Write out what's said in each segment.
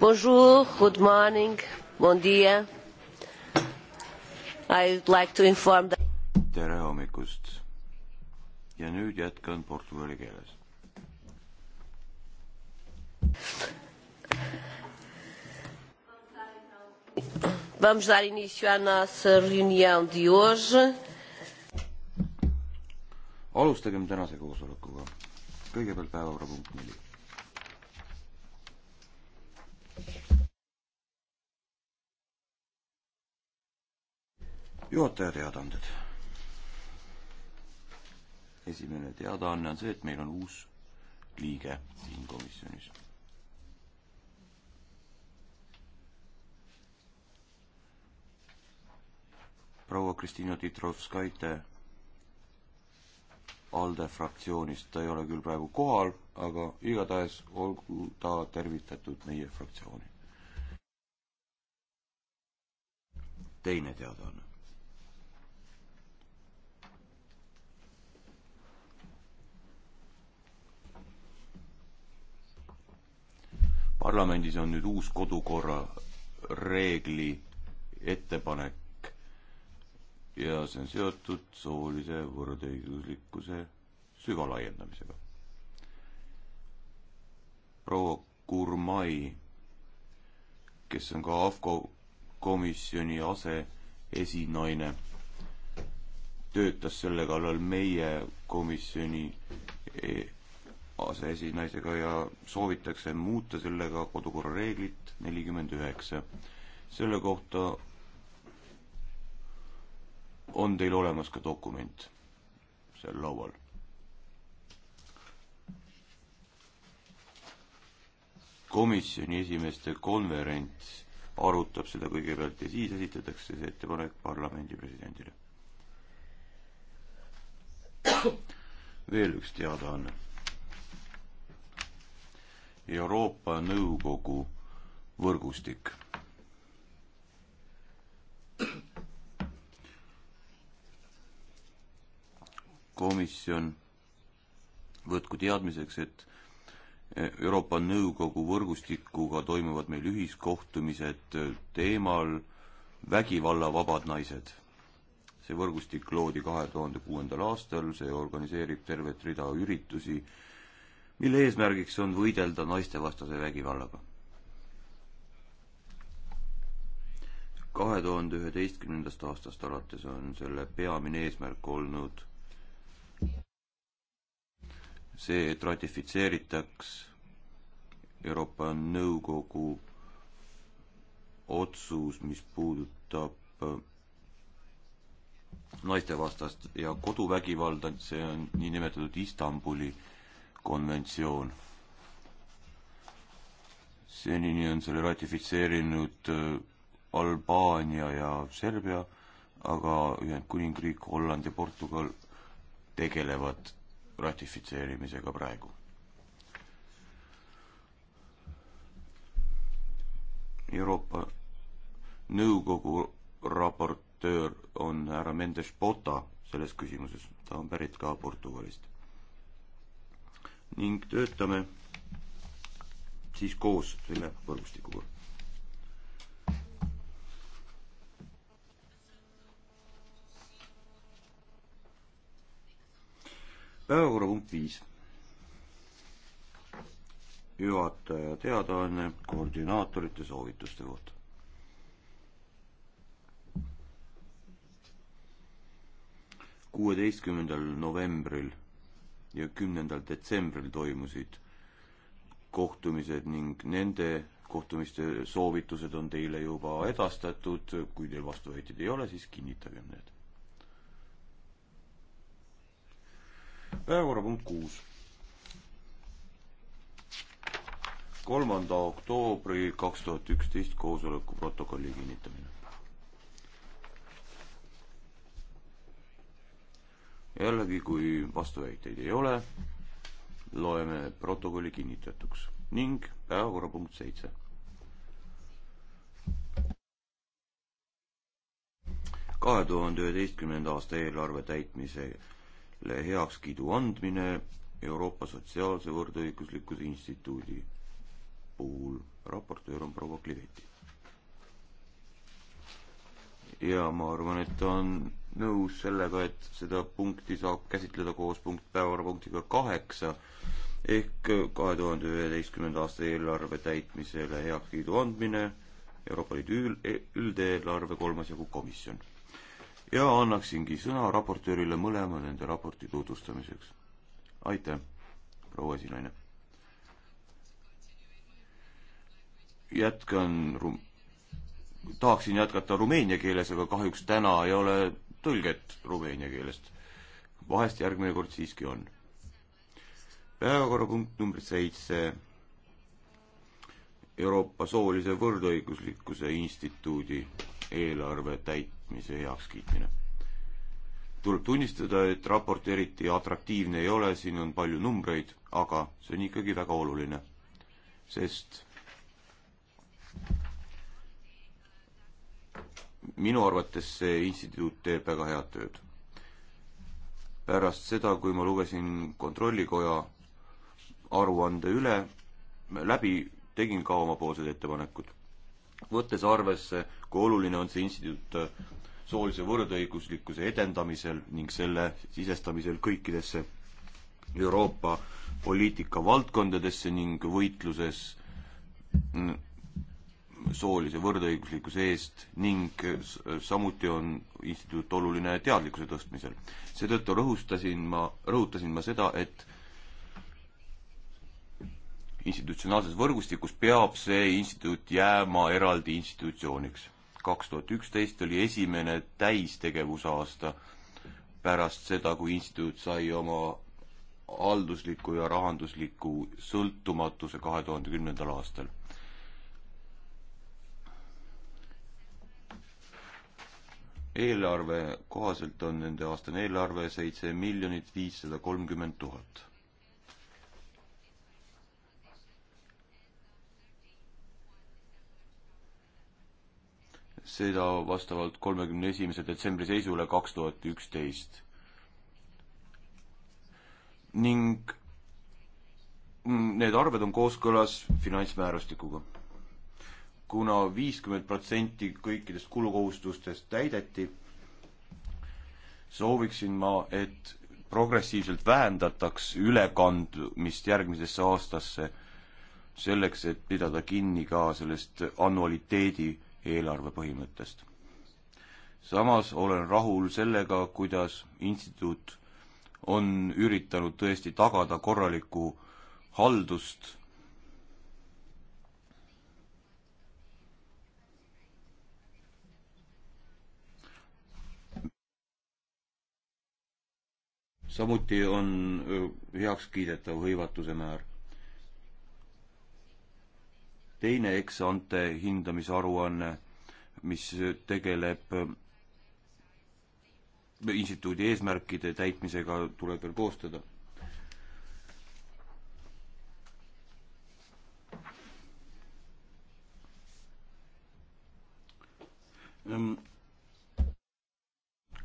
Bonjour, good morning, bon dia. I would like to inform that... tere hommikust ja nüüd jätkan portugali keeles. Vamos dar início à nossa reunião de hoje. alustagem tänase koosolekuga. kõigepealt päevakorrapunkt neli juhataja teadaanded. esimene teadaanne on see, et meil on uus liige siin komisjonis. proua Kristina Titrovskaite ALDE fraktsioonist, ta ei ole küll praegu kohal, aga igatahes olgu ta tervitatud meie fraktsiooni. teine teadaanne. parlamendis on nüüd uus kodukorra reegli ettepanek ja see on seotud soolise võrdõiguslikkuse süvalaiendamisega. proua Kurmai, kes on ka AFCO komisjoni aseesinaine, töötas selle kallal meie komisjoni e aseesinaisega ja soovitakse muuta sellega kodukorra reeglit nelikümmend üheksa. selle kohta on teil olemas ka dokument seal laual. komisjoni esimeeste konverents arutab seda kõigepealt ja siis esitatakse see ettepanek parlamendi presidendile. veel üks teadaanne Euroopa Nõukogu võrgustik. komisjon võtku teadmiseks, et Euroopa Nõukogu võrgustikuga toimuvad meil ühiskohtumised teemal vägivallavabad naised. see võrgustik loodi kahe tuhande kuuendal aastal, see organiseerib tervet rida üritusi mille eesmärgiks on võidelda naistevastase vägivallaga. kahe tuhande üheteistkümnendast aastast alates on selle peamine eesmärk olnud see, et ratifitseeritaks Euroopa Nõukogu otsus, mis puudutab naistevastast ja koduvägivalda, see on niinimetatud Istanbuli äh, konventsioon. senini on selle ratifitseerinud äh, Albaania ja Serbia, aga Ühendkuningriik, Holland ja Portugal tegelevad ratifitseerimisega praegu. Euroopa Nõukogu raportöör on härra Mendes Bota selles küsimuses, ta on pärit ka Portugalist ning töötame siis koos selle võrgustikuga. päevakorrapunkt viis. juhataja teadaanne koordinaatorite soovituste kohta. kuueteistkümnendal novembril ja kümnendal detsembril toimusid kohtumised ning nende kohtumiste soovitused on teile juba edastatud, kui teil vastuväiteid ei ole, siis kinnitagem need. päevakorrapunkt kuus. kolmanda oktoobri kaks tuhat üksteist koosoleku protokolli kinnitamine. jällegi, kui vastuväiteid ei ole, loeme protokolli kinnitatuks ning päevakorrapunkt seitse. kahe tuhande üheteistkümnenda aasta eelarve täitmisele heakskiidu andmine Euroopa Sotsiaalse Võrdõiguslikkuse Instituudi puhul. raportöör on proua Kliveti ja ma arvan, et on nõus sellega, et seda punkti saab käsitleda koos punkt, päevakorrapunktiga kaheksa ehk kahe tuhande üheteistkümnenda aasta eelarve täitmisele heakskiidu andmine, Euroopa Liidu e-, üldeelarve kolmas jagu komisjon. ja annaksingi sõna raportöörile mõlema nende raporti tutvustamiseks. aitäh, proua esinaine. jätkan rum-, tahaksin jätkata rumeenia keeles, aga kahjuks täna ei ole tõlget rumeenia keelest. vahest järgmine kord siiski on. päevakorrapunkt number seitse. Euroopa Soolise Võrdõiguslikkuse Instituudi eelarve täitmise heakskiitmine. tuleb tunnistada, et raport eriti atraktiivne ei ole, siin on palju numbreid, aga see on ikkagi väga oluline, sest minu arvates see instituut teeb väga head tööd. pärast seda, kui ma lugesin Kontrollikoja aruande üle, läbi tegin ka omapoolsed ettepanekud. võttes arvesse, kui oluline on see instituut äh, soolise võrdõiguslikkuse edendamisel ning selle sisestamisel kõikidesse Euroopa poliitika valdkondadesse ning võitluses mm, soolise võrdõiguslikkuse eest ning samuti on instituut oluline teadlikkuse tõstmisel. seetõttu rõhustasin ma, rõhutasin ma seda, et institutsionaalses võrgustikus peab see instituut jääma eraldi institutsiooniks. kaks tuhat üksteist oli esimene täistegevusaasta pärast seda, kui instituut sai oma haldusliku ja rahandusliku sõltumatuse kahe tuhande kümnendal aastal eelarve kohaselt on nende aastane eelarve seitse miljonit viissada kolmkümmend tuhat. seda vastavalt kolmekümne esimese detsembri seisule kaks tuhat üksteist. ning mm, need arved on kooskõlas finantsmäärustikuga kuna viiskümmend protsenti kõikidest kulukohustustest täideti, sooviksin ma, et progressiivselt vähendataks ülekandumist järgmisesse aastasse, selleks et pidada kinni ka sellest annualiteedi eelarve põhimõttest. samas olen rahul sellega, kuidas instituut on üritanud tõesti tagada korralikku haldust samuti on heakskiidetav hõivatuse määr. teine eksante hindamisaruanne, mis tegeleb instituudi eesmärkide täitmisega, tuleb veel koostada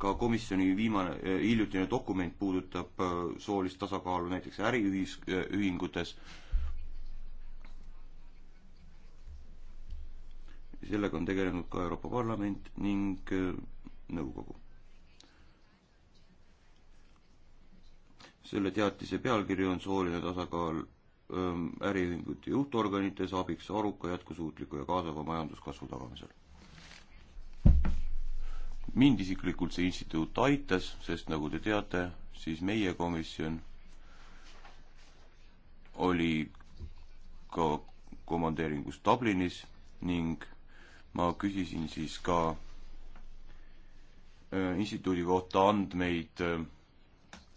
ka komisjoni viimane, eh, hiljutine dokument puudutab äh, soolist tasakaalu näiteks äriühis-, äh, ühingutes. sellega on tegelenud ka Euroopa Parlament ning äh, nõukogu. selle teatise pealkiri on sooline tasakaal ähm, äriühingute juhtorganites abiks aruka, jätkusuutliku ja kaasava majanduskasvu tagamisel mind isiklikult see instituut aitas, sest nagu te teate, siis meie komisjon oli ka komandeeringus Dublinis ning ma küsisin siis ka äh, instituudi kohta andmeid äh,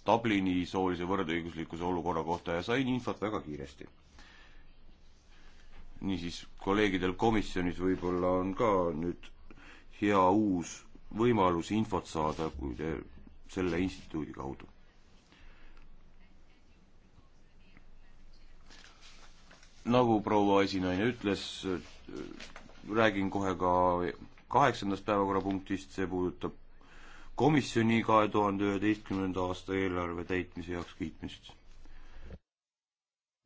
Dublini soolise võrdõiguslikkuse olukorra kohta ja sain infot väga kiiresti. niisiis, kolleegidel komisjonis võib-olla on ka nüüd hea uus võimalus infot saada, kui te selle instituudi kaudu. nagu proua esinaine ütles, räägin kohe ka kaheksandast päevakorrapunktist, see puudutab komisjoni kahe tuhande üheteistkümnenda aasta eelarve täitmise heakskiitmist.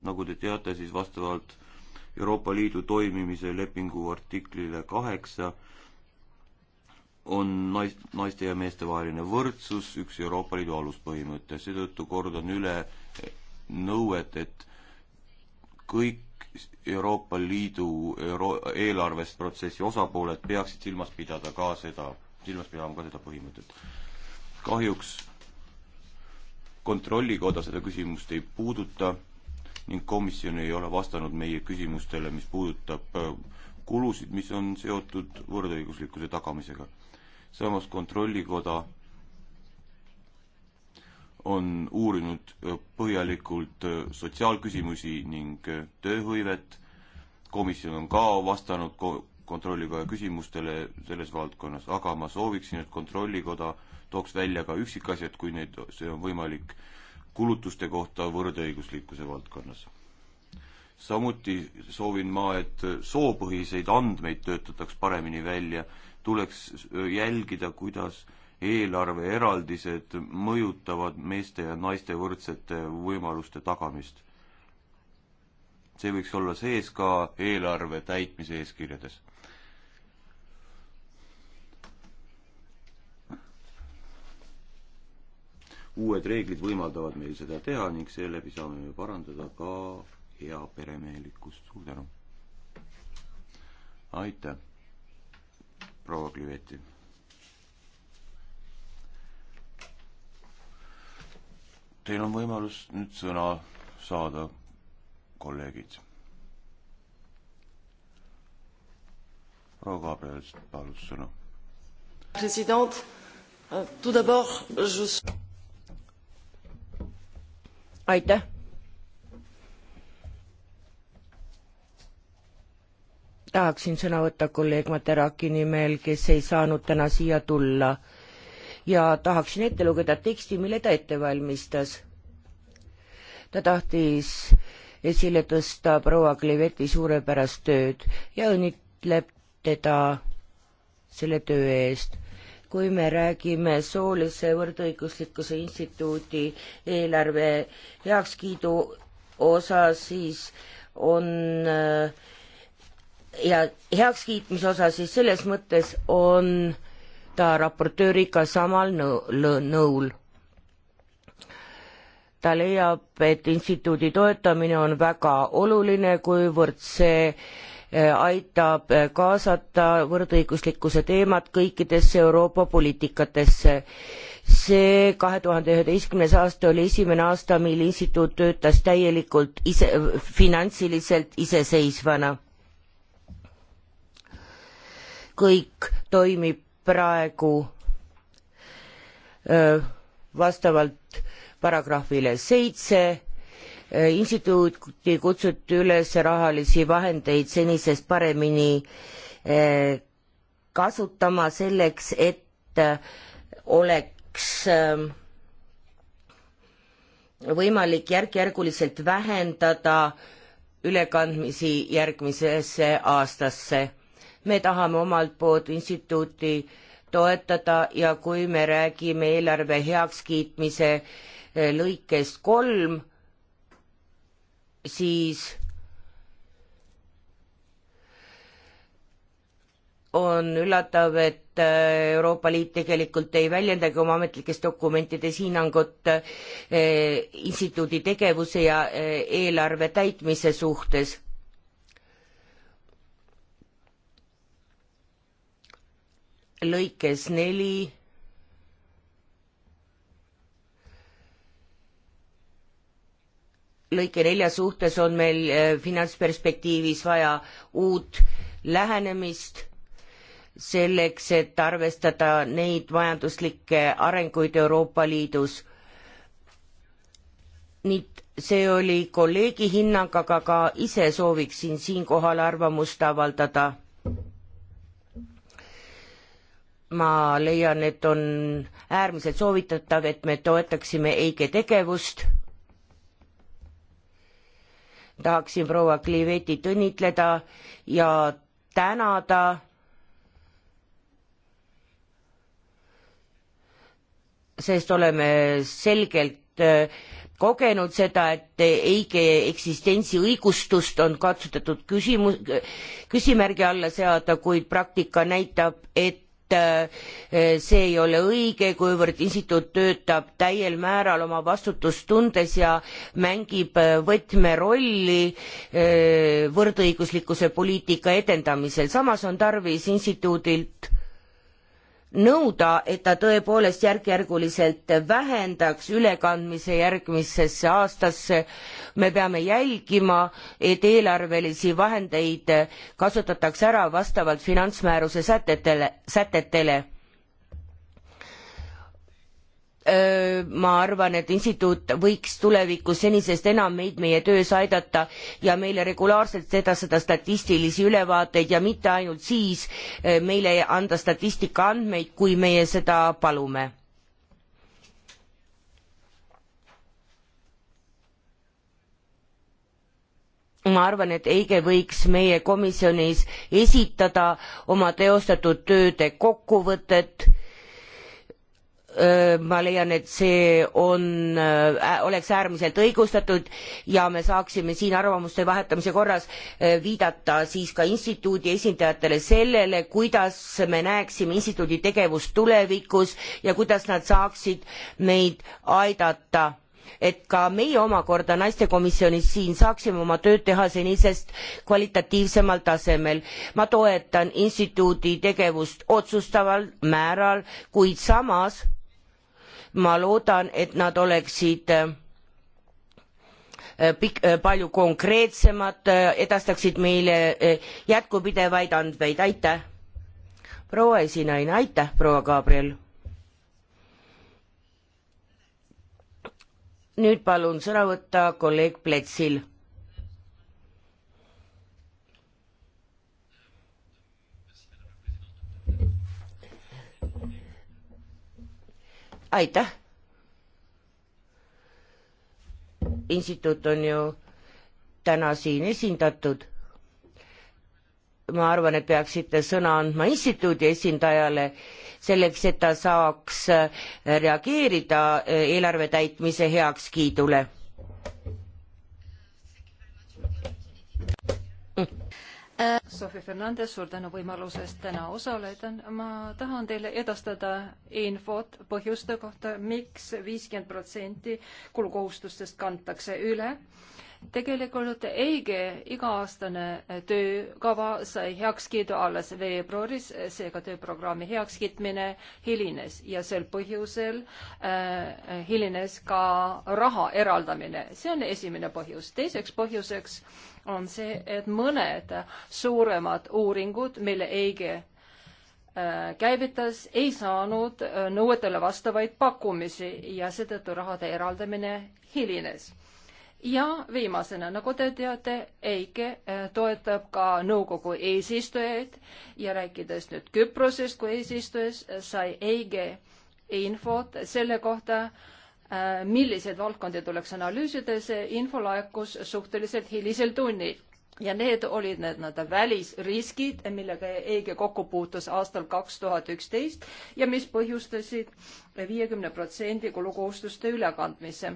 nagu te teate, siis vastavalt Euroopa Liidu toimimise lepingu artiklile kaheksa on nais-, naiste ja meeste vaheline võrdsus üks Euroopa Liidu aluspõhimõte, seetõttu kordan üle nõuet, et kõik Euroopa Liidu euro-, eelarvesprotsessi osapooled peaksid silmas pidada ka seda, silmas pidama ka seda põhimõtet. kahjuks kontrollikoda seda küsimust ei puuduta ning komisjon ei ole vastanud meie küsimustele, mis puudutab äh, kulusid, mis on seotud võrdõiguslikkuse tagamisega samas Kontrollikoda on uurinud äh, põhjalikult äh, sotsiaalküsimusi ning äh, tööhõivet, komisjon on ka vastanud ko-, kontrollikoja küsimustele selles valdkonnas, aga ma sooviksin, et kontrollikoda tooks välja ka üksikasjad, kui neid, see on võimalik, kulutuste kohta võrdõiguslikkuse valdkonnas. samuti soovin ma, et soopõhiseid andmeid töötataks paremini välja tuleks äh, jälgida, kuidas eelarveeraldised mõjutavad meeste ja naiste võrdsete võimaluste tagamist. see võiks olla sees ka eelarve täitmise eeskirjades. uued reeglid võimaldavad meil seda teha ning seeläbi saame me parandada ka heaperemehelikkust. suur tänu! aitäh! proua Kliveti. Teil on võimalus nüüd sõna saada, kolleegid. proua Gabriel palus sõna. president, tout d'abord je aitäh tahaksin sõna võtta kolleeg Materaki nimel, kes ei saanud täna siia tulla ja tahaksin ette lugeda teksti, mille ta ette valmistas. ta tahtis esile tõsta proua Kleveti suurepärast tööd ja õnnitleb teda selle töö eest. kui me räägime soolise võrdõiguslikkuse instituudi eelarve heakskiidu osa, siis on äh, ja heakskiitmise osas, siis selles mõttes on ta raportööriga samal nõul. ta leiab, et instituudi toetamine on väga oluline, kuivõrd see äh, aitab äh, kaasata võrdõiguslikkuse teemat kõikidesse Euroopa poliitikatesse. see kahe tuhande üheteistkümnes aasta oli esimene aasta, mil instituut töötas täielikult ise, finantsiliselt iseseisvana kõik toimib praegu vastavalt paragrahvile seitse instituuti kutsuti üles rahalisi vahendeid senisest paremini kasutama selleks, et oleks võimalik järk-järguliselt vähendada ülekandmisi järgmisesse aastasse me tahame omalt poolt instituuti toetada ja kui me räägime eelarve heakskiitmise eh, lõikest kolm, siis on üllatav, et eh, Euroopa Liit tegelikult ei väljendagi oma ametlikes dokumentides hinnangut eh, instituudi tegevuse ja eelarve täitmise suhtes lõikes neli lõike nelja suhtes on meil äh, finantsperspektiivis vaja uut lähenemist selleks, et arvestada neid majanduslikke arenguid Euroopa Liidus. nii, see oli kolleegi hinnang, aga ka ise sooviksin siinkohal arvamust avaldada ma leian, et on äärmiselt soovitatav, et me toetaksime EIGE tegevust. tahaksin proua Kliveti õnnitleda ja tänada sest oleme selgelt äh, kogenud seda, et EIGE eksistentsi õigustust on katsutatud küsimus, küsimärgi alla seada, kuid praktika näitab, et Äh, see ei ole õige, kuivõrd instituut töötab täiel määral oma vastutustundes ja mängib äh, võtmerolli äh, võrdõiguslikkuse poliitika edendamisel. samas on tarvis instituudilt nõuda, et ta tõepoolest järk-järguliselt vähendaks ülekandmise järgmisesse aastasse. me peame jälgima, et eelarvelisi vahendeid kasutatakse ära vastavalt finantsmääruse sätetele, sätetele ma arvan, et instituut võiks tulevikus senisest enam meid meie töös aidata ja meile regulaarselt seda, seda statistilisi ülevaateid ja mitte ainult siis meile anda statistika andmeid, kui meie seda palume. ma arvan, et Eige võiks meie komisjonis esitada oma teostatud tööde kokkuvõtet ma leian, et see on, oleks äärmiselt õigustatud ja me saaksime siin arvamuste vahetamise korras viidata siis ka instituudi esindajatele sellele, kuidas me näeksime instituudi tegevust tulevikus ja kuidas nad saaksid meid aidata et ka meie omakorda naistekomisjonis siin saaksime oma tööd teha senisest kvalitatiivsemal tasemel. ma toetan instituudi tegevust otsustaval määral kuid samas ma loodan, et nad oleksid äh, äh, pik-, äh, palju konkreetsemad, edastaksid meile jätkupidevaid andmeid, aitäh. proua esinaine, aitäh, proua Gabriel. nüüd palun sõna võtta kolleeg Pletsil aitäh. instituut on ju täna siin esindatud. ma arvan, et peaksite sõna andma instituudi esindajale selleks, et ta saaks reageerida eelarve täitmise heakskiidule Sofi Fernandes, suur tänu võimalusest täna osaleda. ma tahan teile edastada infot põhjuste kohta miks, miks viiskümmend protsenti kulukohustustest kantakse üle. tegelikult EIGE iga-aastane töökava sai heakskiidu alles veebruaris, seega tööprogrammi heakskiitmine hilines ja sel põhjusel äh, hilines ka raha eraldamine. see on esimene põhjus. teiseks põhjuseks on see, et mõned suuremad uuringud, mille EIGE äh, käivitas, ei saanud äh, nõuetele vastavaid pakkumisi ja seetõttu rahade eraldamine hilines. ja viimasena, nagu te teate, EIGE äh, toetab ka nõukogu eesistujaid ja rääkides nüüd Küprosest kui eesistujast, sai EIGE infot selle kohta, Äh, milliseid valdkondi tuleks analüüsida, see info laekus suhteliselt hilisel tunnil ja need olid need nii-öelda välisriskid, millega EIGE kokku puutus aastal kaks tuhat üksteist ja mis põhjustasid viiekümne protsendi kulukohustuste ülekandmise.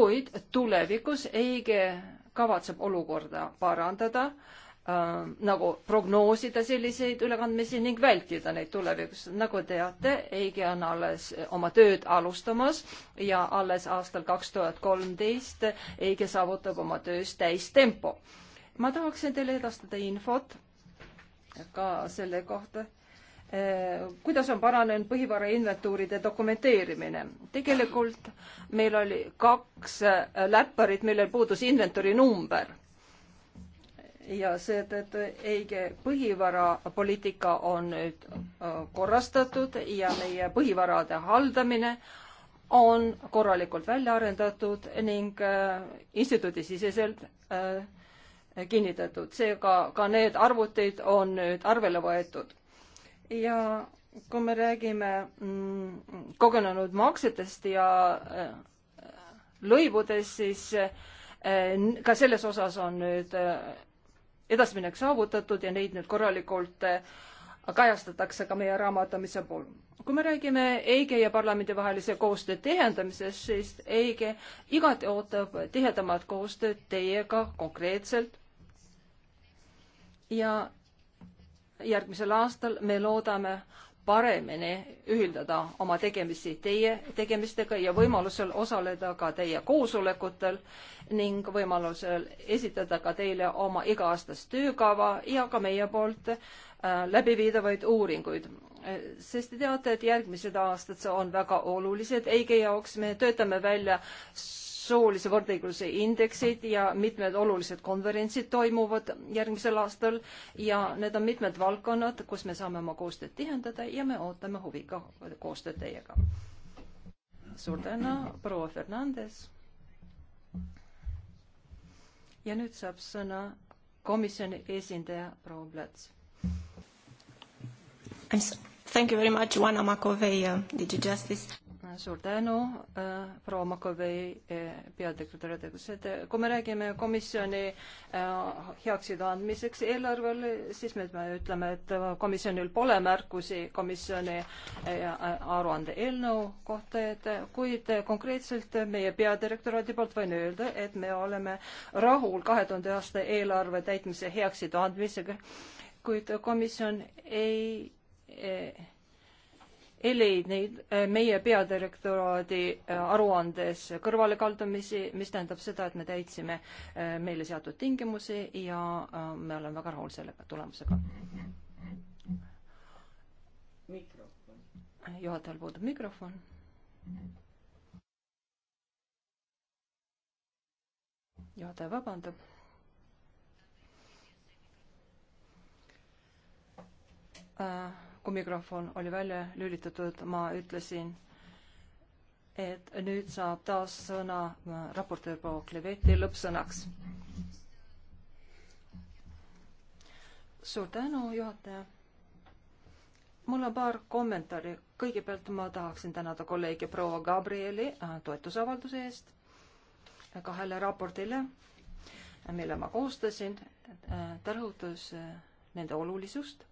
kuid tulevikus EIGE kavatseb olukorda parandada äh, äh, nagu prognoosida selliseid ülekandmisi ning vältida neid tulevikus. nagu teate, EIGE on alles oma tööd alustamas ja alles aastal kaks tuhat kolmteist EIGE saavutab oma töös täistempo. ma tahaksin teile edastada infot ka selle kohta äh, kuidas on paranenud põhivara inventuuride dokumenteerimine. tegelikult meil oli kaks äh, läpparit, millel puudus inventuuri number ja seetõttu õige põhivarapoliitika on nüüd äh, korrastatud ja meie põhivarade haldamine on korralikult välja arendatud ning äh, instituudisiseselt äh, kinnitatud, seega ka need arvutid on nüüd arvele võetud. ja kui me räägime mm, kogenenud maksetest ja lõivudest, siis ka selles osas on nüüd edasiminek saavutatud ja neid nüüd korralikult äh, kajastatakse ka meie raamatumise pool. kui me räägime EIGE ja parlamendi vahelise koostöö tihendamisest, siis EIGE igati ootab tihedamat koostööd teiega konkreetselt. ja järgmisel aastal me loodame paremini ühildada oma tegemisi teie tegemistega ja võimalusel osaleda ka teie koosolekutel ning võimalusel esitada ka teile oma iga-aastast töökava ja ka meie poolt äh, läbiviidavaid uuringuid. Äh, sest te teate, et järgmised aastad on väga olulised EIGE jaoks, me töötame välja soolise võrdõiguse indeksid ja mitmed olulised konverentsid toimuvad järgmisel aastal ja need on mitmed valdkonnad, kus me saame oma koostööd tihendada ja me ootame huviga koostööd teiega. suur tänu, proua Fernandes. ja nüüd saab sõna komisjoni esindaja proua Plats. Thank you very much, Juana Makovei, uh, DigiJustice suur tänu, äh, proua Makovei, äh, peadirektori tegevused. kui me räägime komisjoni äh, heakskiidu andmiseks eelarvele, siis me ütleme, et komisjonil pole märkusi komisjoni aruande eelnõu kohta, et kuid konkreetselt meie peadirektoraadi poolt võin öelda, et me oleme rahul kahe tuhande aasta eelarve täitmise heakskiidu andmisega, kuid komisjon ei, ei oli neid äh, meie peadirektoraadi äh, aruandes kõrvalekaldumisi, mis tähendab seda, et me täitsime äh, meile seatud tingimusi ja me oleme väga rahul sellega tulemusega. juhatajal puudub mikrofon. juhataja vabandab äh, kui mikrofon oli välja lülitatud, ma ütlesin, et nüüd saab taas sõna äh, raportöör proua Kleveti lõppsõnaks. suur tänu, juhataja. mul on paar kommentaari. kõigepealt ma tahaksin tänada kolleegi proua Gabrieli äh, toetusavalduse eest äh, kahele raportile, mille ma koostasin. ta rõhutas nende olulisust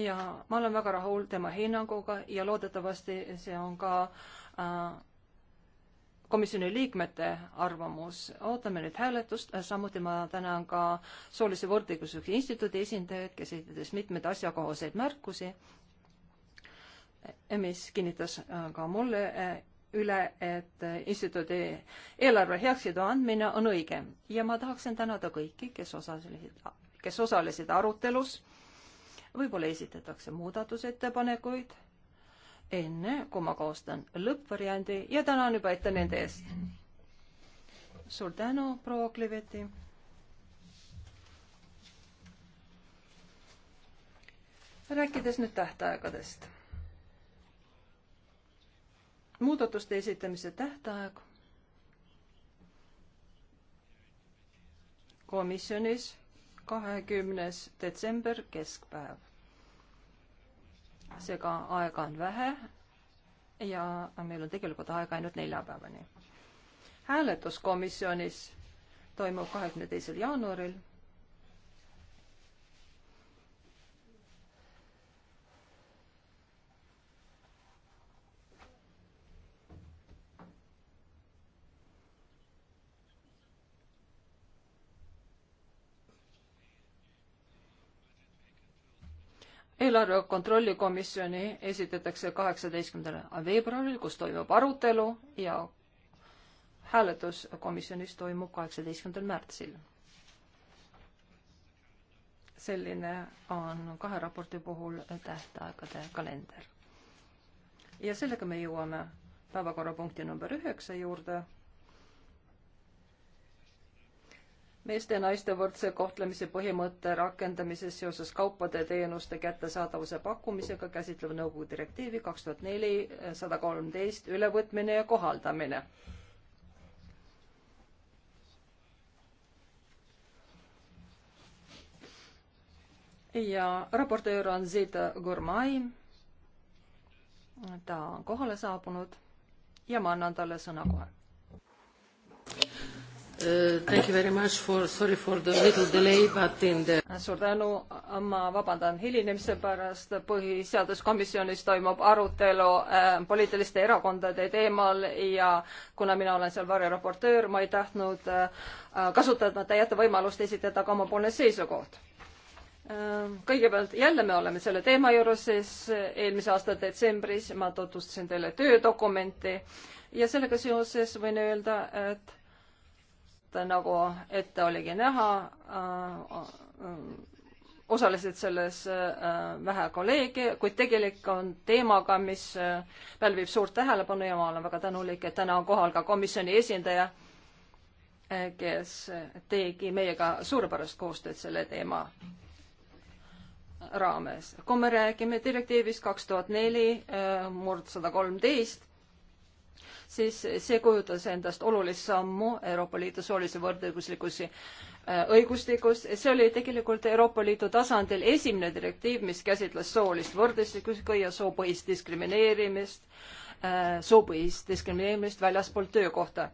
ja ma olen väga rahul tema hinnanguga ja loodetavasti see on ka äh, komisjoni liikmete arvamus. ootame nüüd hääletust, samuti ma tänan ka Soolise võrdõiguslikkuse instituudi esindajaid, kes esitas mitmeid asjakohaseid märkusi, mis kinnitas äh, ka mulle äh, üle, et äh, instituudi eelarve heakskiidu andmine on õige ja ma tahaksin tänada kõiki, kes osalesid, kes osalesid arutelus võib-olla esitatakse muudatusettepanekuid enne, kui ma koostan lõppvariandi ja tänan juba ette nende eest. suur tänu, proua Kliveti. rääkides nüüd tähtaegadest. muudatuste esitamise tähtaeg komisjonis kahekümnes detsember, keskpäev. seega aega on vähe ja meil on tegelikult aega ainult neljapäevani. hääletus komisjonis toimub kahekümne teisel jaanuaril eelarve kontrolli komisjoni esitatakse kaheksateistkümnendal veebruaril, kus toimub arutelu ja hääletus komisjonis toimub kaheksateistkümnendal märtsil. selline on kahe raporti puhul tähtaegade kalender. ja sellega me jõuame päevakorrapunkti number üheksa juurde meeste ja naiste võrdse kohtlemise põhimõtte rakendamises seoses kaupade ja teenuste kättesaadavuse pakkumisega käsitlev nõukogu direktiivi kaks tuhat neli eh, sada kolmteist ülevõtmine ja kohaldamine. ja raportöör on Zita Gurmai. ta on kohale saabunud ja ma annan talle sõna kohe Uh, thank you very much for, sorry for the little delay, but in the suur tänu, ma vabandan hilinemise pärast, põhiseaduskomisjonis toimub arutelu äh, poliitiliste erakondade teemal ja kuna mina olen seal varjeraportöör, ma ei tahtnud äh, kasutamata jätta võimalust esitada ka omapoolne seisukoht äh,. kõigepealt jälle me oleme selle teema juures, siis eelmise aasta detsembris ma tutvustasin teile töödokumenti ja sellega seoses võin öelda, et nagu ette oligi näha, äh, osalesid selles äh, vähe kolleege, kuid tegelik on teemaga, mis äh, pälvib suurt tähelepanu ja ma olen väga tänulik, et täna on kohal ka komisjoni esindaja, kes tegi meiega suurepärast koostööd selle teema raames. kui me räägime direktiivist kaks tuhat neli murd sada kolmteist, siis see kujutas endast olulist sammu Euroopa Liidu soolise võrdõiguslikkuse äh, õigustikust. see oli tegelikult Euroopa Liidu tasandil esimene direktiiv, mis käsitles soolist võrdõiguslikku ja soopõhist diskrimineerimist, äh, soopõhist diskrimineerimist väljaspool töökohta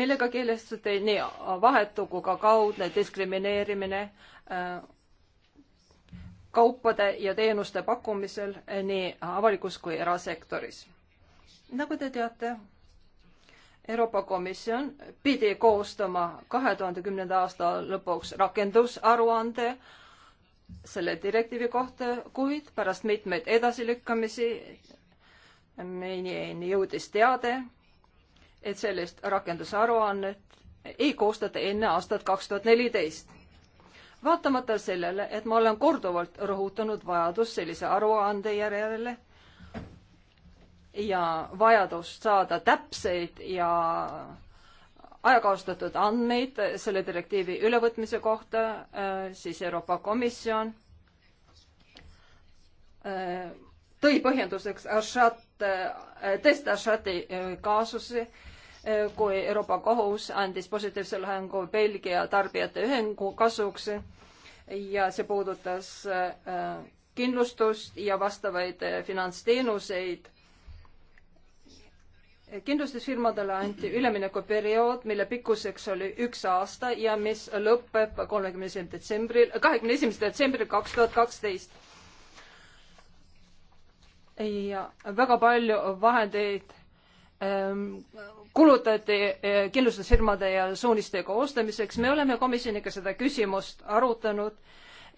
millega keelestati nii vahetu kui ka kaudne diskrimineerimine äh, kaupade ja teenuste pakkumisel nii avalikus kui erasektoris nagu te teate, Euroopa Komisjon pidi koostama kahe tuhande kümnenda aasta lõpuks rakendusaruande selle direktiivi kohta, kuid pärast mitmeid edasilükkamisi meieni jõudis teade, et sellist rakendusaruannet ei koostata enne aastat kaks tuhat neliteist. vaatamata sellele, et ma olen korduvalt rõhutanud vajadust sellise aruande järele ja vajadust saada täpseid ja ajakohastatud andmeid selle direktiivi ülevõtmise kohta, äh, siis Euroopa Komisjon äh, tõi põhjenduseks Arshad, äh, teiste Arshadi kaasusi, kui Euroopa Kohus andis positiivse lahengu Belgia tarbijate ühingu kasuks ja see puudutas kindlustust ja vastavaid finantsteenuseid kindlustusfirmadele anti üleminekuperiood, mille pikkuseks oli üks aasta ja mis lõpeb kolmekümne esimesel detsembril, kahekümne esimesel detsembril kaks tuhat kaksteist. ja väga palju vahendeid ähm, kulutati äh, kindlustusfirmade ja suuniste koostamiseks. me oleme komisjoniga seda küsimust arutanud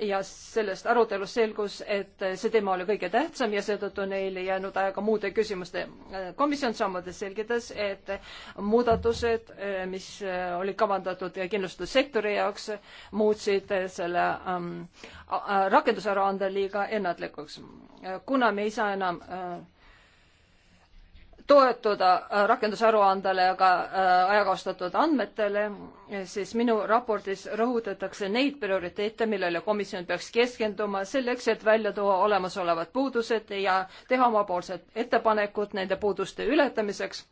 ja sellest arutelust selgus, et see teema oli kõige tähtsam ja seetõttu neil ei jäänud aega muude küsimuste. Äh, komisjon samuti selgitas, et muudatused, äh, mis äh, olid kavandatud kindlustussektori jaoks, muutsid selle ähm, rakendusaruande liiga ennatlikuks. kuna me ei saa enam äh, toetuda äh, rakendusaruandele ja ka äh, ajakohastatud andmetele, siis minu raportis rõhutatakse neid prioriteete, millele komisjon peaks keskenduma selleks, et välja tuua olemasolevad puudused ja teha omapoolsed ettepanekud nende puuduste ületamiseks.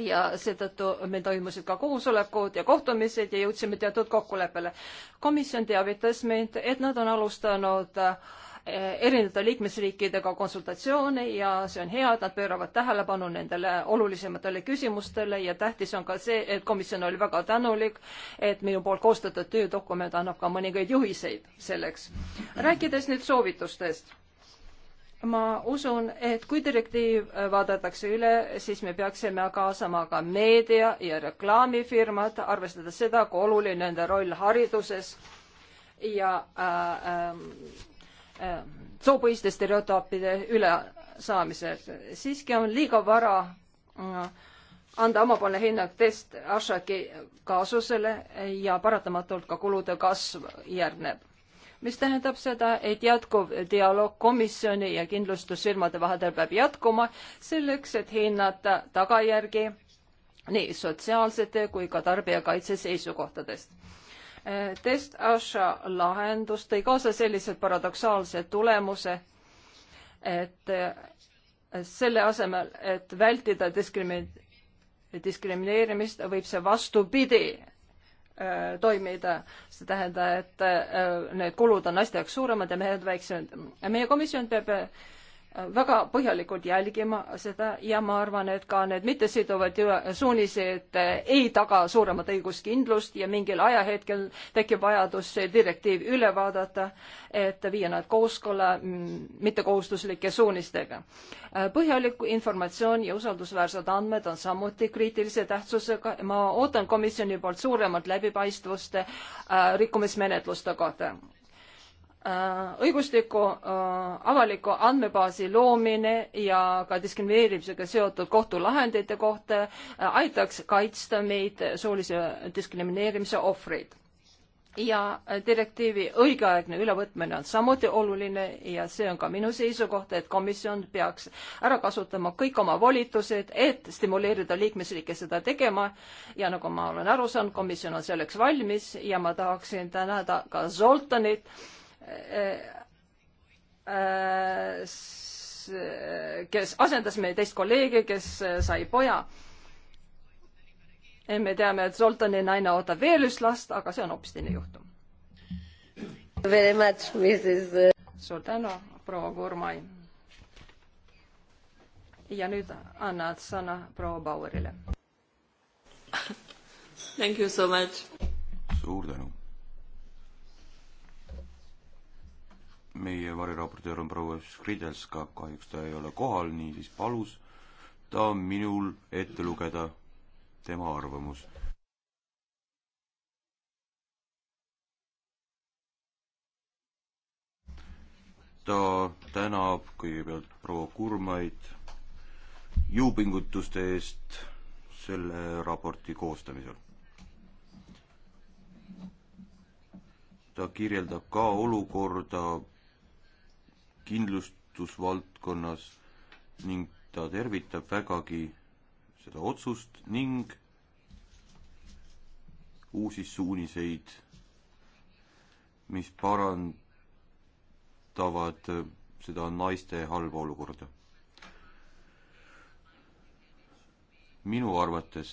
ja seetõttu meil toimusid ka koosolekud ja kohtumised ja jõudsime teatud kokkuleppele. komisjon teavitas meid, et nad on alustanud äh, Eh, erinevate liikmesriikidega konsultatsioone ja see on hea, et nad pööravad tähelepanu nendele olulisematele küsimustele ja tähtis on ka see, et komisjon oli väga tänulik, et minu poolt koostatud töödokument annab ka mõningaid juhiseid selleks. rääkides nüüd soovitustest ma usun, et kui direktiiv eh, vaadatakse üle, siis me peaksime kaasama ka meedia ja reklaamifirmad, arvestades seda, kui oluline nende roll hariduses ja äh, äh, soopõhiste stereotüüpide ülesaamisel. siiski on liiga vara mm, anda omapoolne hinnang test Ashaki kaasusele ja paratamatult ka kulude kasv järgneb mis tähendab seda, et jätkuv dialoog komisjoni ja kindlustusfirmade vahendel peab jätkuma selleks, et hinnata tagajärgi nii sotsiaalsete kui ka tarbijakaitse seisukohtadest test Asha lahendus tõi kaasa sellise paradoksaalse tulemuse, et äh, selle asemel, et vältida diskrimi-, diskrimineerimist, võib see vastupidi äh, toimida, see tähendab, et äh, need kulud on naiste jaoks suuremad ja mehed väiksemad. meie komisjon peab väga põhjalikult jälgima seda ja ma arvan, et ka need mittesiduvad suunised eh, ei taga suuremat õiguskindlust ja mingil ajahetkel tekib vajadus see direktiiv üle vaadata, et viia nad kooskõlla mm, mittekohustuslike suunistega. Eh, põhjalik informatsioon ja usaldusväärsed andmed on samuti kriitilise tähtsusega. ma ootan komisjoni poolt suuremat läbipaistvust eh, rikkumismenetluste kohta Äh, õigusliku äh, avaliku andmebaasi loomine ja ka diskrimineerimisega seotud kohtulahendite kohta äh, aitaks kaitsta meid soolise diskrimineerimise ohvreid. ja direktiivi õigeaegne ülevõtmine on samuti oluline ja see on ka minu seisukoht, et komisjon peaks ära kasutama kõik oma volitused, et stimuleerida liikmesriike seda tegema ja nagu ma olen aru saanud, komisjon on selleks valmis ja ma tahaksin tänada ka Zoltanit, kes asendas meie teist kolleegi, kes sai poja. me teame, et Zoltani naine ootab veel üht last, aga see on hoopis teine juhtum. suur tänu, proua Kurmai. ja nüüd annad sõna proua Bauerile. Thank you so much. suur tänu meie variraportöör on proua Skridelska, kahjuks ta ei ole kohal, niisiis palus ta minul ette lugeda tema arvamus. ta tänab kõigepealt proua Kurmaid jõupingutuste eest selle raporti koostamisel. ta kirjeldab ka olukorda kindlustusvaldkonnas ning ta tervitab vägagi seda otsust ning uusi suuniseid, mis parandavad seda naiste halba olukorda. minu arvates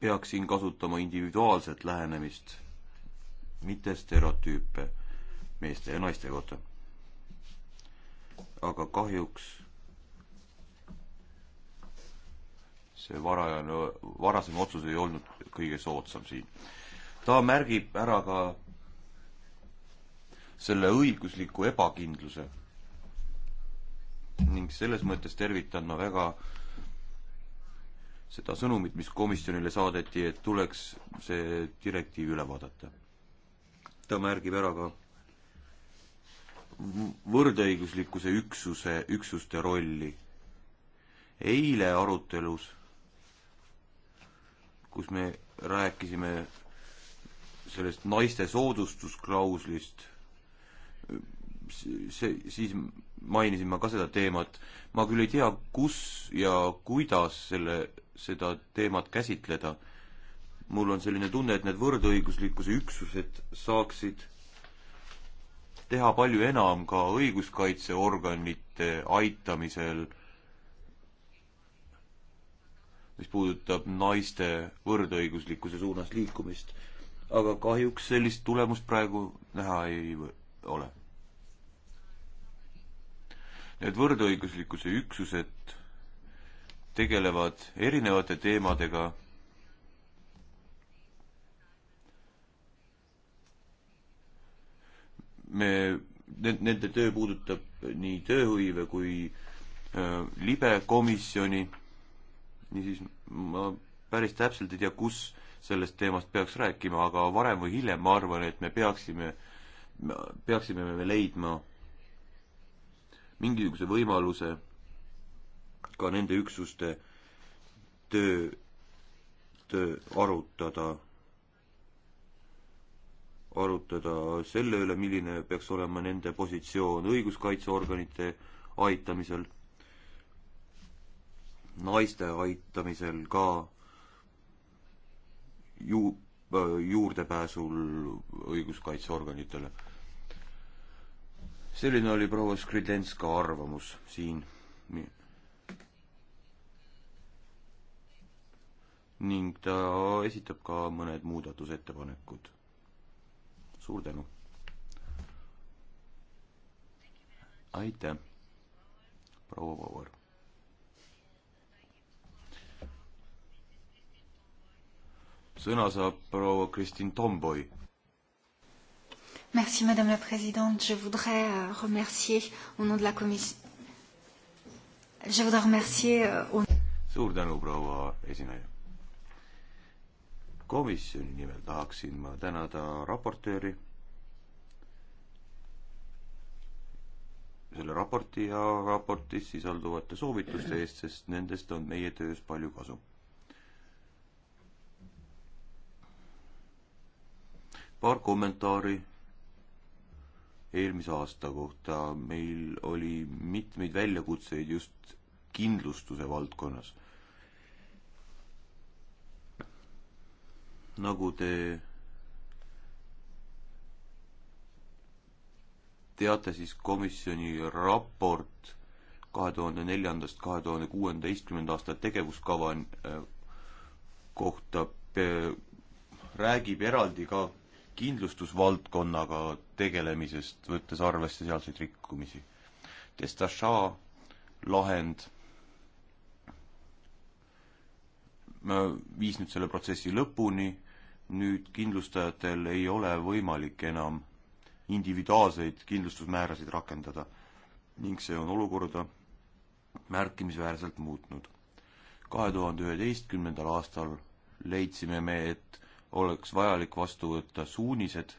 peaksin kasutama individuaalset lähenemist, mitte stereotüüpe meeste ja naiste kohta. aga kahjuks see varajane, varasem otsus ei olnud kõige soodsam siin. ta märgib ära ka selle õigusliku ebakindluse ning selles mõttes tervitan ma väga seda sõnumit, mis komisjonile saadeti, et tuleks see direktiiv üle vaadata. ta märgib ära ka võrdõiguslikkuse üksuse, üksuste rolli. eile arutelus, kus me rääkisime sellest naiste soodustusklauslist, see, siis mainisin ma ka seda teemat, ma küll ei tea, kus ja kuidas selle, seda teemat käsitleda. mul on selline tunne, et need võrdõiguslikkuse üksused saaksid teha palju enam ka õiguskaitseorganite aitamisel, mis puudutab naiste võrdõiguslikkuse suunas liikumist. aga kahjuks sellist tulemust praegu näha ei ole. Need võrdõiguslikkuse üksused tegelevad erinevate teemadega me, nende töö puudutab nii tööhõive kui äh, libe komisjoni. niisiis ma päris täpselt ei tea, kus sellest teemast peaks rääkima, aga varem või hiljem ma arvan, et me peaksime, peaksime me leidma mingisuguse võimaluse ka nende üksuste töö, töö arutada arutada selle üle, milline peaks olema nende positsioon õiguskaitseorganite aitamisel, naiste aitamisel ka ju-, äh, juurdepääsul õiguskaitseorganitele. selline oli proua Skridenska arvamus siin. ning ta esitab ka mõned muudatusettepanekud suur tänu. aitäh, proua Vauer. sõna saab proua Kristin Tomboi. Merci Madame la Présidente. Je voudrais euh, remercier au nom de la Commission. Je voudrais remercier euh, au... Suur tänu, proua esineja komisjoni nimel tahaksin ma tänada raportööri selle raporti ja raportis sisalduvate soovituste eest, sest nendest on meie töös palju kasu. paar kommentaari eelmise aasta kohta. meil oli mitmeid väljakutseid just kindlustuse valdkonnas nagu te teate, siis komisjoni raport kahe tuhande neljandast kahe tuhande kuueteistkümnenda aasta tegevuskava äh, kohta äh, räägib eraldi ka kindlustusvaldkonnaga tegelemisest, võttes arvesse sealseid rikkumisi. Testaša lahend ma viis nüüd selle protsessi lõpuni nüüd kindlustajatel ei ole võimalik enam individuaalseid kindlustusmäärasid rakendada ning see on olukorda märkimisväärselt muutnud. kahe tuhande üheteistkümnendal aastal leidsime me, et oleks vajalik vastu võtta suunised,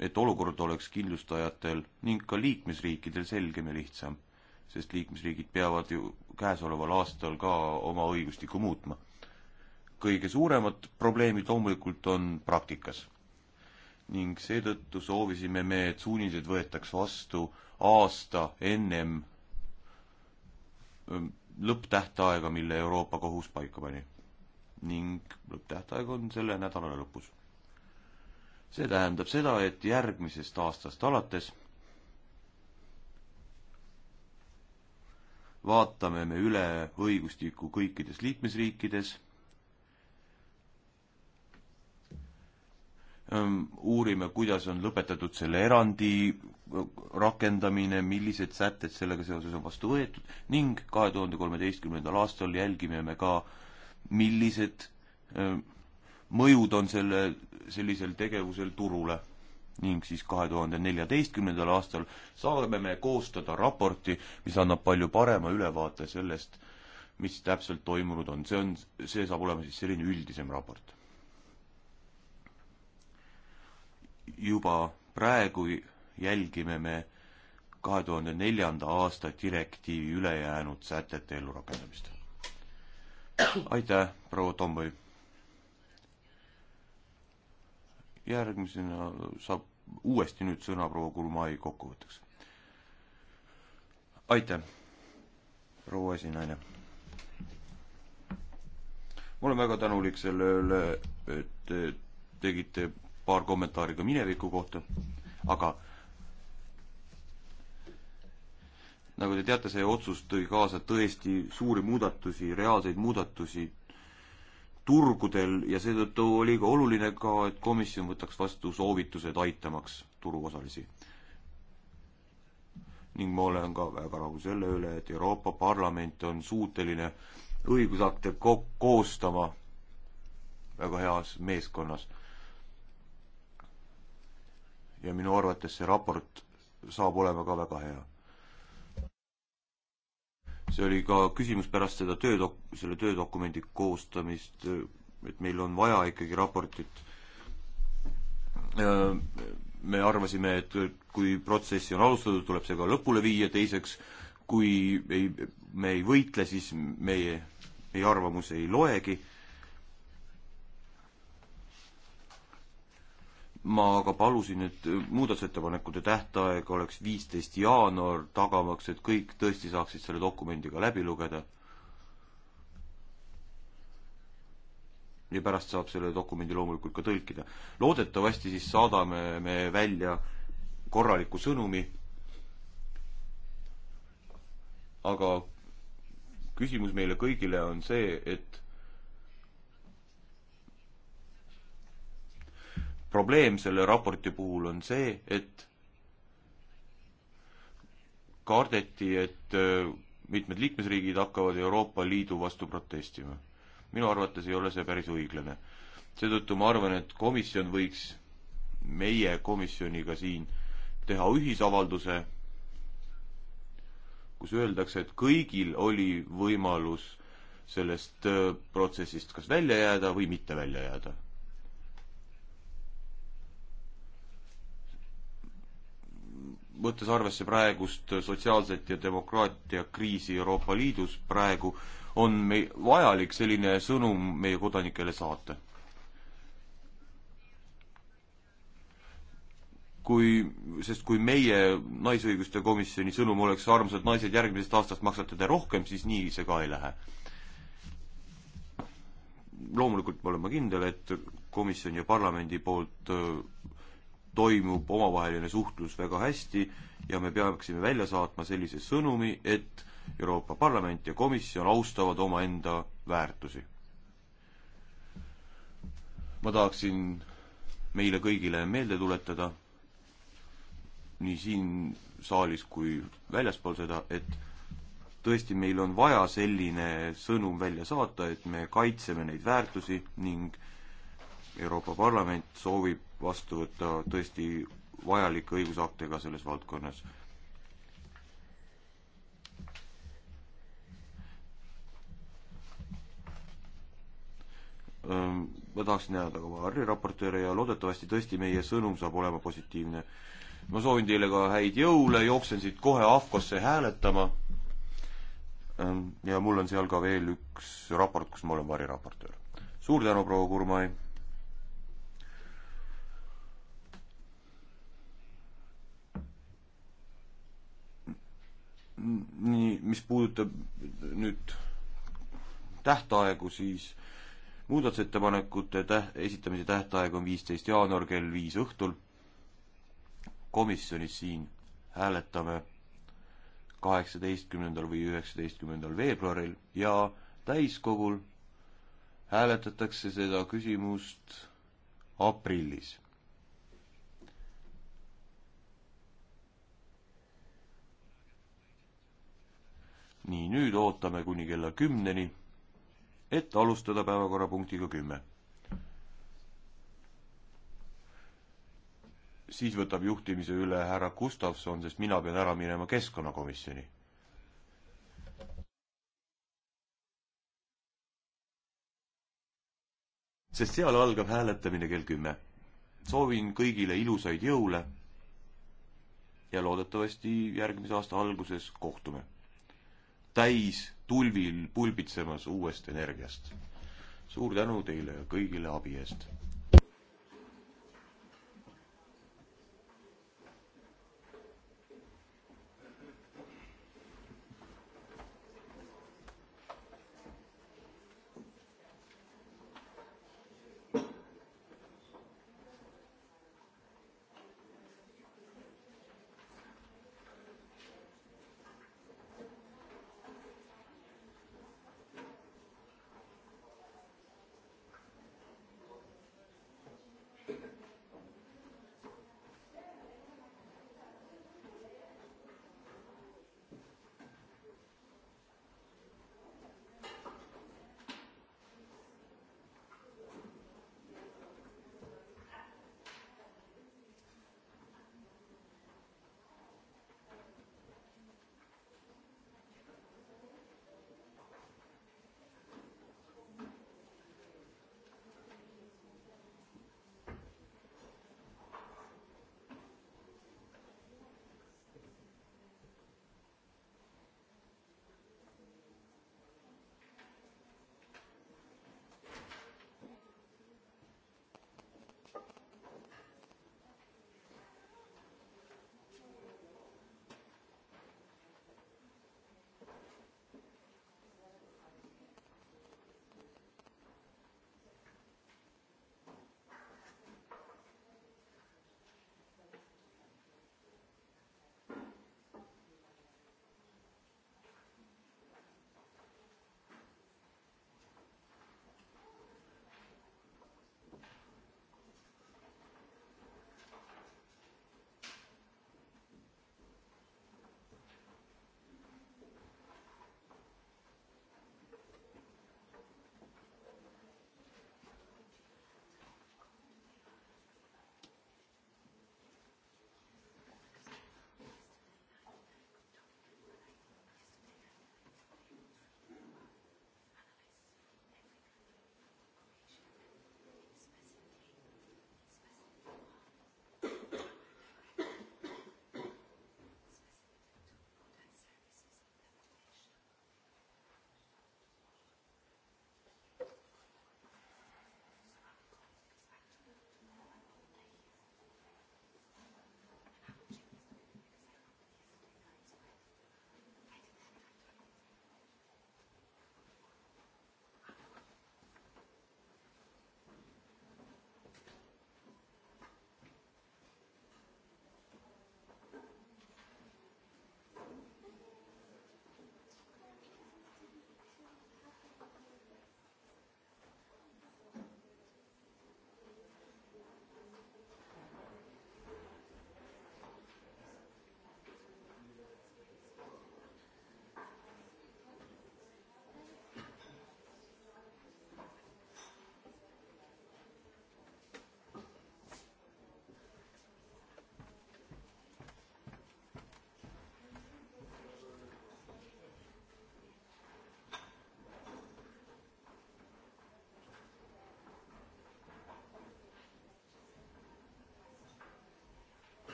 et olukord oleks kindlustajatel ning ka liikmesriikidel selgem ja lihtsam, sest liikmesriigid peavad ju käesoleval aastal ka oma õigustikku muutma kõige suuremad probleemid loomulikult on praktikas. ning seetõttu soovisime me, et suunised võetaks vastu aasta ennem lõpptähtaega, mille Euroopa Kohus paika pani. ning lõpptähtaeg on selle nädala lõpus. see tähendab seda, et järgmisest aastast alates vaatame me üle õigustiku kõikides liikmesriikides uurime, kuidas on lõpetatud selle erandi rakendamine, millised sätted sellega seoses on vastu võetud ning kahe tuhande kolmeteistkümnendal aastal jälgime me ka, millised mõjud on selle, sellisel tegevusel turule. ning siis kahe tuhande neljateistkümnendal aastal saame me koostada raporti, mis annab palju parema ülevaate sellest, mis täpselt toimunud on, see on, see saab olema siis selline üldisem raport juba praegu jälgime me kahe tuhande neljanda aasta direktiivi ülejäänud sätete ellurakendamist. aitäh, proua Tomboi. järgmisena saab uuesti nüüd sõna proua Kulmai kokkuvõtteks. aitäh, proua esinaine. ma olen väga tänulik selle üle, et tegite paar kommentaari ka mineviku kohta, aga nagu te teate, see otsus tõi kaasa tõesti suuri muudatusi, reaalseid muudatusi turgudel ja seetõttu oli ka oluline ka, et komisjon võtaks vastu soovitused aitamaks turuosalisi. ning ma olen ka väga rahul selle üle, et Euroopa Parlament on suuteline õigusakte ko koostama väga heas meeskonnas ja minu arvates see raport saab olema ka väga hea. see oli ka küsimus pärast seda töödok-, selle töödokumendi koostamist, et meil on vaja ikkagi raportit. Äh, me arvasime, et kui protsessi on alustatud, tuleb see ka lõpule viia, teiseks kui ei, me ei võitle, siis meie, meie arvamus ei loegi ma aga palusin, et muudatusettepanekute tähtaeg oleks viisteist jaanuar, tagamaks, et kõik tõesti saaksid selle dokumendiga läbi lugeda. ja pärast saab selle dokumendi loomulikult ka tõlkida. loodetavasti siis saadame me välja korraliku sõnumi, aga küsimus meile kõigile on see, et probleem selle raporti puhul on see, et kardeti, et äh, mitmed liikmesriigid hakkavad Euroopa Liidu vastu protestima. minu arvates ei ole see päris õiglane. seetõttu ma arvan, et komisjon võiks meie komisjoniga siin teha ühisavalduse, kus öeldakse, et kõigil oli võimalus sellest äh, protsessist kas välja jääda või mitte välja jääda võttes arvesse praegust sotsiaalset ja demokraatia kriisi Euroopa Liidus praegu, on mei-, vajalik selline sõnum meie kodanikele saata. kui, sest kui meie Naisõiguste Komisjoni sõnum oleks armsad naised, järgmisest aastast maksate te rohkem, siis nii see ka ei lähe. loomulikult ma olen ma kindel, et komisjoni ja parlamendi poolt toimub omavaheline suhtlus väga hästi ja me peaksime välja saatma sellise sõnumi, et Euroopa Parlament ja Komisjon austavad omaenda väärtusi. ma tahaksin meile kõigile meelde tuletada, nii siin saalis kui väljaspool seda, et tõesti, meil on vaja selline sõnum välja saata, et me kaitseme neid väärtusi ning Euroopa Parlament soovib vastu võtta tõesti vajalikke õigusakte ka selles valdkonnas. ma tahaksin jääda ka Harri raportööri ja loodetavasti tõesti meie sõnum saab olema positiivne. ma soovin teile ka häid jõule, jooksen siit kohe AFCOsse hääletama. ja mul on seal ka veel üks raport, kus ma olen variraportöör. suur tänu, proua Kurmai nii, mis puudutab nüüd tähtaegu, siis muudatusettepanekute täht-, esitamise tähtaeg on viisteist jaanuar kell viis õhtul. komisjonis siin hääletame kaheksateistkümnendal või üheksateistkümnendal veebruaril ja täiskogul hääletatakse seda küsimust aprillis nii, nüüd ootame kuni kella kümneni, et alustada päevakorrapunktiga kümme. siis võtab juhtimise üle härra Gustavson, sest mina pean ära minema keskkonnakomisjoni sest seal algab hääletamine kell kümme. soovin kõigile ilusaid jõule ja loodetavasti järgmise aasta alguses kohtume täis tulvil pulbitsemas uuest energiast. suur tänu teile kõigile abi eest!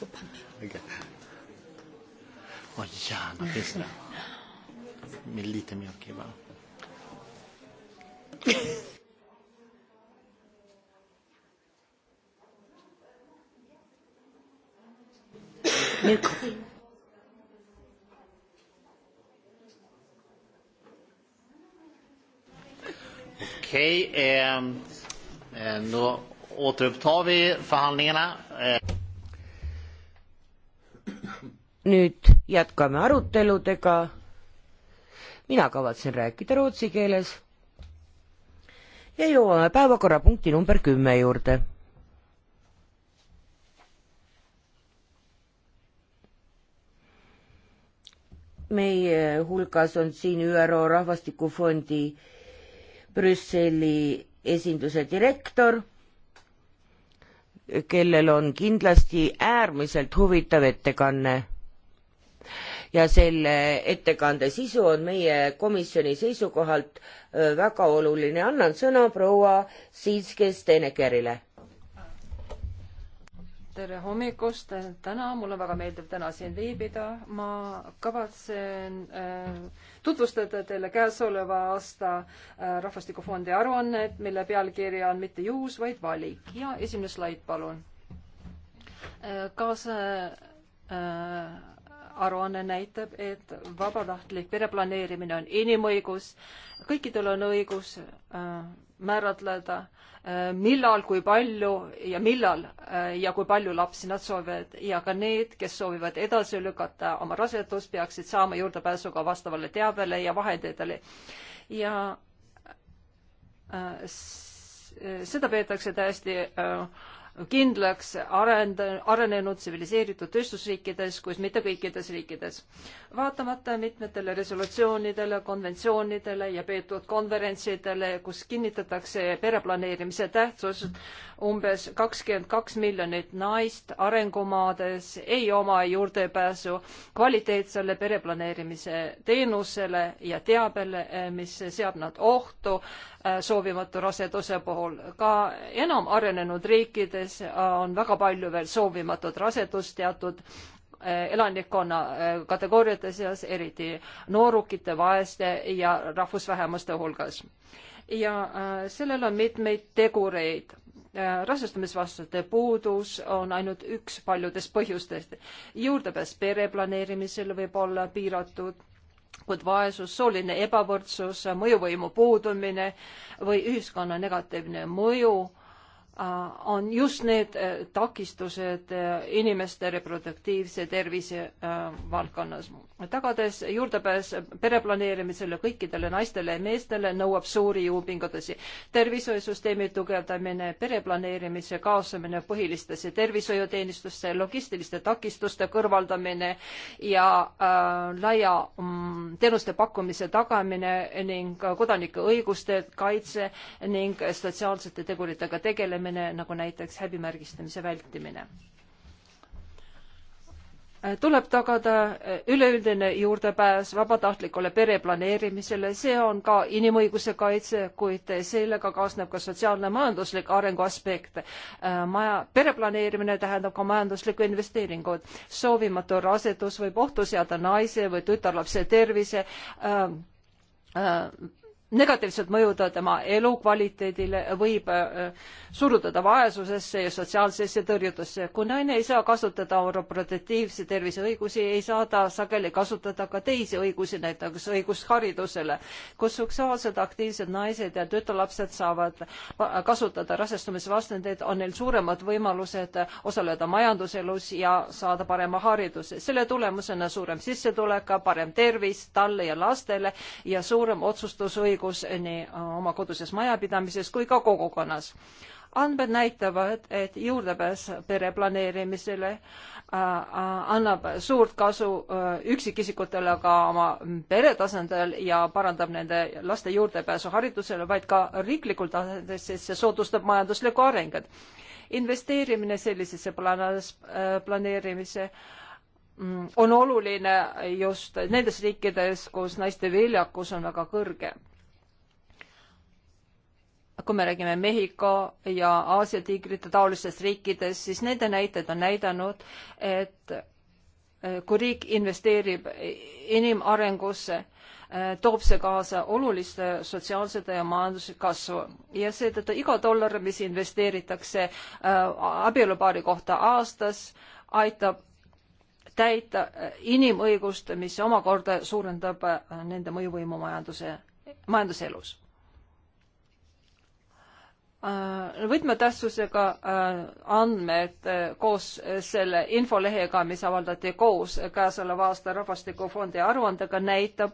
수 없었네. Oggiano, che strano. Millitemi al kebab. Mirko. Okej, ehm, okay, eh, eh, då återupptar vi förhandlingarna. nüüd jätkame aruteludega. mina kavatsen rääkida rootsi keeles. ja jõuame päevakorrapunkti number kümme juurde. meie hulgas on siin ÜRO Rahvastikufondi Brüsseli esinduse direktor kellel on kindlasti äärmiselt huvitav ettekanne ja selle ettekande sisu on meie komisjoni seisukohalt väga oluline. annan sõna proua Siiske-Stenekerile. tere hommikust, täna, mul on väga meeldiv täna siin viibida. ma kavatsen äh, tutvustada teile käesoleva aasta äh, Rahvastikufondi aruannet, mille pealkiri on mitte juhus, vaid valik ja esimene slaid, palun kaasa äh, aruanne näitab, et vabatahtlik pereplaneerimine on inimõigus, kõikidel on õigus äh, määratleda äh,, millal, kui palju ja millal äh, ja kui palju lapsi nad soovivad ja ka need, kes soovivad edasi lükata oma rasedust, peaksid saama juurdepääsu ka vastavale teabele ja vahenditele. ja äh, seda peetakse täiesti äh, kindlaks arend-, arenenud tsiviliseeritud tööstusriikides, kuid mitte kõikides riikides. vaatamata mitmetele resolutsioonidele, konventsioonidele ja peetud konverentsidele, kus kinnitatakse pereplaneerimise tähtsust, umbes kakskümmend kaks miljonit naist arengumaades ei oma juurdepääsu kvaliteetsele pereplaneerimise teenusele ja teabele, mis seab nad ohtu äh, soovimatu raseduse puhul. ka enam arenenud riikides riikides äh, on väga palju veel soovimatut rasedust teatud äh, elanikkonna äh, kategooriate seas, eriti noorukite, vaeste ja rahvusvähemuste hulgas. ja sellel on mitmeid tegureid rasestumisvastaste puudus on ainult üks paljudest põhjustest. juurdepääs pereplaneerimisele võib olla piiratud, kuid vaesus, sooline ebavõrdsus, mõjuvõimu puudumine või ühiskonna negatiivne mõju Äh, on just need äh, takistused äh, inimeste reproduktiivse tervise valdkonnas. tagades juurdepääs pereplaneerimisele kõikidele naistele ja meestele nõuab suuri jõupingutusi. tervishoiusüsteemi tugevdamine, pereplaneerimise kaasamine põhilistesse tervishoiuteenistusse, logistiliste takistuste kõrvaldamine ja äh, laia mm, teenuste pakkumise tagamine ning kodanike õiguste kaitse ning sotsiaalsete teguritega tegelemine vältimine, nagu näiteks häbimärgistamise vältimine. tuleb tagada üleüldine juurdepääs vabatahtlikule pereplaneerimisele, see on ka inimõiguse kaitse, kuid sellega kaasneb ka sotsiaalne majanduslik arengu aspekt. maja, pereplaneerimine tähendab ka majanduslikku investeeringut. soovimatu rasedus võib ohtu seada naise või tütarlapse tervise äh, äh negatiivselt mõjuda tema elukvaliteedile, võib äh, surutada vaesusesse ja sotsiaalsesse tõrjutusse. kui naine ei saa kasutada oma reproduktiivse tervise õigusi, ei saa ta sageli kasutada ka teisi õigusi, näiteks õigust haridusele, kus seksuaalselt aktiivsed naised ja tütarlapsed saavad kasutada rasestumisvastandeid, on neil suuremad võimalused osaleda majanduselus ja saada parema hariduse. selle tulemusena suurem sissetulek, parem tervis talle ja lastele ja suurem otsustusõigus õigus nii äh, oma koduses majapidamises kui ka kogukonnas. andmed näitavad, et juurdepääs pereplaneerimisele äh, äh, annab suurt kasu üksikisikutele ka oma pere tasandil ja parandab nende laste juurdepääsu haridusele, vaid ka riiklikul tasandil, sest see soodustab majanduslikku arengut. investeerimine sellisesse planas, planeerimise mm, on oluline just nendes riikides, kus naiste viljakus on väga kõrge kui me räägime Mehhiko ja Aasia tiigrite taolistest riikidest, siis nende näited on näidanud, et eh, kui riik investeerib inimarengusse, eh, toob see kaasa oluliste sotsiaalsete ja majanduskasvu ja seetõttu iga dollar, mis investeeritakse eh, abielupaari kohta aastas, aitab täita inimõigust, mis omakorda suurendab nende mõjuvõimu majanduse, majanduselus Äh, võtmetähtsusega äh, andmed äh, koos selle infolehega, mis avaldati koos käesoleva aasta Rahvastikufondi aruandega, näitab,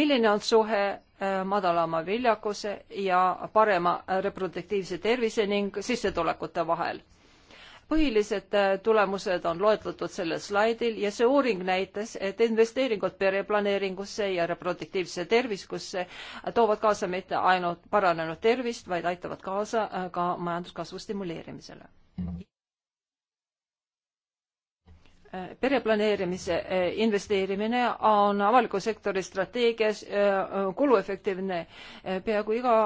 milline on suhe madalama viljakuse ja parema reproduktiivse tervise ning sissetulekute vahel põhilised äh, tulemused on loetletud sellel slaidil ja see uuring näitas, et investeeringud pereplaneeringusse ja reproduktiivse terviskusse toovad kaasa mitte ainult paranenud tervist, vaid aitavad kaasa äh, ka majanduskasvu stimuleerimisele. Äh, pereplaneerimise investeerimine on avaliku sektori strateegias kuluefektiivne. peaaegu iga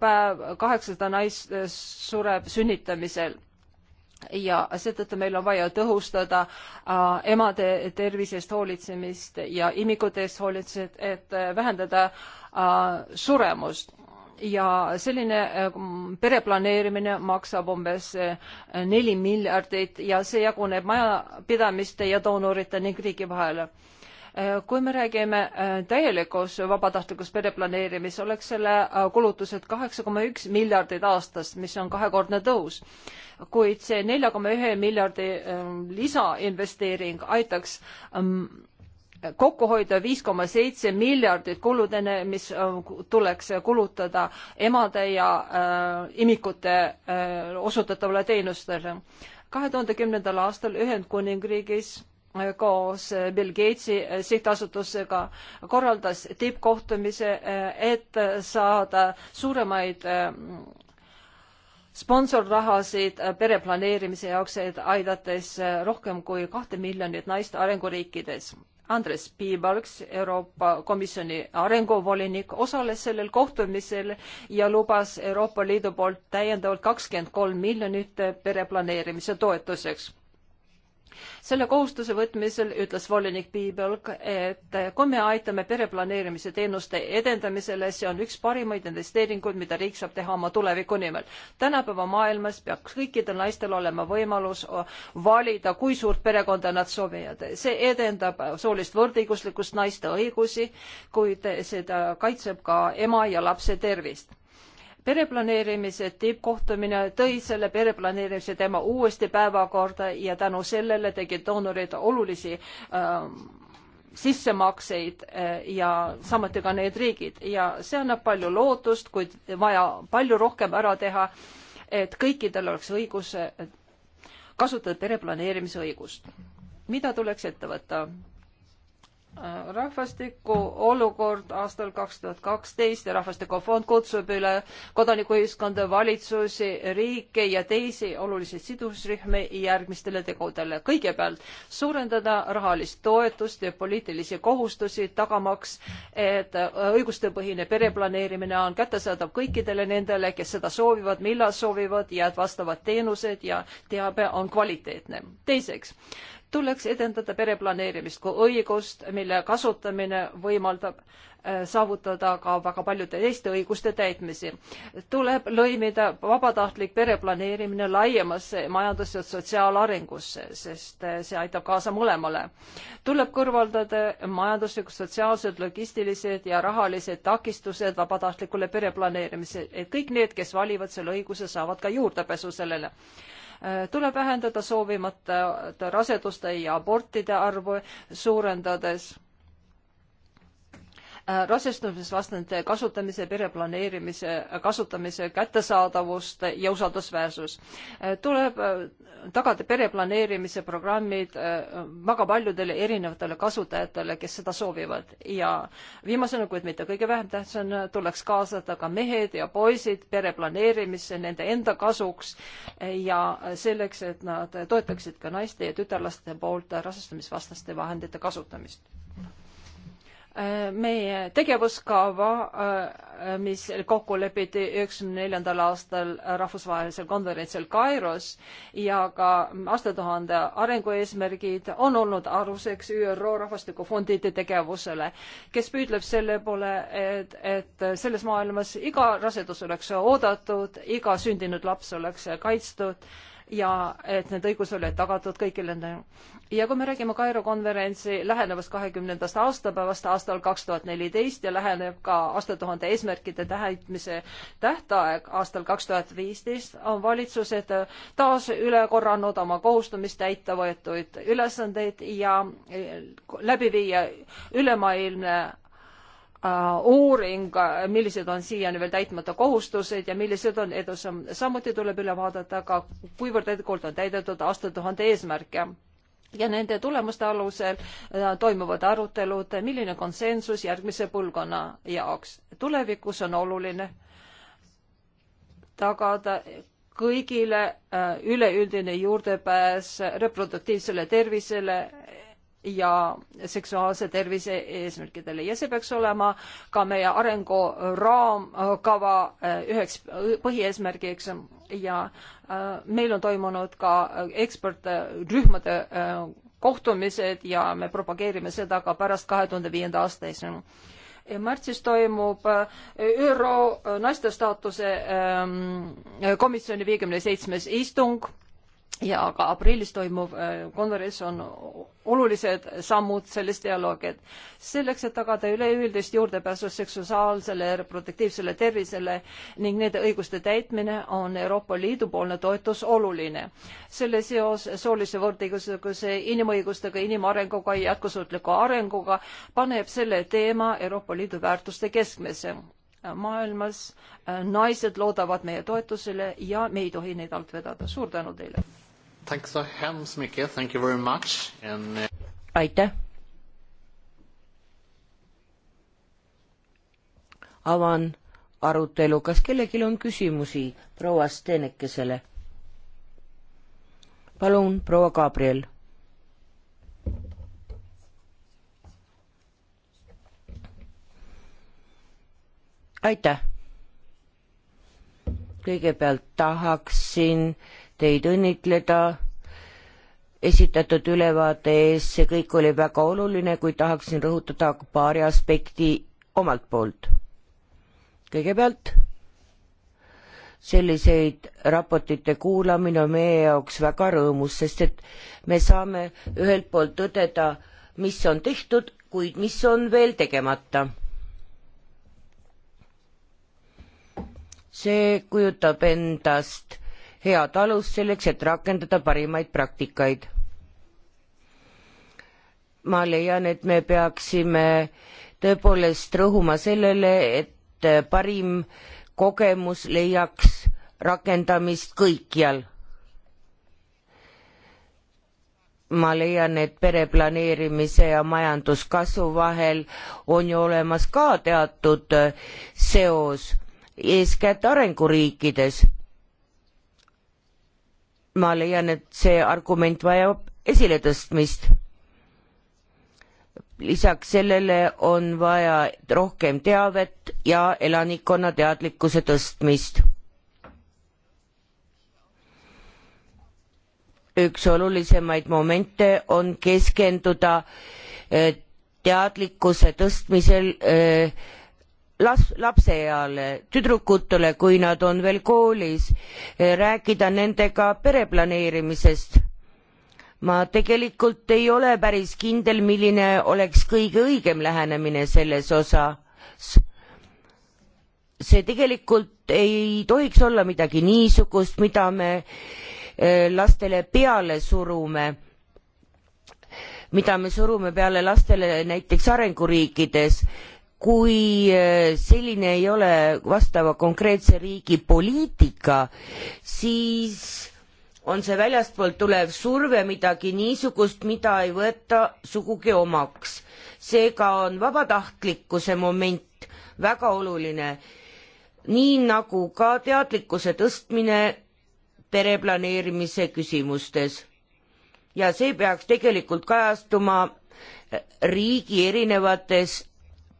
päev kaheksasada naist sureb sünnitamisel ja seetõttu meil on vaja tõhustada äh, emade tervisest hoolitsemist ja imikute eest hoolitsemist, et äh, vähendada äh, suremust ja selline äh, pereplaneerimine maksab umbes äh, neli miljardit ja see jaguneb majapidamiste ja doonorite ning riigi vahel kui me räägime äh, täielikus vabatahtlikus pereplaneerimis, oleks selle äh, kulutused kaheksa koma üks miljardit aastas, mis on kahekordne tõus. kuid see nelja koma ühe miljardi ähm, lisainvesteering aitaks ähm, kokku hoida viis koma seitse miljardit kuludena, mis äh, tuleks kulutada emade ja äh, imikute äh, osutatavale teenustele. kahe tuhande kümnendal aastal Ühendkuningriigis koos Bill Gatesi sihtasutusega korraldas tippkohtumise, et saada suuremaid mm, sponsorrahasid pereplaneerimise jaoks, et aidates rohkem kui kahte miljonit naist arenguriikides. Andres Piibalks, Euroopa Komisjoni arenguvolinik, osales sellel kohtumisel ja lubas Euroopa Liidu poolt täiendavalt kakskümmend kolm miljonit pereplaneerimise toetuseks selle kohustuse võtmisel ütles volinik Piibelg, et kui me aitame pereplaneerimise teenuste edendamisele, see on üks parimaid investeeringuid, mida riik saab teha oma tuleviku nimel. tänapäeva maailmas peaks kõikidel naistel olema võimalus valida, kui suurt perekonda nad soovivad. see edendab soolist võrdõiguslikkust, naiste õigusi, kuid seda kaitseb ka ema ja lapse tervist pereplaneerimise tippkohtumine tõi selle pereplaneerimise teema uuesti päevakorda ja tänu sellele tegid doonorid olulisi ähm, äh, sissemakseid ja samuti ka need riigid ja see annab palju lootust, kuid vaja palju rohkem ära teha, et kõikidel oleks õigus äh, kasutada pereplaneerimise õigust. mida tuleks ette võtta? rahvastiku olukord aastal kaks tuhat kaksteist ja Rahvastikufond kutsub üle kodanikuühiskonda, valitsusi, riike ja teisi olulisi sidusrühmi järgmistele tegudele. kõigepealt suurendada rahalist toetust ja poliitilisi kohustusi, tagamaks, et õigustepõhine pereplaneerimine on kättesaadav kõikidele nendele, kes seda soovivad, millal soovivad ja et vastavad teenused ja teabe on kvaliteetne. teiseks tuleks edendada pereplaneerimist kui õigust, mille kasutamine võimaldab äh, saavutada ka väga paljude teiste õiguste täitmisi. tuleb lõimida vabatahtlik pereplaneerimine laiemasse majandus- ja sotsiaalarengusse, sest äh, see aitab kaasa mõlemale. tuleb kõrvaldada majanduslikud, sotsiaalsed, logistilised ja rahalised takistused vabatahtlikule pereplaneerimisele, et kõik need, kes valivad selle õiguse, saavad ka juurdepääsu sellele tuleb vähendada soovimata raseduste ja abortide arvu, suurendades Äh, rasestumisvastande kasutamise, pereplaneerimise äh, kasutamise kättesaadavust ja usaldusväärsus. Äh, tuleb tagada pereplaneerimise programmid väga paljudele erinevatele kasutajatele, kes seda soovivad ja viimasena, kuid mitte kõige vähem tähtsam, tuleks kaasata ka mehed ja poisid pereplaneerimisse nende enda kasuks ja selleks, et nad toetaksid ka naiste ja tütarlaste poolt rasestumisvastaste vahendite kasutamist meie tegevuskava, äh, mis kokku lepiti üheksakümne neljandal aastal rahvusvahelisel konverentsil Kairos ja ka aastatuhande arengueesmärgid on olnud aluseks ÜRO rahvastikufondide tegevusele, kes püüdleb selle poole, et, et selles maailmas iga rasedus oleks oodatud, iga sündinud laps oleks kaitstud ja et need õigused olid tagatud kõigile. ja kui me räägime Kairo konverentsi lähenevast kahekümnendast aastapäevast aastal kaks tuhat neliteist ja läheneb ka aastatuhande eesmärkide täitmise tähtaeg aastal kaks tuhat viisteist, on valitsused taas üle korranud oma kohustumist täita võetuid ülesandeid ja läbi viia ülemaailmne Äh, uuring, äh, millised on siiani veel täitmata kohustused ja millised on edusamm. samuti tuleb üle vaadata ka, kuivõrd edukalt on täidetud aastatuhande eesmärke ja nende tulemuste alusel äh, toimuvad arutelud, milline konsensus järgmise põlvkonna jaoks. tulevikus on oluline tagada kõigile üleüldine juurdepääs reproduktiivsele tervisele ja seksuaalse tervise eesmärkidele ja see peaks olema ka meie arenguraamkava äh, äh, üheks põhieesmärgiks ja äh, meil on toimunud ka ekspertrühmade kohtumised ja me propageerime seda ka pärast kahe tuhande viienda aasta eesmärgi märtsis toimub ÜRO naiste staatuse ähm, komisjoni viiekümne seitsmes istung ja ka aprillis toimuv äh, konverents on olulised sammud selles dialoogid. selleks, et tagada üleüldist juurdepääsu seksuaalsele ja reproduktiivsele tervisele ning nende õiguste täitmine, on Euroopa Liidu poolne toetus oluline. selle seos soolise võrdõiguslikkuse, inimõigustega, inimarenguga ja jätkusuutliku arenguga paneb selle teema Euroopa Liidu väärtuste keskmesse maailmas äh, naised loodavad meie toetusele ja me ei tohi neid alt vedada. suur tänu teile! Eh, aitäh. avan arutelu, kas kellelgi on küsimusi proua Stenekesele? palun, proua Gabriel. aitäh. kõigepealt tahaksin äh, teid õnnitleda esitatud ülevaate eest, see kõik oli väga oluline, kuid tahaksin rõhutada paari aspekti omalt poolt. kõigepealt, selliseid raportite kuulamine on meie jaoks väga rõõmus, sest et me saame ühelt poolt tõdeda, mis on tehtud, kuid mis on veel tegemata see kujutab endast head alust selleks, et rakendada parimaid praktikaid. ma leian, et me peaksime tõepoolest rõhuma sellele, et parim kogemus leiaks rakendamist kõikjal. ma leian, et pereplaneerimise ja majanduskasvu vahel on ju olemas ka teatud seos, eeskätt arenguriikides ma leian, et see argument vajab esiletõstmist. lisaks sellele on vaja rohkem teavet ja elanikkonna teadlikkuse tõstmist. üks olulisemaid momente on keskenduda eh, teadlikkuse tõstmisel öö, eh, las- lapseeale tüdrukutele kui nad on veel koolis eh, rääkida nendega pereplaneerimisest ma tegelikult ei ole päris kindel milline oleks kõige õigem lähenemine selles osas see tegelikult ei tohiks olla midagi niisugust mida me eh, lastele peale surume mida me surume peale lastele näiteks arenguriikides kui äh, selline ei ole vastava konkreetse riigi poliitika, siis on see väljastpoolt tulev surve midagi niisugust, mida ei võeta sugugi omaks. seega on vabatahtlikkuse moment väga oluline, nii nagu ka teadlikkuse tõstmine pereplaneerimise küsimustes. ja see peaks tegelikult kajastuma riigi erinevates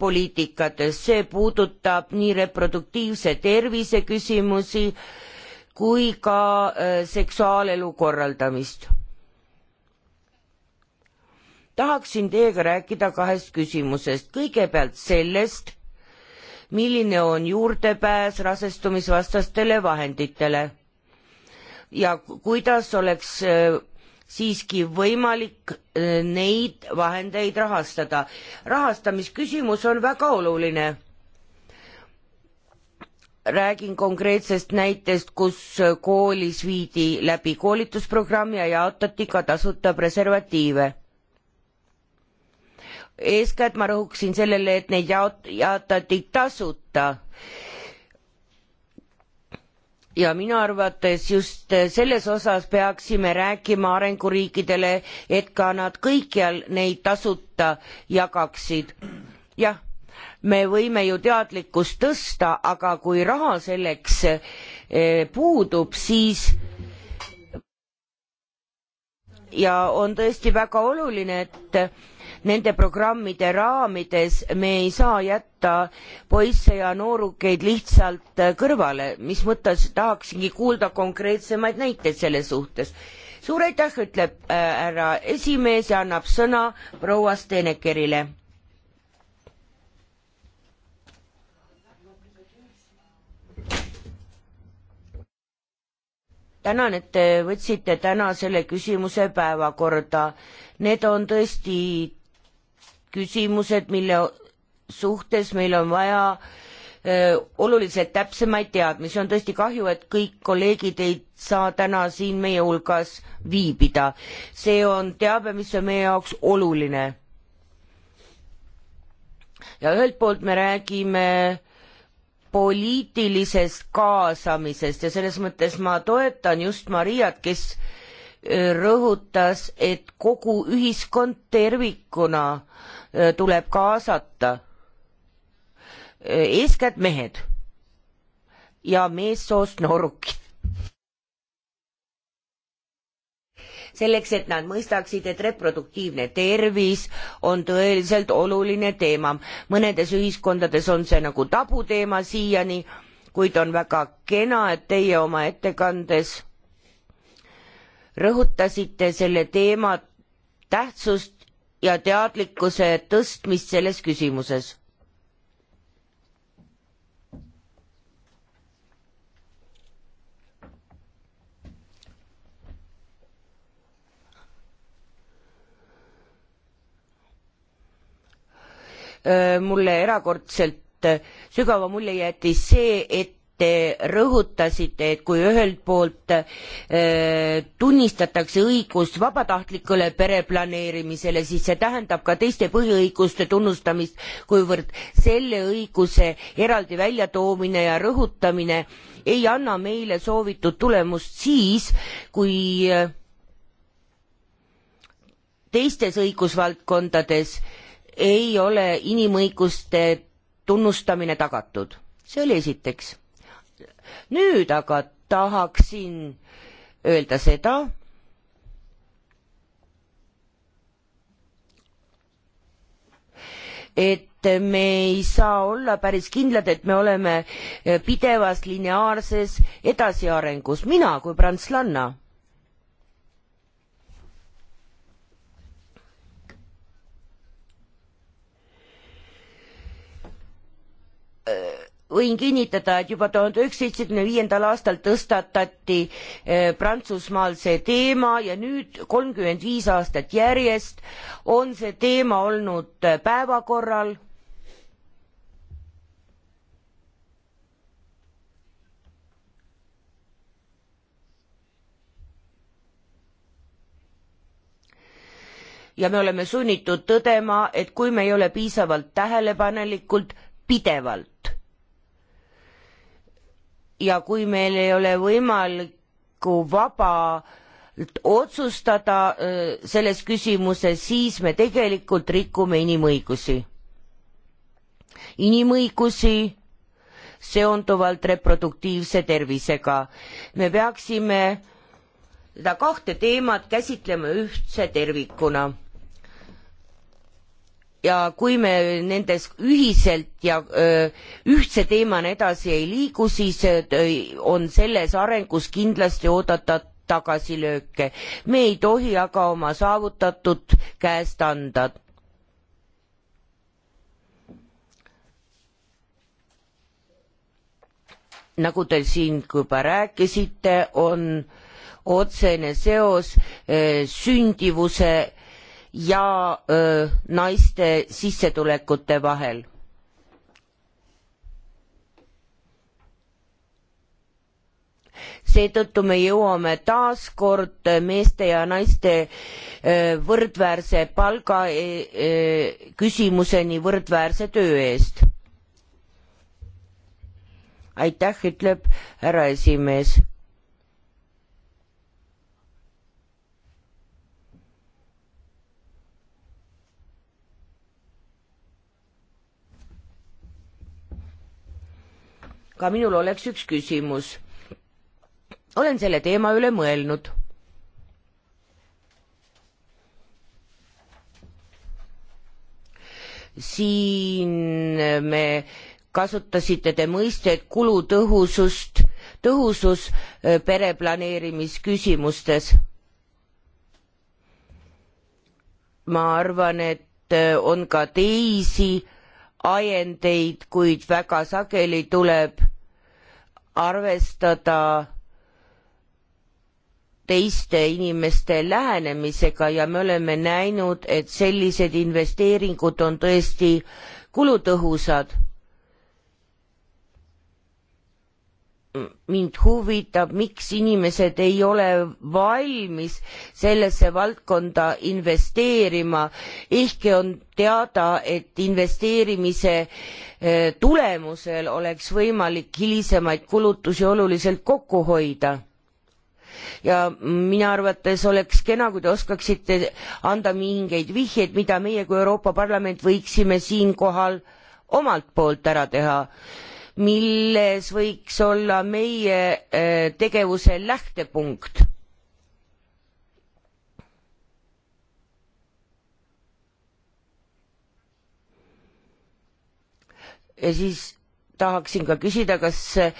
poliitikates, see puudutab nii reproduktiivse tervise küsimusi kui ka äh, seksuaalelu korraldamist. tahaksin teiega rääkida kahest küsimusest, kõigepealt sellest, milline on juurdepääs rasestumisvastastele vahenditele ja kuidas oleks äh, siiski võimalik eh, neid vahendeid rahastada. rahastamisküsimus on väga oluline. räägin konkreetsest näitest, kus eh, koolis viidi läbi koolitusprogramm ja jaotati ka tasuta preservatiive. eeskätt ma rõhuksin sellele, et neid jaot-, jaotati tasuta ja minu arvates just eh, selles osas peaksime rääkima arenguriikidele, et ka nad kõikjal neid tasuta jagaksid. jah, me võime ju teadlikkust tõsta, aga kui raha selleks eh, puudub, siis ja on tõesti väga oluline, et nende programmide raamides me ei saa jätta poisse ja noorukeid lihtsalt kõrvale mis mõttes tahaksingi kuulda konkreetsemaid näiteid selle suhtes suur aitäh ütleb äh, härra äh, esimees ja annab sõna proua Stenekerile tänan, et te võtsite täna selle küsimuse päevakorda. Need on tõesti küsimused, mille suhtes meil on vaja öö, oluliselt täpsemaid teadmisi, on tõesti kahju, et kõik kolleegid ei saa täna siin meie hulgas viibida. see on teave, mis on meie jaoks oluline. ja ühelt poolt me räägime poliitilisest kaasamisest ja selles mõttes ma toetan just Mariat, kes rõhutas, et kogu ühiskond tervikuna äh, tuleb kaasata, äh, eeskätt mehed ja meessoost noorukid. selleks, et nad mõistaksid, et reproduktiivne tervis on tõeliselt oluline teema. mõnedes ühiskondades on see nagu tabuteema siiani, kuid on väga kena, et teie oma ettekandes rõhutasite selle teema tähtsust ja teadlikkuse tõstmist selles küsimuses. Äh, mulle erakordselt sügava mulje jättis see et te rõhutasite, et kui ühelt poolt äh, tunnistatakse õigust vabatahtlikule pereplaneerimisele, siis see tähendab ka teiste põhiõiguste tunnustamist, kuivõrd selle õiguse eraldi väljatoomine ja rõhutamine ei anna meile soovitud tulemust siis, kui äh, teistes õigusvaldkondades ei ole inimõiguste tunnustamine tagatud. see oli esiteks nüüd aga tahaksin öelda seda, et me ei saa olla päris kindlad, et me oleme pidevas lineaarses edasiarengus, mina kui prantslanna võin kinnitada, et juba tuhande üheksasaja seitsmekümne viiendal aastal tõstatati eh, Prantsusmaal see teema ja nüüd kolmkümmend viis aastat järjest on see teema olnud eh, päevakorral. ja me oleme sunnitud tõdema, et kui me ei ole piisavalt tähelepanelikud pidevalt ja kui meil ei ole võimalikku vaba otsustada äh, selles küsimuses, siis me tegelikult rikume inimõigusi. inimõigusi seonduvalt reproduktiivse tervisega. me peaksime seda kahte teemat käsitlema ühtse tervikuna ja kui me nendes ühiselt ja öö, ühtse teemana edasi ei liigu, siis öö, on selles arengus kindlasti oodata tagasilööke. me ei tohi aga oma saavutatut käest anda. nagu te siin juba rääkisite, on otsene seos öö, sündivuse ja öö, naiste sissetulekute vahel. seetõttu me jõuame taas kord meeste ja naiste öö, võrdväärse palga öö, e, e, küsimuseni võrdväärse töö eest. aitäh, ütleb härra esimees ka minul oleks üks küsimus. olen selle teema üle mõelnud. siin me kasutasite te mõistet kulutõhusust, tõhusus eh, pereplaneerimisküsimustes. ma arvan, et eh, on ka teisi ajendeid kuid väga sageli tuleb arvestada teiste inimeste lähenemisega ja me oleme näinud, et sellised investeeringud on tõesti kulutõhusad mind huvitab, miks inimesed ei ole valmis sellesse valdkonda investeerima, ehkki on teada, et investeerimise eh, tulemusel oleks võimalik hilisemaid kulutusi oluliselt kokku hoida. ja minu arvates oleks kena, kui te oskaksite anda mingeid vihjeid, mida meie kui Euroopa Parlament võiksime siinkohal omalt poolt ära teha milles võiks olla meie äh, tegevuse lähtepunkt. ja siis tahaksin ka küsida, kas, äh,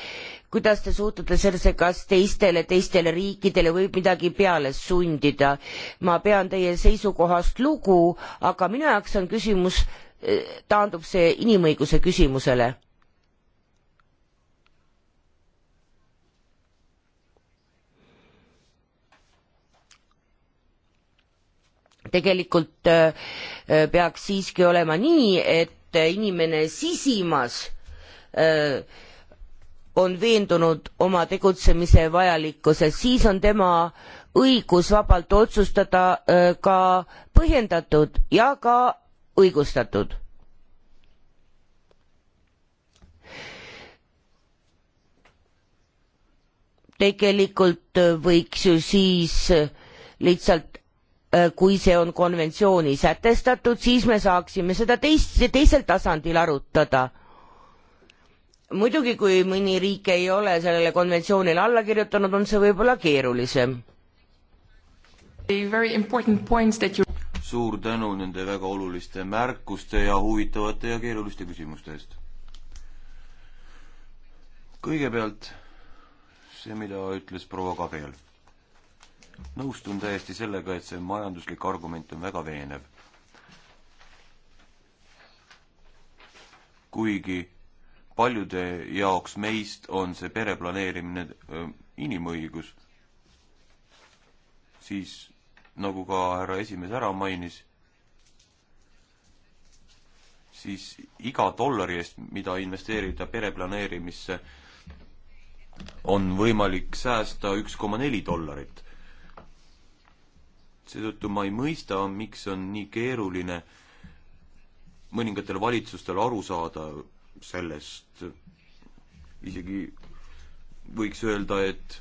kuidas te suhtute sellesse, kas teistele, teistele riikidele võib midagi peale sundida? ma pean teie seisukohast lugu, aga minu jaoks on küsimus, äh, taandub see inimõiguse küsimusele tegelikult äh, äh, peaks siiski olema nii, et inimene sisimas äh, on veendunud oma tegutsemise vajalikkuses, siis on tema õigus vabalt otsustada ka põhjendatud ja ka õigustatud. tegelikult võiks ju siis lihtsalt Äh, kui see on konventsiooni sätestatud, siis me saaksime seda teist, teisel tasandil arutada. muidugi, kui mõni riik ei ole sellele konventsioonile alla kirjutanud, on see võib-olla keerulisem. You... suur tänu nende väga oluliste märkuste ja huvitavate ja keeruliste küsimuste eest. kõigepealt see, mida ütles proua Kabel nõustun täiesti sellega, et see majanduslik argument on väga veenev. kuigi paljude jaoks meist on see pereplaneerimine inimõigus, siis nagu ka härra esimees ära mainis, siis iga dollari eest, mida investeerida pereplaneerimisse, on võimalik säästa üks koma neli dollarit seetõttu ma ei mõista, miks on nii keeruline mõningatel valitsustel aru saada sellest. isegi võiks öelda, et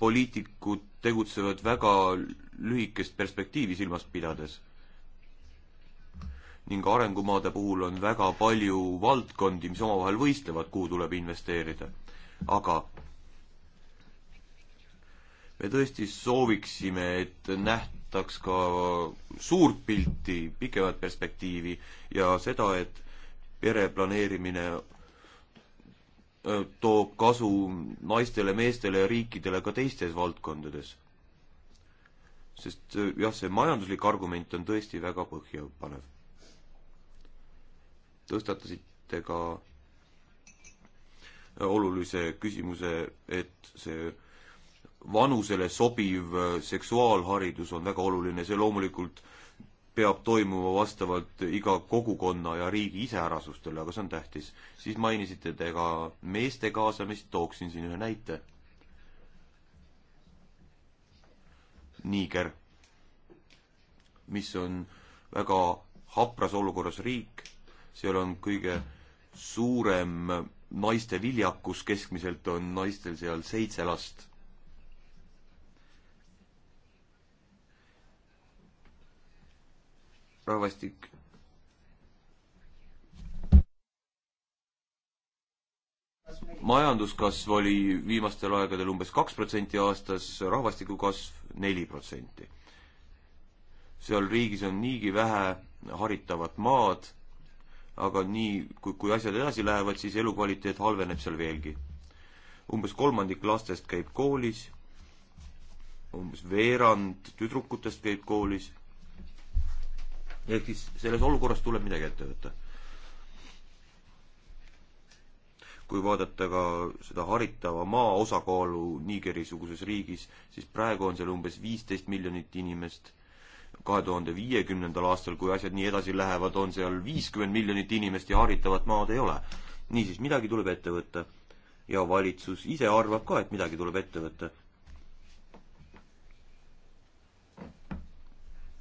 poliitikud tegutsevad väga lühikest perspektiivi silmas pidades. ning arengumaade puhul on väga palju valdkondi, mis omavahel võistlevad, kuhu tuleb investeerida. aga me tõesti sooviksime, et nähtaks ka suurt pilti, pikemat perspektiivi ja seda, et pereplaneerimine äh, toob kasu naistele, meestele ja riikidele ka teistes valdkondades. sest äh, jah, see majanduslik argument on tõesti väga põhjapanev. tõstatasite ka äh, olulise küsimuse, et see vanusele sobiv äh, seksuaalharidus on väga oluline, see loomulikult peab toimuma vastavalt iga kogukonna ja riigi iseärasustele, aga see on tähtis. siis mainisite te ka meeste kaasamist, tooksin siin ühe näite. Niiger, mis on väga hapras olukorras riik, seal on kõige suurem naiste viljakus, keskmiselt on naistel seal seitse last rahvastik majanduskasv oli viimastel aegadel umbes kaks protsenti aastas, rahvastiku kasv neli protsenti. seal riigis on niigi vähe haritavat maad, aga nii, kui, kui asjad edasi lähevad, siis elukvaliteet halveneb seal veelgi. umbes kolmandik lastest käib koolis, umbes veerand tüdrukutest käib koolis ehk siis selles olukorras tuleb midagi ette võtta. kui vaadata ka seda haritava maa osakaalu Nigeri-suguses riigis, siis praegu on seal umbes viisteist miljonit inimest, kahe tuhande viiekümnendal aastal, kui asjad nii edasi lähevad, on seal viiskümmend miljonit inimest ja haritavat maad ei ole. niisiis, midagi tuleb ette võtta. ja valitsus ise arvab ka, et midagi tuleb ette võtta.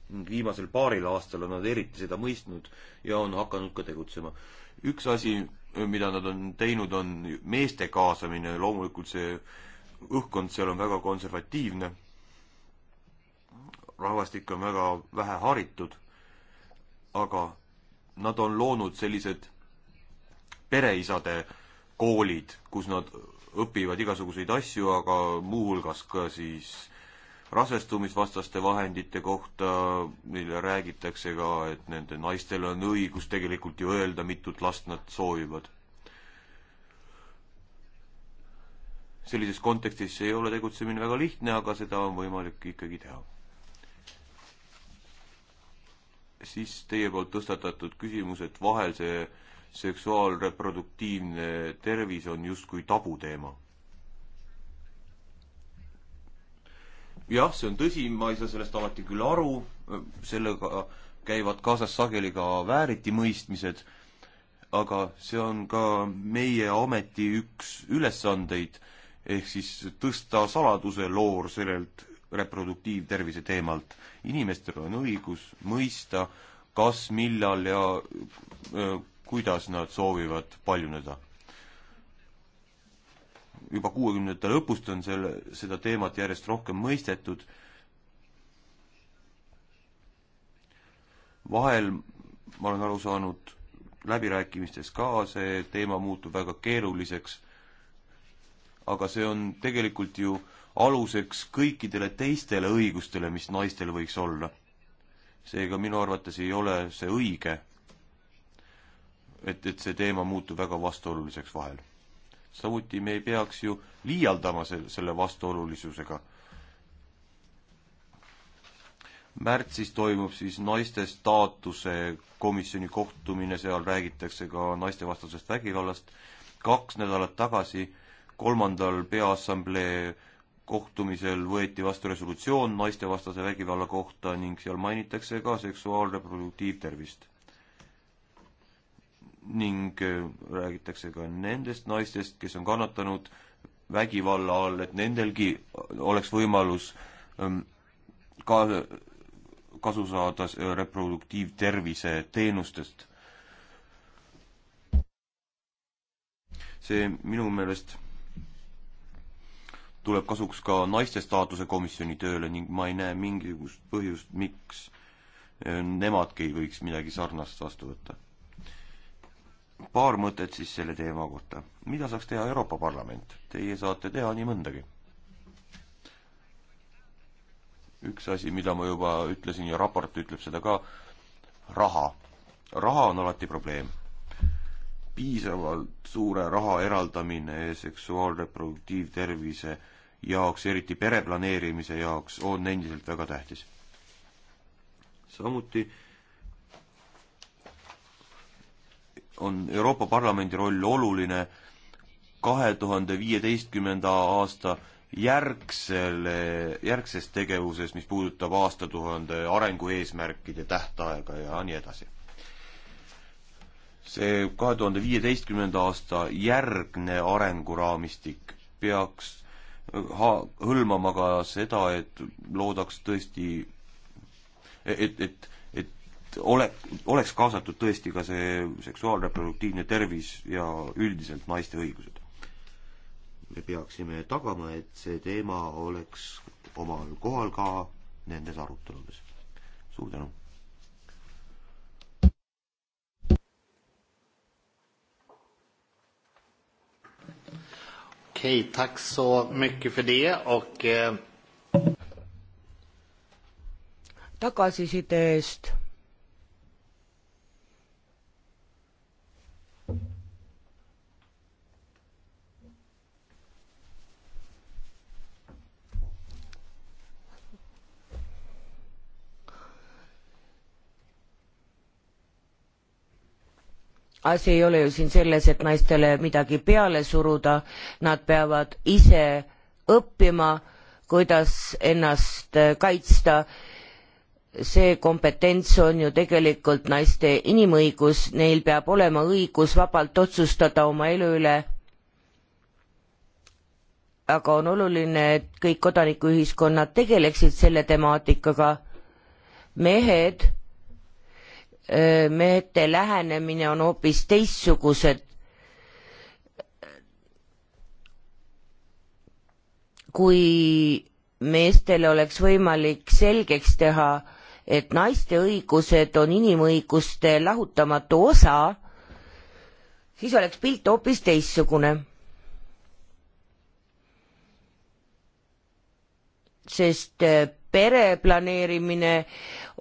ning viimasel paaril aastal on nad eriti seda mõistnud ja on hakanud ka tegutsema. üks asi, mida nad on teinud, on meeste kaasamine, loomulikult see õhkkond seal on väga konservatiivne, rahvastik on väga vähe haritud, aga nad on loonud sellised pereisade koolid, kus nad õpivad igasuguseid asju, aga muuhulgas ka siis rasestumisvastaste vahendite kohta, mille räägitakse ka, et nende naistel on õigus tegelikult ju öelda, mitut last nad soovivad. sellises kontekstis ei ole tegutsemine väga lihtne, aga seda on võimalik ikkagi teha. siis teie poolt tõstatatud küsimus, et vahel see seksuaalreproduktiivne tervis on justkui tabuteema jah, see on tõsi, ma ei saa sellest alati küll aru, sellega käivad kaasas sageli ka vääritimõistmised, aga see on ka meie ameti üks ülesandeid, ehk siis tõsta saladuse loor sellelt reproduktiivtervise teemalt. inimestel on õigus mõista, kas, millal ja öö, äh, kuidas nad soovivad paljuneda juba kuuekümnendate lõpust on selle, seda teemat järjest rohkem mõistetud. vahel ma olen aru saanud läbirääkimistes ka, see teema muutub väga keeruliseks. aga see on tegelikult ju aluseks kõikidele teistele õigustele, mis naistel võiks olla. seega minu arvates ei ole see õige, et, et see teema muutub väga vastuoluliseks vahel samuti me ei peaks ju liialdama selle, selle vastuolulisusega. märtsis toimub siis naiste staatuse komisjoni kohtumine, seal räägitakse ka naistevastasest vägivallast. kaks nädalat tagasi kolmandal peaassamblee kohtumisel võeti vastu resolutsioon naistevastase vägivalla kohta ning seal mainitakse ka seksuaalreproduktiivtervist ning äh, räägitakse ka nendest naistest, kes on kannatanud vägivalla all, et nendelgi oleks võimalus ähm, ka kasu saada äh, reproduktiivtervise teenustest. see minu meelest tuleb kasuks ka naiste staatuse komisjoni tööle ning ma ei näe mingisugust põhjust, miks äh, nemadki ei võiks midagi sarnast vastu võtta paar mõtet siis selle teema kohta. mida saaks teha Euroopa Parlament? Teie saate teha nii mõndagi. üks asi, mida ma juba ütlesin ja raport ütleb seda ka, raha. raha on alati probleem. piisavalt suure raha eraldamine seksuaalreproduktiivtervise jaoks, eriti pereplaneerimise jaoks, on endiselt väga tähtis. samuti on Euroopa Parlamendi roll oluline kahe tuhande viieteistkümnenda aasta järgsele, järgses tegevuses, mis puudutab aastatuhande arengueesmärkide tähtaega ja nii edasi. see kahe tuhande viieteistkümnenda aasta järgne arenguraamistik peaks ha-, hõlmama ka seda, et loodaks tõesti, et, et ole, oleks kaasatud tõesti ka see seksuaalreproduktiivne tervis ja üldiselt naiste õigused. me peaksime tagama, et see teema oleks omal kohal ka nendes aruteludes. suur tänu! Okej, okay, tack så mycket för det och eh... tagasiside eest asi ei ole ju siin selles, et naistele midagi peale suruda, nad peavad ise õppima, kuidas ennast äh, kaitsta. see kompetents on ju tegelikult naiste inimõigus, neil peab olema õigus vabalt otsustada oma elu üle. aga on oluline, et kõik kodanikuühiskonnad tegeleksid selle temaatikaga. mehed meeste lähenemine on hoopis teistsugused kui meestel oleks võimalik selgeks teha, et naiste õigused on inimõiguste lahutamatu osa, siis oleks pilt hoopis teistsugune. sest eh, pereplaneerimine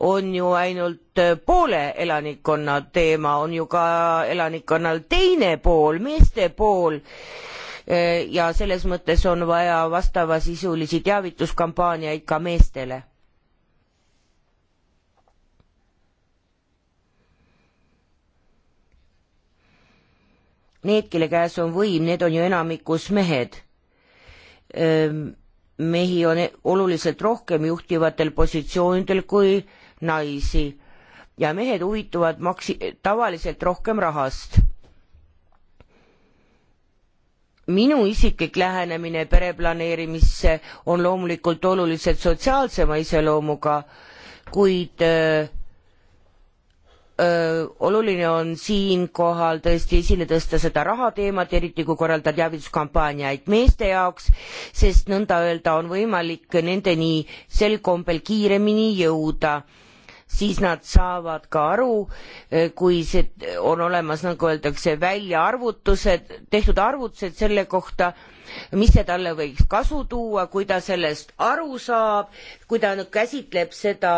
on ju ainult poole elanikkonna teema, on ju ka elanikkonnal teine pool, meeste pool ja selles mõttes on vaja vastavasisulisi teavituskampaaniaid ka meestele. Need, kelle käes on võim, need on ju enamikus mehed ehm, mehi on oluliselt rohkem juhtivatel positsioonidel kui naisi ja mehed huvituvad maksi- tavaliselt rohkem rahast minu isiklik lähenemine pereplaneerimisse on loomulikult oluliselt sotsiaalsema iseloomuga kuid äh, oluline on siinkohal tõesti esile tõsta seda rahateemat, eriti kui korraldada teavituskampaaniaid meeste jaoks, sest nõnda öelda on võimalik nendeni sel kombel kiiremini jõuda siis nad saavad ka aru, eh, kui see on olemas, nagu öeldakse, väljaarvutused, tehtud arvutused selle kohta, mis see talle võiks kasu tuua, kui ta sellest aru saab, kui ta nüüd käsitleb seda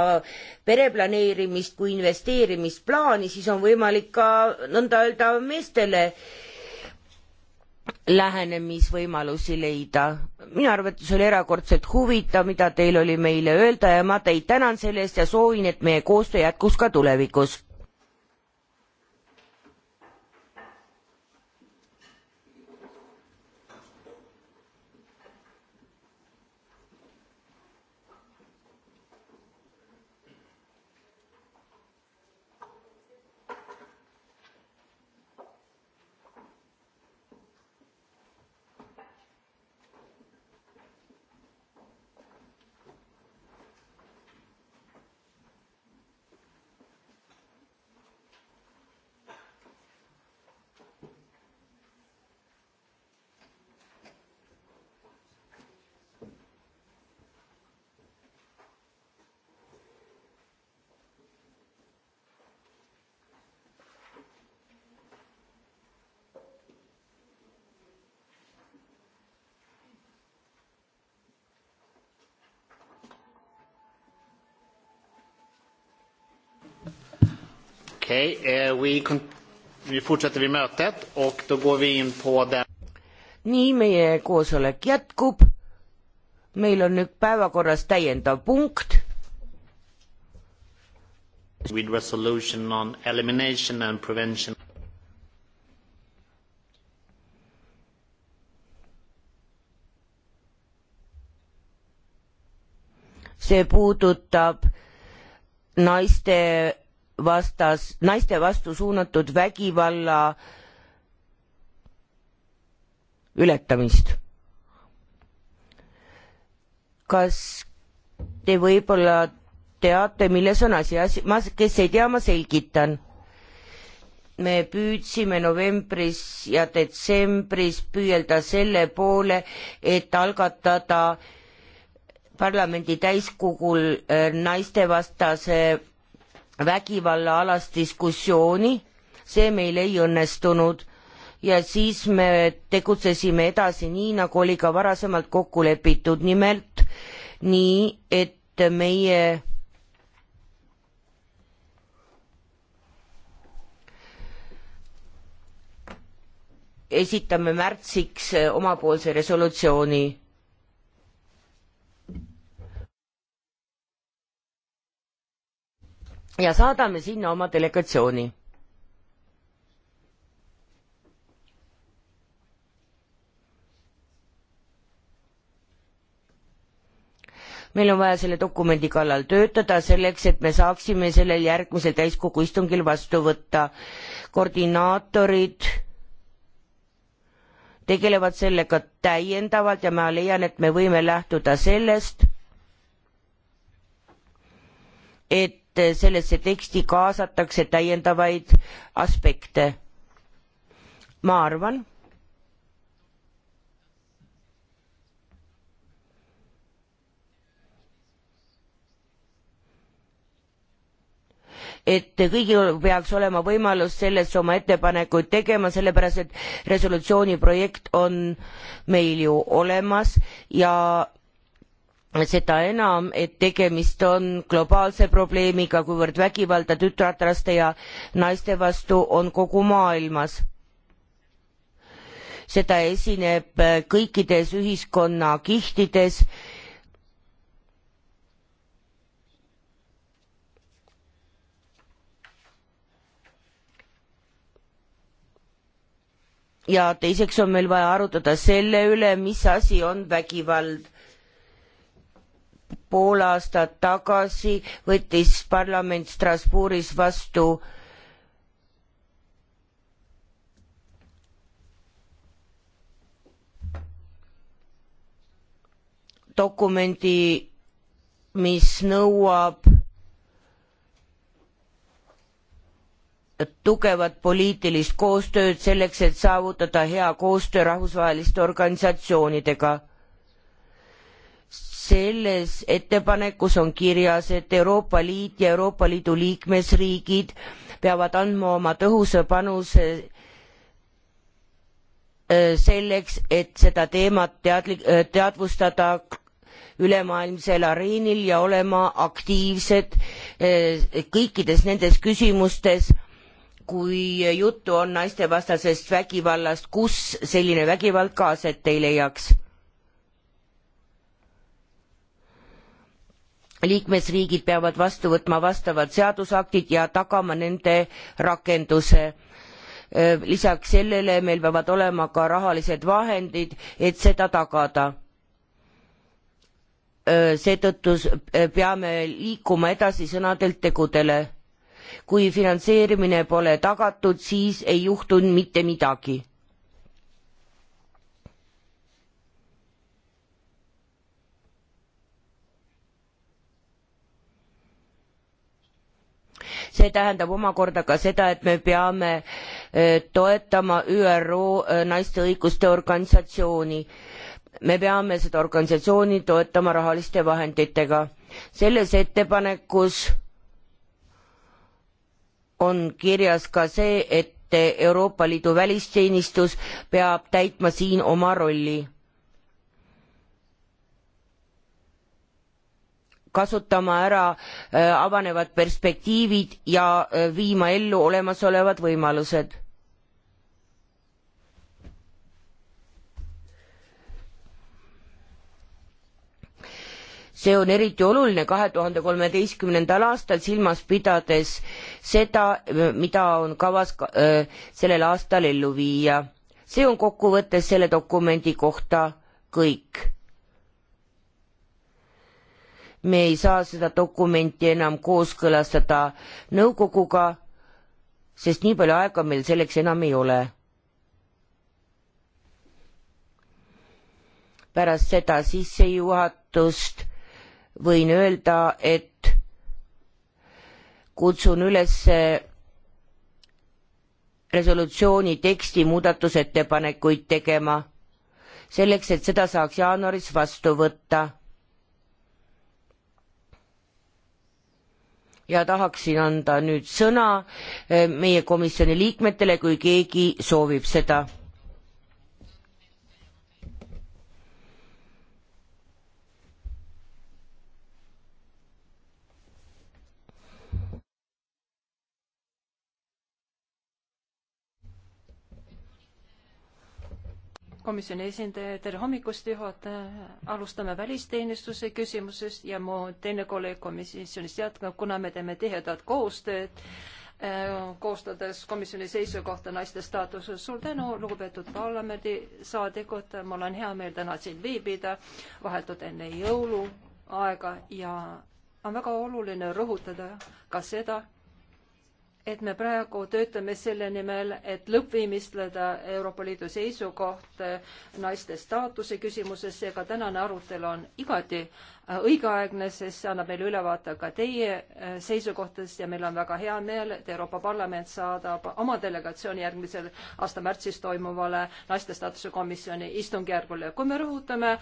pereplaneerimist kui investeerimisplaani, siis on võimalik ka nõnda öelda meestele äh, lähenemisvõimalusi leida. minu arvates oli erakordselt huvitav, mida teil oli meile öelda ja ma teid tänan selle eest ja soovin, et meie koostöö jätkuks ka tulevikus. Okej, okay, eh, vi fortsätter vid mötet och då går vi in på den... nii, meie koosolek jätkub. meil on nüüd päevakorras täiendav punkt. With resolution on elimination and prevention. see puudutab naiste vastas, naiste vastu suunatud vägivalla ületamist. kas te võib-olla teate, milles on asi, asi, ma, kes ei tea, ma selgitan. me püüdsime novembris ja detsembris püüelda selle poole, et algatada parlamendi täiskogul äh, naistevastase vägivallaalast diskussiooni, see meil ei õnnestunud ja siis me tegutsesime edasi nii, nagu oli ka varasemalt kokku lepitud, nimelt nii, et meie esitame märtsiks omapoolse resolutsiooni ja saadame sinna oma delegatsiooni. meil on vaja selle dokumendi kallal töötada selleks, et me saaksime sellel järgmisel täiskogu istungil vastu võtta. koordinaatorid tegelevad sellega täiendavalt ja ma leian, et me võime lähtuda sellest, et et sellesse teksti kaasatakse täiendavaid aspekte. ma arvan, et kõigil peaks olema võimalus selles oma ettepanekuid tegema sellepärast et resolutsiooni projekt on meil ju olemas ja seda enam et tegemist on globaalse probleemiga kuivõrd vägivalda tütarlaste ja naiste vastu on kogu maailmas seda esineb kõikides ühiskonnakihtides ja teiseks on meil vaja arutada selle üle mis asi on vägivald pool aastat tagasi võttis parlament Strasbourgis vastu dokumendi, mis nõuab tugevat poliitilist koostööd selleks, et saavutada hea koostöö rahvusvaheliste organisatsioonidega selles ettepanekus on kirjas, et Euroopa Liit ja Euroopa Liidu liikmesriigid peavad andma oma tõhusa panuse äh, selleks, et seda teemat teadlik, äh, teadvustada ülemaailmsel areenil ja olema aktiivsed äh, kõikides nendes küsimustes, kui juttu on naistevastasest vägivallast, kus selline vägivald ka aset ei leiaks liikmesriigid peavad vastu võtma vastavad seadusaktid ja tagama nende rakenduse lisaks sellele meil peavad olema ka rahalised vahendid et seda tagada seetõttu peame liikuma edasi sõnadelt tegudele kui finantseerimine pole tagatud siis ei juhtu mitte midagi see tähendab omakorda ka seda et me peame eh, toetama üro eh, naiste õiguste organisatsiooni me peame seda organisatsiooni toetama rahaliste vahenditega selles ettepanekus on kirjas ka see et euroopa liidu välisteenistus peab täitma siin oma rolli kasutama ära äh, avanevad perspektiivid ja äh, viima ellu olemasolevad võimalused. see on eriti oluline kahe tuhande kolmeteistkümnendal aastal silmas pidades seda, mida on kavas äh, sellel aastal ellu viia. see on kokkuvõttes selle dokumendi kohta kõik me ei saa seda dokumenti enam kooskõlastada nõukoguga, sest nii palju aega meil selleks enam ei ole. pärast seda sissejuhatust võin öelda, et kutsun üles resolutsiooni teksti muudatusettepanekuid tegema, selleks et seda saaks jaanuaris vastu võtta ja tahaksin anda nüüd sõna eh, meie komisjoni liikmetele, kui keegi soovib seda komisjoni esindaja, tere hommikust, juhataja. alustame välisteenistuse küsimusest ja mu teine kolleeg komisjonist jätkab, kuna me teeme tihedat koostööd äh, koostades komisjoni seisukohta naiste staatuses. suur tänu, lugupeetud parlamendisaadikud, mul on hea meel täna siin viibida, vahetult enne jõuluaega ja on väga oluline rõhutada ka seda, et me praegu töötame selle nimel, et lõppviimistleda Euroopa Liidu seisukoht äh, naiste staatuse küsimuses, seega tänane arutelu on igati äh, õigeaegne, sest see annab meile ülevaate ka teie äh, seisukohtadest ja meil on väga hea meel, et Euroopa Parlament saadab oma delegatsiooni järgmisel aasta märtsis toimuvale naiste staatuse komisjoni istungjärgule. kui me rõhutame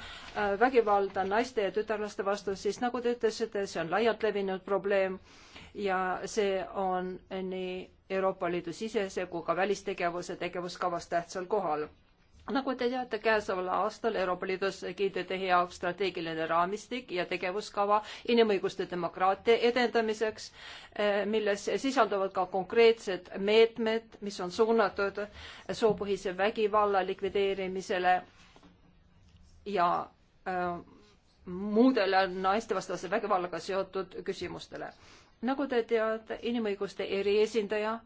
vägivalda naiste ja tütarlaste vastu, siis nagu te ütlesite, see on laialt levinud probleem ja see on nii Euroopa Liidu sisese kui ka välistegevuse tegevuskavas tähtsal kohal nagu te teate, käesoleval aastal Euroopa Liidus kiideti heaks strateegiline raamistik ja tegevuskava inimõiguste demokraatia edendamiseks, eh, milles sisalduvad ka konkreetsed meetmed, mis on suunatud soopõhise vägivalla likvideerimisele ja äh, muudele naistevastase vägivallaga seotud küsimustele nagu te teate, inimõiguste eriesindaja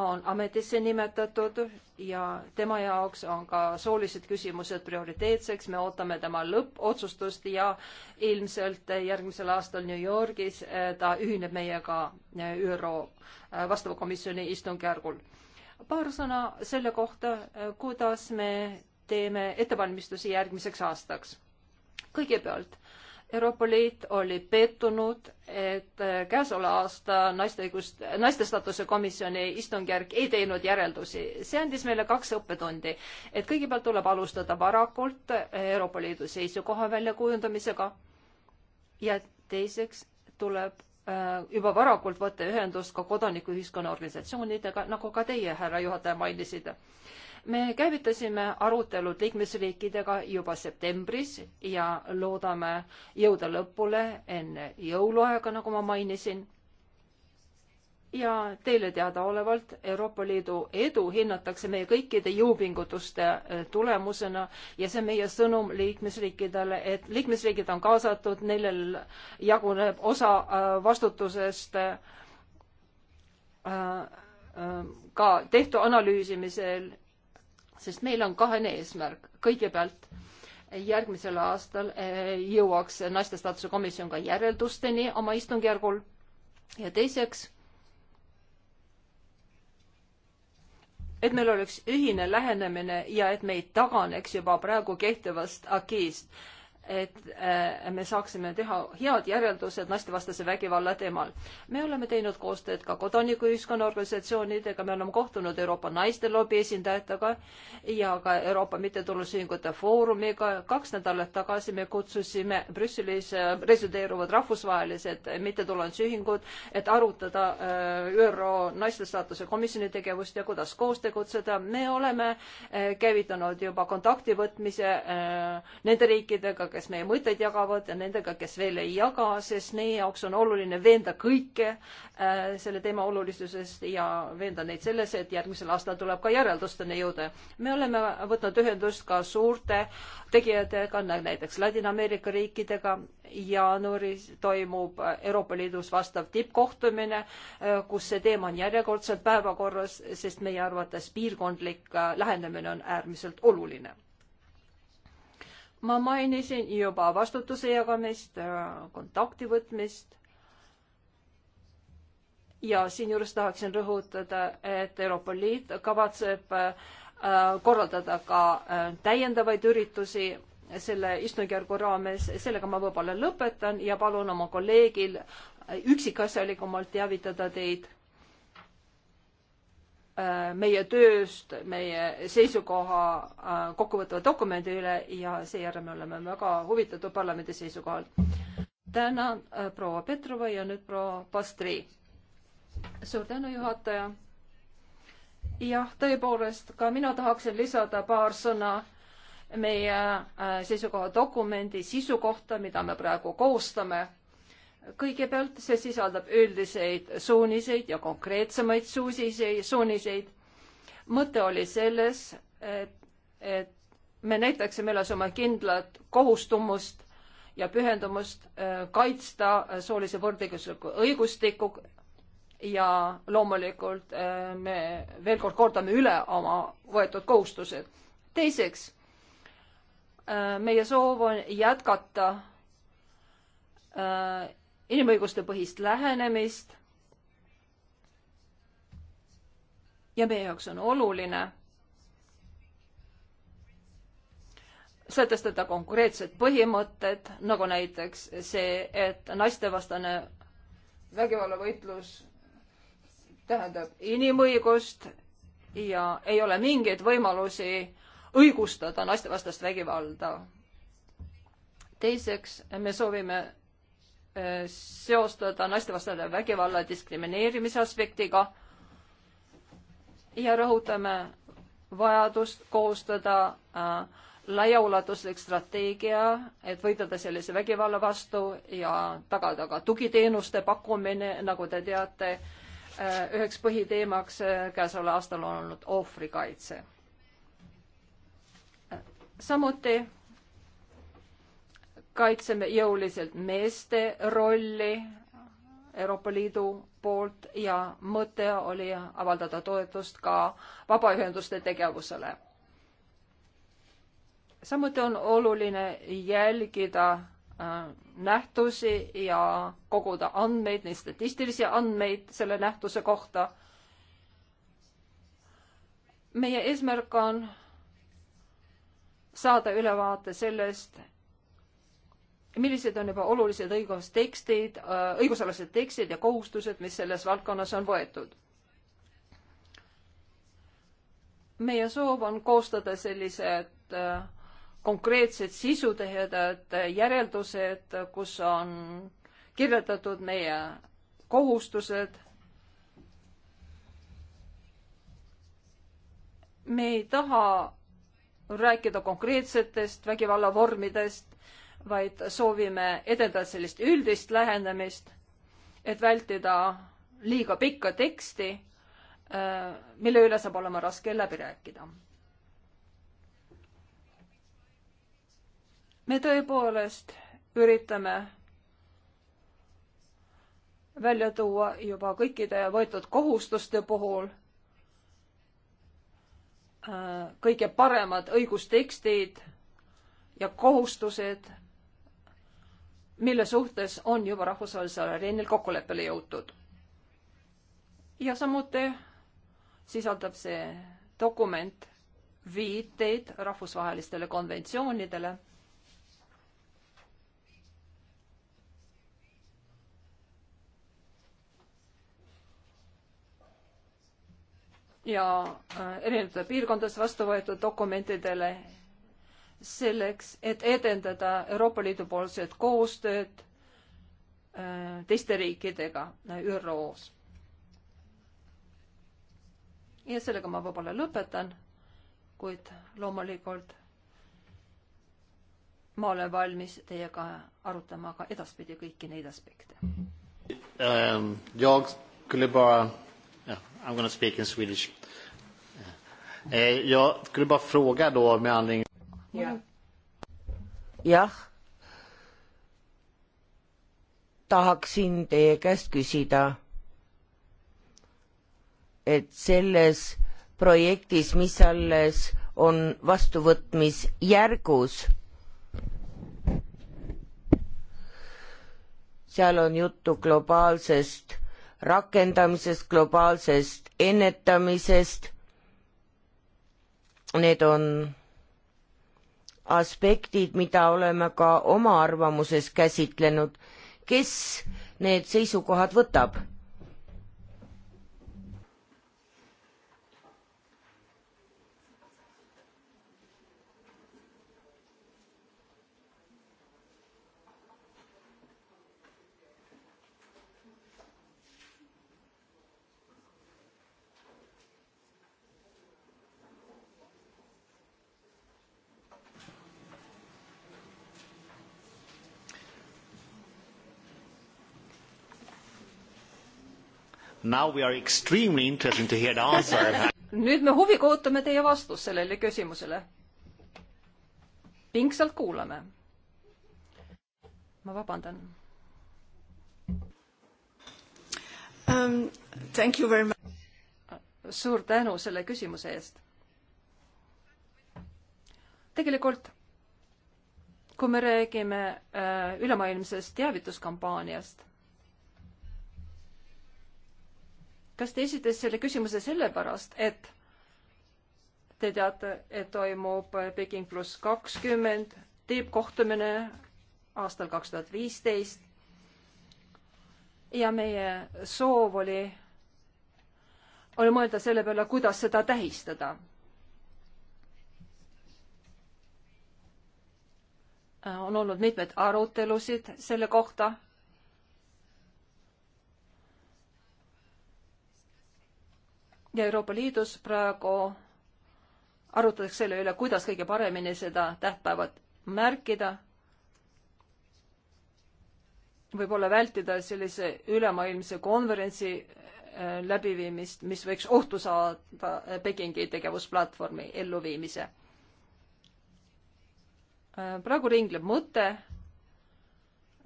on ametisse nimetatud ja tema jaoks on ka soolised küsimused prioriteetseks. me ootame tema lõppotsustust ja ilmselt järgmisel aastal New Yorgis eh, ta ühineb meiega eh, ÜRO eh, vastava komisjoni istungjärgul. paar sõna selle kohta, kuidas me teeme ettevalmistusi järgmiseks aastaks. kõigepealt Euroopa Liit oli pettunud, et äh, käesoleva aasta naiste õigust, naiste staatuse komisjoni istungjärk ei teinud järeldusi. see andis meile kaks õppetundi, et kõigepealt tuleb alustada varakult Euroopa Liidu seisukoha väljakujundamisega ja teiseks tuleb äh, juba varakult võtta ühendust ka kodanikuühiskonna organisatsioonidega, nagu ka teie, härra juhataja, mainisite me käivitasime arutelud liikmesriikidega juba septembris ja loodame jõuda lõpule enne jõuluaega, nagu ma mainisin. ja teile teadaolevalt Euroopa Liidu edu hinnatakse meie kõikide jõupingutuste eh, tulemusena ja see on meie sõnum liikmesriikidele, et liikmesriigid on kaasatud, neil jaguneb osa eh, vastutusest eh, ka tehtu analüüsimisel sest meil on kahene eesmärk. kõigepealt järgmisel aastal eh, jõuaks naiste staatuse komisjon ka järeldusteni oma istungjärgul ja teiseks, et meil oleks ühine lähenemine ja et me ei taganeks juba praegu kehtivast agiist et äh, me saaksime teha head järeldused naistevastase vägivalla teemal. me oleme teinud koostööd ka kodanikuühiskonna organisatsioonidega, me oleme kohtunud Euroopa naistelobi esindajatega ja ka Euroopa mittetulundusühingute foorumiga. kaks nädalat tagasi me kutsusime Brüsselis äh, resideeruvad rahvusvahelised mittetulundusühingud, et arutada äh, ÜRO naiste staatuse komisjoni tegevust ja kuidas koos tegutseda. me oleme käivitanud juba kontakti võtmise nende riikidega, kes meie mõtteid jagavad ja nendega, kes veel ei jaga, sest meie jaoks on oluline veenda kõike äh, selle teema olulisusest ja veenda neid selles, et järgmisel aastal tuleb ka järeldusteni jõuda. me oleme võtnud ühendust ka suurte tegijatega, näiteks Ladina-Ameerika riikidega. jaanuaris toimub Euroopa Liidus vastav tippkohtumine, äh, kus see teema on järjekordselt päevakorras, sest meie arvates piirkondlik äh, lähenemine on äärmiselt oluline ma mainisin juba vastutuse jagamist, äh, kontakti võtmist. ja siinjuures tahaksin rõhutada, et Euroopa Liit kavatseb äh, korraldada ka äh, täiendavaid üritusi selle istungjärgu raames, sellega ma võib-olla lõpetan ja palun oma kolleegil üksikasjalikumalt teavitada teid Äh, meie tööst, meie seisukoha äh, kokkuvõtva dokumendi üle ja seejärel me oleme väga huvitatud parlamendi seisukohalt. tänan äh, proua Petrova ja nüüd proua Pastri. suur tänu, juhataja. jah, tõepoolest, ka mina tahaksin lisada paar sõna meie seisukoha dokumendi sisu kohta, mida me praegu koostame kõigepealt see sisaldab üldiseid suuniseid ja konkreetsemaid suusiseid, suuniseid. mõte oli selles, et, et me näitaksime üles oma kindlat kohustumust ja pühendumust äh, kaitsta äh, soolise võrdõiguslikku õigustikku ja loomulikult äh, me veel kord kordame üle oma võetud kohustused. teiseks, meie soov on jätkata inimõiguste põhist lähenemist. ja meie jaoks on oluline sätestada konkreetsed põhimõtted, nagu näiteks see, et naistevastane vägivallavõitlus tähendab inimõigust ja ei ole mingeid võimalusi õigustada naistevastast vägivalda. teiseks, me soovime seostada naistevastase vägivalla diskrimineerimise aspektiga ja rõhutame vajadust koostada äh, laiaulatuslik strateegia, et võidelda sellise vägivalla vastu ja tagada ka tugiteenuste pakkumine, nagu te teate, äh, üheks põhiteemaks äh, käesoleval aastal on olnud ohvrikaitse. samuti kaitseme jõuliselt meeste rolli Euroopa Liidu poolt ja mõte oli avaldada toetust ka vabaühenduste tegevusele. samuti on oluline jälgida äh, nähtusi ja koguda andmeid, neid statistilisi andmeid selle nähtuse kohta. meie eesmärk on saada ülevaate sellest, millised on juba olulised õigustekstid, äh, õigusalased tekstid ja kohustused, mis selles valdkonnas on võetud. meie soov on koostada sellised äh, konkreetsed sisutihedad järeldused, kus on kirjeldatud meie kohustused. me ei taha rääkida konkreetsetest vägivallavormidest, vaid soovime edendada sellist üldist lähenemist, et vältida liiga pikka teksti, äh, mille üle saab olema raske läbi rääkida. me tõepoolest üritame välja tuua juba kõikide võetud kohustuste puhul äh, kõige paremad õigustekstid ja kohustused mille suhtes on juba rahvusvahelisel areenil kokkuleppele jõutud. ja samuti sisaldab see dokument viiteid rahvusvahelistele konventsioonidele, ja äh, erinevate piirkondades vastu võetud dokumentidele selleks, et edendada Euroopa Liidu poolset koostööd äh, teiste riikidega äh, ÜRO-s. ja sellega ma võib-olla lõpetan, kuid loomulikult ma olen valmis teiega arutama ka edaspidi kõiki neid aspekte um,. Ähm, jag skulle bara, yeah, I'm gonna speak in Swedish. Eh, äh, jag skulle bara fråga då med anledning jah, tahaksin teie käest küsida, et selles projektis, mis alles on vastuvõtmisjärgus, seal on juttu globaalsest rakendamisest, globaalsest ennetamisest. Need on aspektid, mida oleme ka oma arvamuses käsitlenud. kes need seisukohad võtab? Now we are extremely interested to hear the answer nüüd me huviga ootame teie vastust sellele küsimusele. pingsalt kuulame. ma vabandan um,. Thank you very much. suur tänu selle küsimuse eest. tegelikult kui me räägime äh, ülemaailmsest teavituskampaaniast kas te esitas selle küsimuse sellepärast, et te teate, et toimub Peking pluss kakskümmend tippkohtumine aastal kaks tuhat viisteist ja meie soov oli, oli mõelda selle peale, kuidas seda tähistada. on olnud mitmeid arutelusid selle kohta ja Euroopa Liidus praegu arutatakse selle üle, kuidas kõige paremini seda tähtpäevat märkida. võib-olla vältida sellise ülemaailmse konverentsi äh, läbiviimist, mis võiks ohtu saada äh, Pekingi tegevusplatvormi elluviimise. Äh, praegu ringleb mõte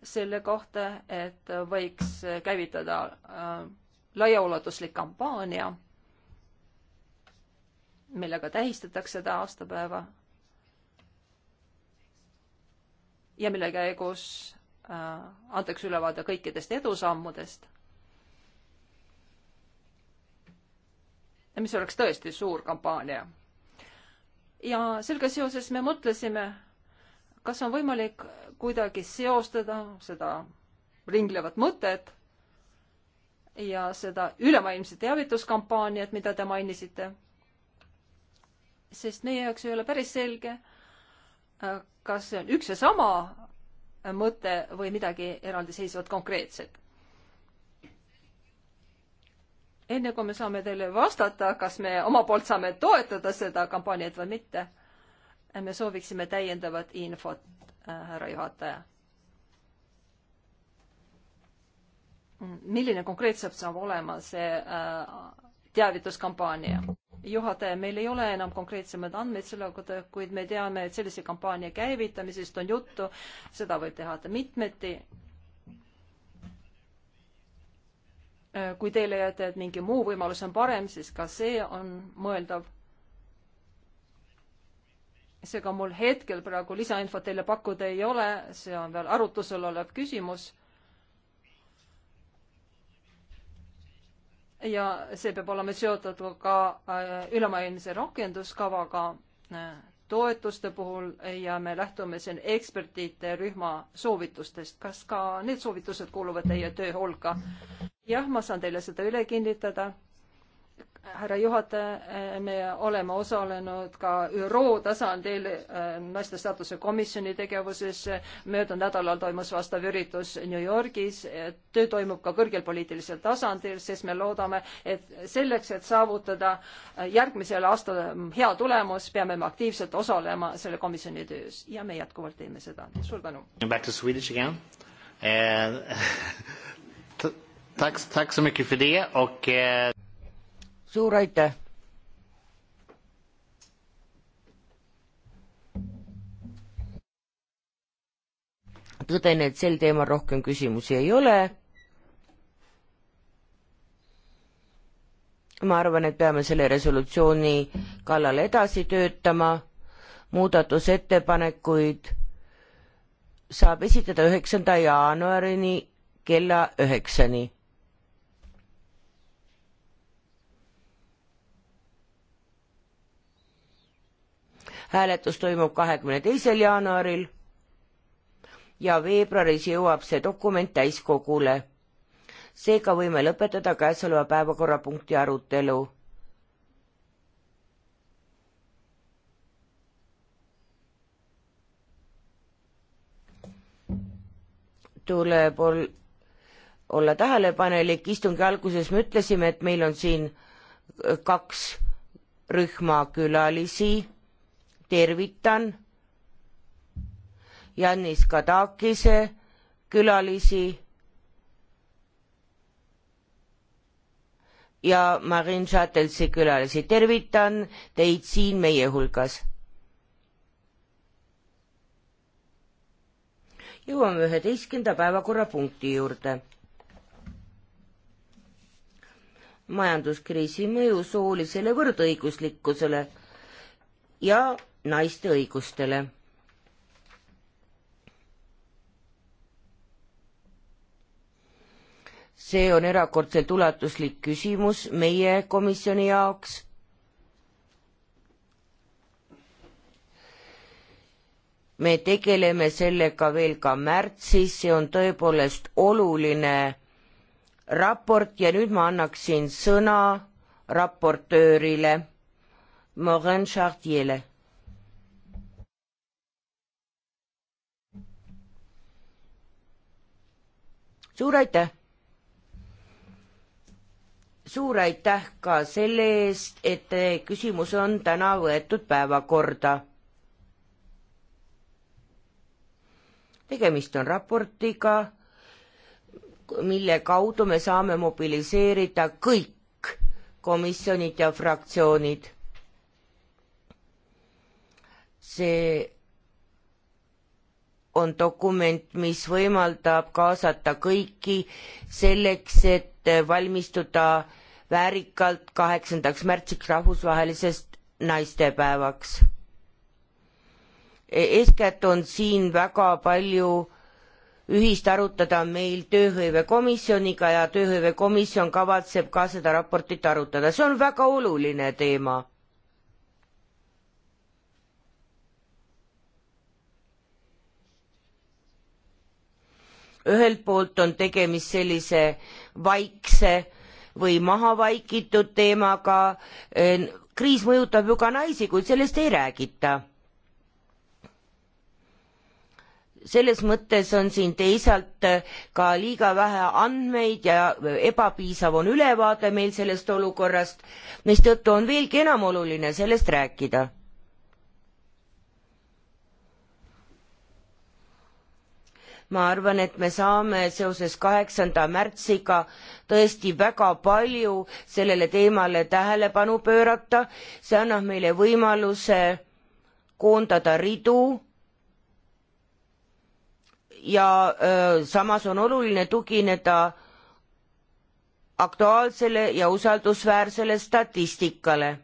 selle kohta, et võiks käivitada laiaulatuslik kampaania millega tähistatakse seda aastapäeva ja mille käigus äh, antakse ülevaade kõikidest edusammudest. mis oleks tõesti suur kampaania. ja sellega seoses me mõtlesime, kas on võimalik kuidagi seostada seda ringlevat mõtet ja seda ülemaailmse teavituskampaaniat, mida te mainisite sest meie jaoks ei ole päris selge, äh, kas see on üks ja sama mõte või midagi eraldiseisvat konkreetset. enne kui me saame teile vastata, kas me oma poolt saame toetada seda kampaaniat või mitte, me sooviksime täiendavat infot, äh, härra juhataja. Mm, milline konkreetselt saab olema see äh, teavituskampaania? juhataja, meil ei ole enam konkreetsemaid andmeid selle kohta, kuid me teame, et sellise kampaania käivitamisest on juttu, seda võib teha mitmeti. kui teile jääte, et mingi muu võimalus on parem, siis ka see on mõeldav. seega mul hetkel praegu lisainfot teile pakkuda ei ole, see on veel arutusel olev küsimus ja see peab olema seotud ka äh, ülemaailmse rakenduskavaga äh, toetuste puhul ja me lähtume siin ekspertide rühma soovitustest. kas ka need soovitused kuuluvad teie töö hulka? jah, ma saan teile seda üle kinnitada härra juhataja, me oleme osalenud ka ÜRO tasandil äh, naiste staatuse komisjoni tegevuses. möödunud nädalal toimus vastav üritus New Yorgis. töö toimub ka kõrgel poliitilisel tasandil, sest me loodame, et selleks, et saavutada äh, järgmisel aastal hea tulemus, peame me aktiivselt osalema selle komisjoni töös ja me jätkuvalt teeme seda. suur tänu. Back to Swedish again and.... Tack, tack så mycket för det och eh... suur aitäh! tõden, et sel teemal rohkem küsimusi ei ole. ma arvan, et peame selle resolutsiooni kallal edasi töötama. muudatusettepanekuid saab esitada üheksanda jaanuarini kella üheksani hääletus toimub kahekümne teisel jaanuaril ja veebruaris jõuab see dokument täiskogule. seega võime lõpetada käesoleva päevakorrapunkti arutelu. tuleb ol-, olla tähelepanelik, istungi alguses me ütlesime, et meil on siin kaks rühma külalisi tervitan Jannis Kadakise külalisi ja Marin Chatelsi külalisi. tervitan teid siin meie hulgas. jõuame üheteistkümnenda päevakorrapunkti juurde. majanduskriisi mõju soolisele võrdõiguslikkusele ja naiste õigustele. see on erakordselt ulatuslik küsimus meie komisjoni jaoks. me tegeleme sellega veel ka märtsis, see on tõepoolest oluline raport ja nüüd ma annaksin sõna raportöörile Morin Chartierile suur aitäh! suur aitäh ka selle eest, et küsimus on täna võetud päevakorda. tegemist on raportiga, mille kaudu me saame mobiliseerida kõik komisjonid ja fraktsioonid. see on dokument, mis võimaldab kaasata kõiki selleks, et valmistuda väärikalt kaheksandaks märtsiks rahvusvahelisest naistepäevaks. E-, eeskätt on siin väga palju ühist arutada meil tööhõivekomisjoniga ja tööhõivekomisjon kavatseb ka seda raportit arutada, see on väga oluline teema ühelt poolt on tegemist sellise vaikse või mahavaikitud teemaga, e, kriis mõjutab ju ka naisi, kuid sellest ei räägita. selles mõttes on siin teisalt ka liiga vähe andmeid ja ebapiisav on ülevaade meil sellest olukorrast, mistõttu on veelgi enam oluline sellest rääkida ma arvan, et me saame seoses kaheksanda märtsiga tõesti väga palju sellele teemale tähelepanu pöörata, see annab meile võimaluse koondada ridu ja öö, samas on oluline tugineda aktuaalsele ja usaldusväärsele statistikale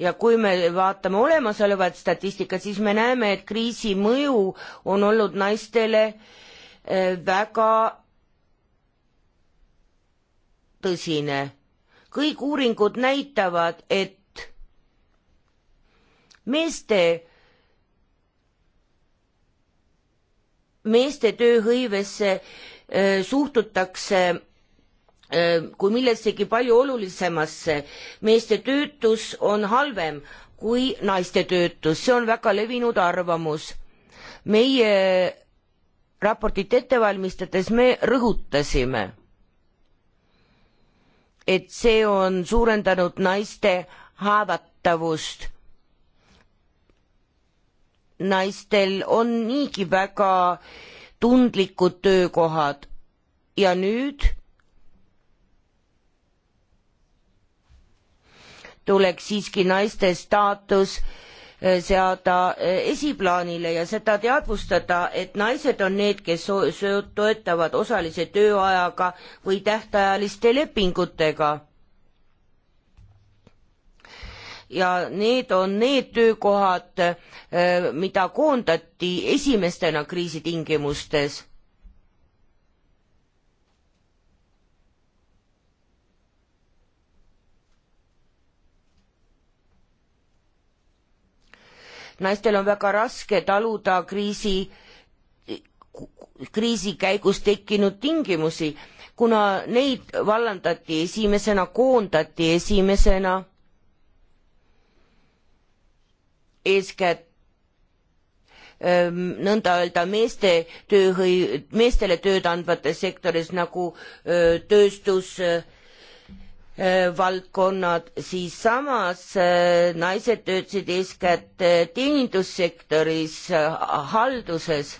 ja kui me vaatame olemasolevat statistikat, siis me näeme, et kriisi mõju on olnud naistele eh, väga tõsine. kõik uuringud näitavad, et meeste, meeste tööhõivesse eh, suhtutakse Äh, kui millessegi palju olulisemasse. meeste töötus on halvem kui naiste töötus, see on väga levinud arvamus. meie raportit ette valmistades me rõhutasime, et see on suurendanud naiste haavatavust. naistel on niigi väga tundlikud töökohad ja nüüd tuleks siiski naiste staatus äh, seada äh, esiplaanile ja seda teadvustada, et naised on need, kes toetavad osalise tööajaga või tähtajaliste lepingutega. ja need on need töökohad, äh, mida koondati esimestena kriisi tingimustes naistel on väga raske taluda kriisi, kriisi käigus tekkinud tingimusi, kuna neid vallandati esimesena, koondati esimesena eeskätt ähm, nõnda öelda meeste tööhõi-, meestele tööd andvates sektoris nagu öö, äh, tööstus öö, äh, valdkonnad, siis samas äh, naised töötasid eeskätt äh, teenindussektoris, äh, halduses.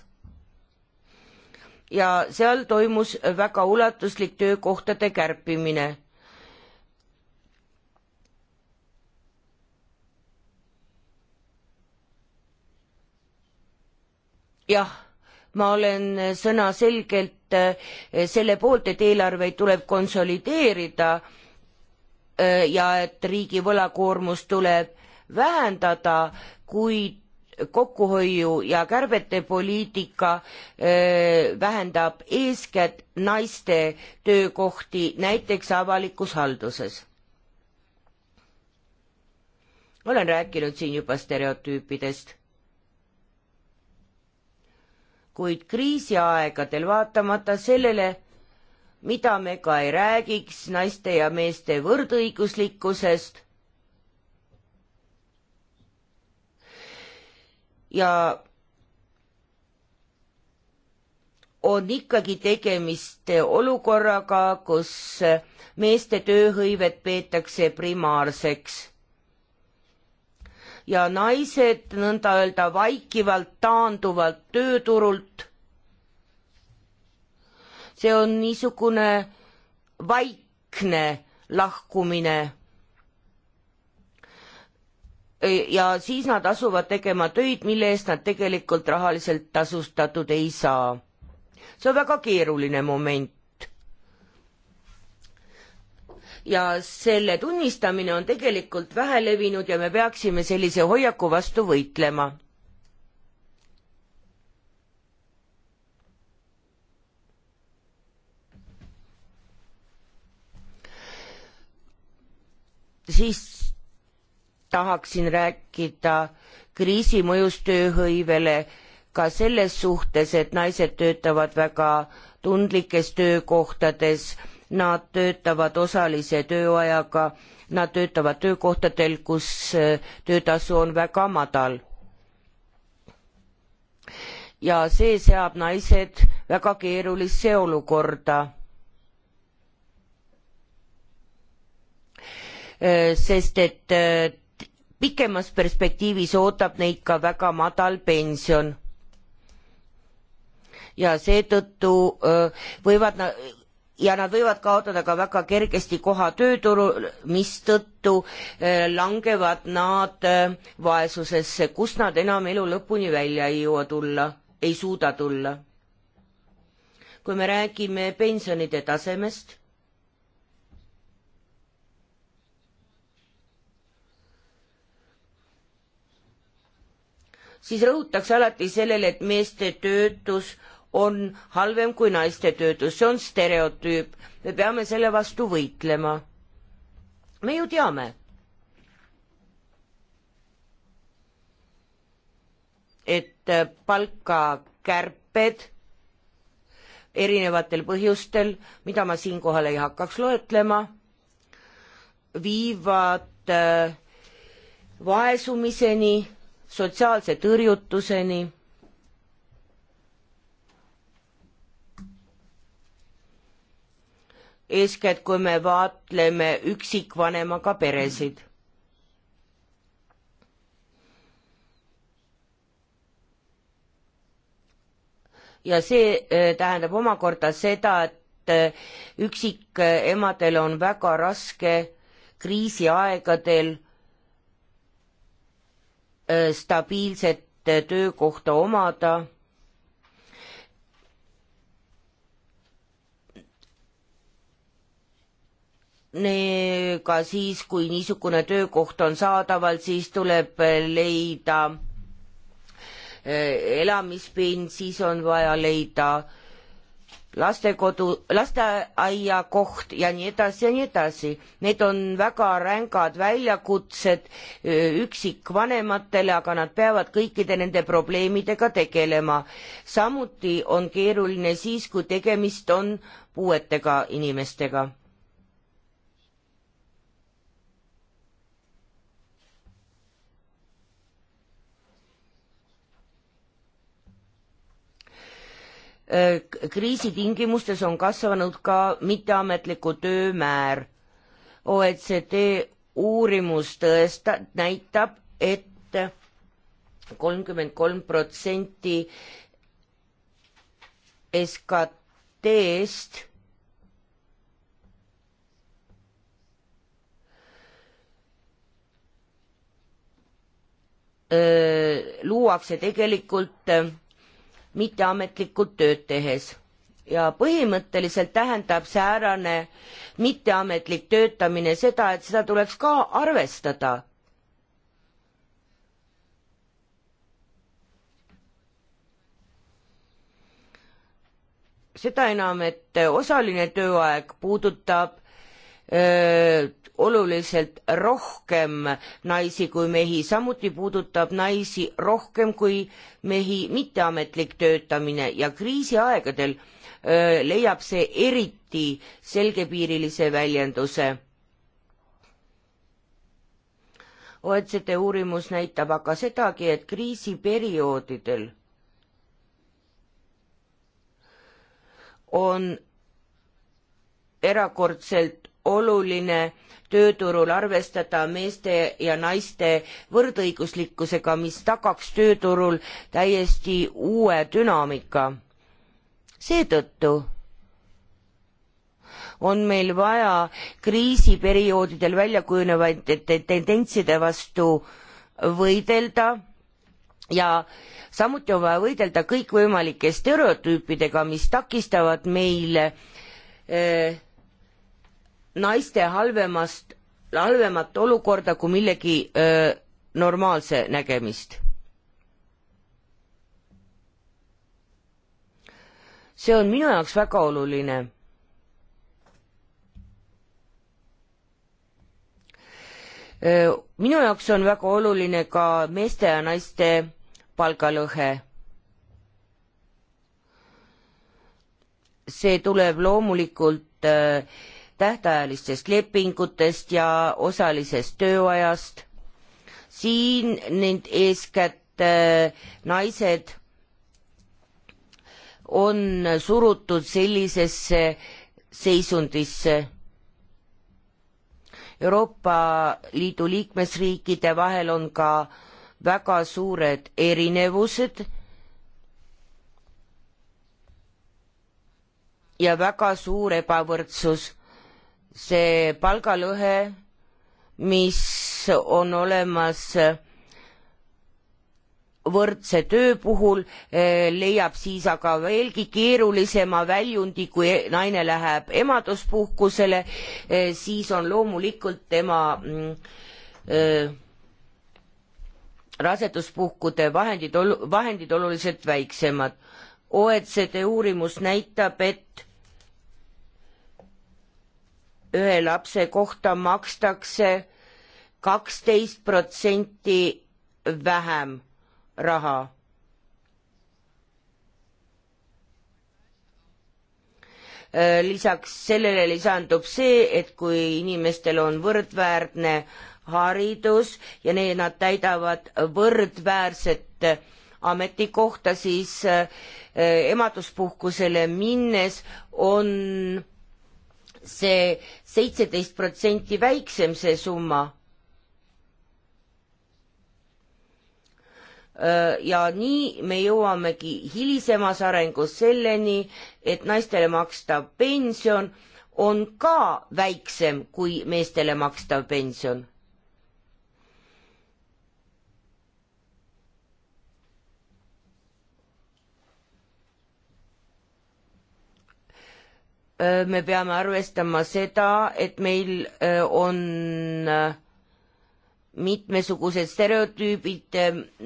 ja seal toimus väga ulatuslik töökohtade kärpimine jah, ma olen sõnaselgelt selle poolt, et eelarveid tuleb konsolideerida Äh, ja et riigi võlakoormus tuleb vähendada, kuid kokkuhoiu ja kärbete poliitika öö, äh, vähendab eeskätt naiste töökohti näiteks avalikus halduses. olen rääkinud siin juba stereotüüpidest. kuid kriisiaegadel vaatamata sellele mida me ka ei räägiks naiste ja meeste võrdõiguslikkusest. ja on ikkagi tegemist olukorraga, kus meeste tööhõivet peetakse primaarseks ja naised nõnda öelda vaikivalt taanduvalt tööturult see on niisugune vaikne lahkumine. E, ja siis nad asuvad tegema töid, mille eest nad tegelikult rahaliselt tasustatud ei saa. see on väga keeruline moment ja selle tunnistamine on tegelikult vähelevinud ja me peaksime sellise hoiaku vastu võitlema siis tahaksin rääkida kriisi mõjust tööhõivele ka selles suhtes, et naised töötavad väga tundlikes töökohtades, nad töötavad osalise tööajaga, nad töötavad töökohtadel, kus äh, töötasu on väga madal. ja see seab naised väga keerulisse olukorda Äh, sest et äh, pikemas perspektiivis ootab neid ka väga madal pension. ja seetõttu äh, võivad nad ja nad võivad kaotada ka väga kergesti koha tööturul, mistõttu langevad nad vaesusesse, kus nad enam elu lõpuni välja ei jõua tulla, ei suuda tulla. kui me räägime pensionide tasemest, siis rõhutakse alati sellele, et meeste töötus on halvem kui naiste töötus, see on stereotüüp, me peame selle vastu võitlema. me ju teame, et äh, palkakärped erinevatel põhjustel, mida ma siinkohal ei hakkaks loetlema, viivad äh, vaesumiseni sotsiaalse tõrjutuseni eeskätt kui me vaatleme üksikvanemaga peresid. ja see eh, tähendab omakorda seda, et eh, üksikemadel on väga raske kriisiaegadel Äh, stabiilset äh, töökohta omada. ka siis, kui niisugune töökoht on saadaval, siis tuleb äh, leida elamispind, siis on vaja leida äh, lastekodu, lasteaia koht ja nii edasi ja nii edasi. Need on väga rängad väljakutsed üksikvanematele, aga nad peavad kõikide nende probleemidega tegelema. samuti on keeruline siis, kui tegemist on puuetega inimestega Äh, kriisi tingimustes on kasvanud ka mitteametliku töö määr. OECD uurimus tõesta-, näitab, et kolmkümmend kolm protsenti SKT-st äh, luuakse tegelikult mitteametlikult tööd tehes ja põhimõtteliselt tähendab säärane mitteametlik töötamine seda, et seda tuleks ka arvestada. seda enam, et osaline tööaeg puudutab öö, oluliselt rohkem naisi kui mehi, samuti puudutab naisi rohkem kui mehi mitteametlik töötamine ja kriisiaegadel öö, leiab see eriti selgepiirilise väljenduse. OECD uurimus näitab aga sedagi, et kriisiperioodidel on erakordselt oluline tööturul arvestada meeste ja naiste võrdõiguslikkusega, mis tagaks tööturul täiesti uue dünaamika. seetõttu on meil vaja kriisiperioodidel välja kujunevaid tendentside vastu võidelda ja samuti on vaja võidelda kõikvõimalike stereotüüpidega, mis takistavad meil eh, naiste halvemast, halvemat olukorda kui millegi öö, normaalse nägemist. see on minu jaoks väga oluline. minu jaoks on väga oluline ka meeste ja naiste palgalõhe see tuleb loomulikult äh, tähtajalistest lepingutest ja osalisest tööajast. siin need eeskätt äh, naised on surutud sellisesse seisundisse. Euroopa Liidu liikmesriikide vahel on ka väga suured erinevused ja väga suur ebavõrdsus see palgalõhe, mis on olemas võrdse töö puhul, eh, leiab siis aga veelgi keerulisema väljundi, kui naine läheb emaduspuhkusele, eh, siis on loomulikult tema mm, eh, raseduspuhkude vahendid, vahendid oluliselt väiksemad. OECD uurimus näitab, et ühe lapse kohta makstakse kaksteist protsenti vähem raha. Äh, lisaks sellele lisandub see, et kui inimestel on võrdväärne haridus ja need, nad täidavad võrdväärset ametikohta, siis äh, emaduspuhkusele minnes on see seitseteist protsenti väiksem, see summa ja nii me jõuamegi hilisemas arengus selleni, et naistele makstav pension on ka väiksem kui meestele makstav pension. me peame arvestama seda, et meil on mitmesugused stereotüübid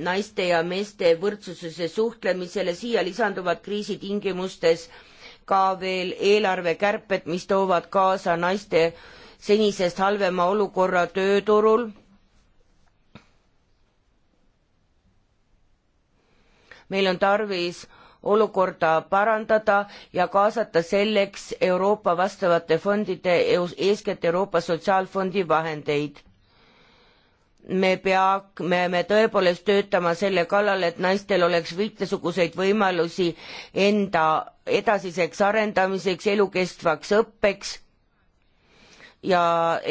naiste ja meeste võrdsusesse suhtlemisele, siia lisanduvad kriisi tingimustes ka veel eelarvekärped, mis toovad kaasa naiste senisest halvema olukorra tööturul. meil on tarvis olukorda parandada ja kaasata selleks Euroopa vastavate fondide, eeskätt Euroopa Sotsiaalfondi vahendeid. me peame, me tõepoolest töötama selle kallal, et naistel oleks mitmesuguseid võimalusi enda edasiseks arendamiseks, elukestvaks õppeks ja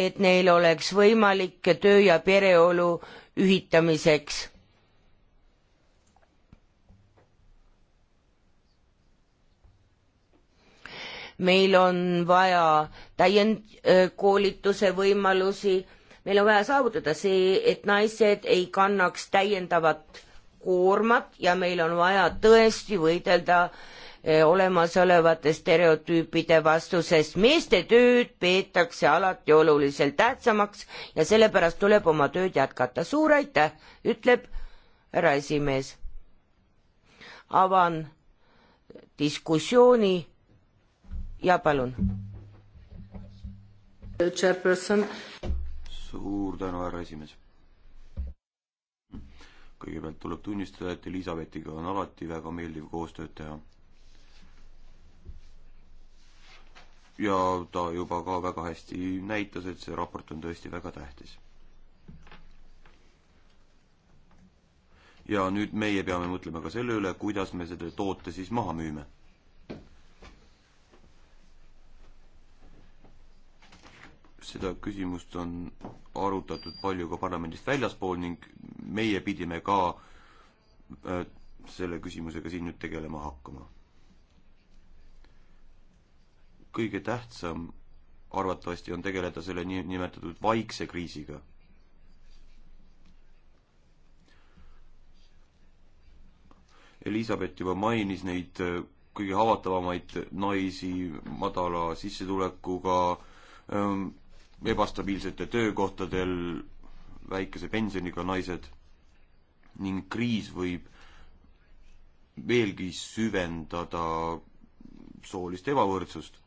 et neil oleks võimalik töö ja pereolu ühitamiseks meil on vaja täiendkoolituse võimalusi, meil on vaja saavutada see, et naised ei kannaks täiendavat koormat ja meil on vaja tõesti võidelda eh, olemasolevate stereotüüpide vastu, sest meeste tööd peetakse alati oluliselt tähtsamaks ja sellepärast tuleb oma tööd jätkata. suur aitäh, ütleb härra esimees. avan diskussiooni ja palun. suur tänu, härra esimees. kõigepealt tuleb tunnistada, et Elizabethiga on alati väga meeldiv koostööd teha. ja ta juba ka väga hästi näitas, et see raport on tõesti väga tähtis. ja nüüd meie peame mõtlema ka selle üle, kuidas me selle toote siis maha müüme seda küsimust on arutatud palju ka parlamendist väljaspool ning meie pidime ka äh, selle küsimusega siin nüüd tegelema hakkama. kõige tähtsam arvatavasti on tegeleda selle niinimetatud vaikse kriisiga. Elizabeth juba mainis neid äh, kõige haavatavamaid naisi madala sissetulekuga ähm,, ebastabiilsete töökohtadel, väikese pensioniga naised ning kriis võib veelgi süvendada soolist ebavõrdsust.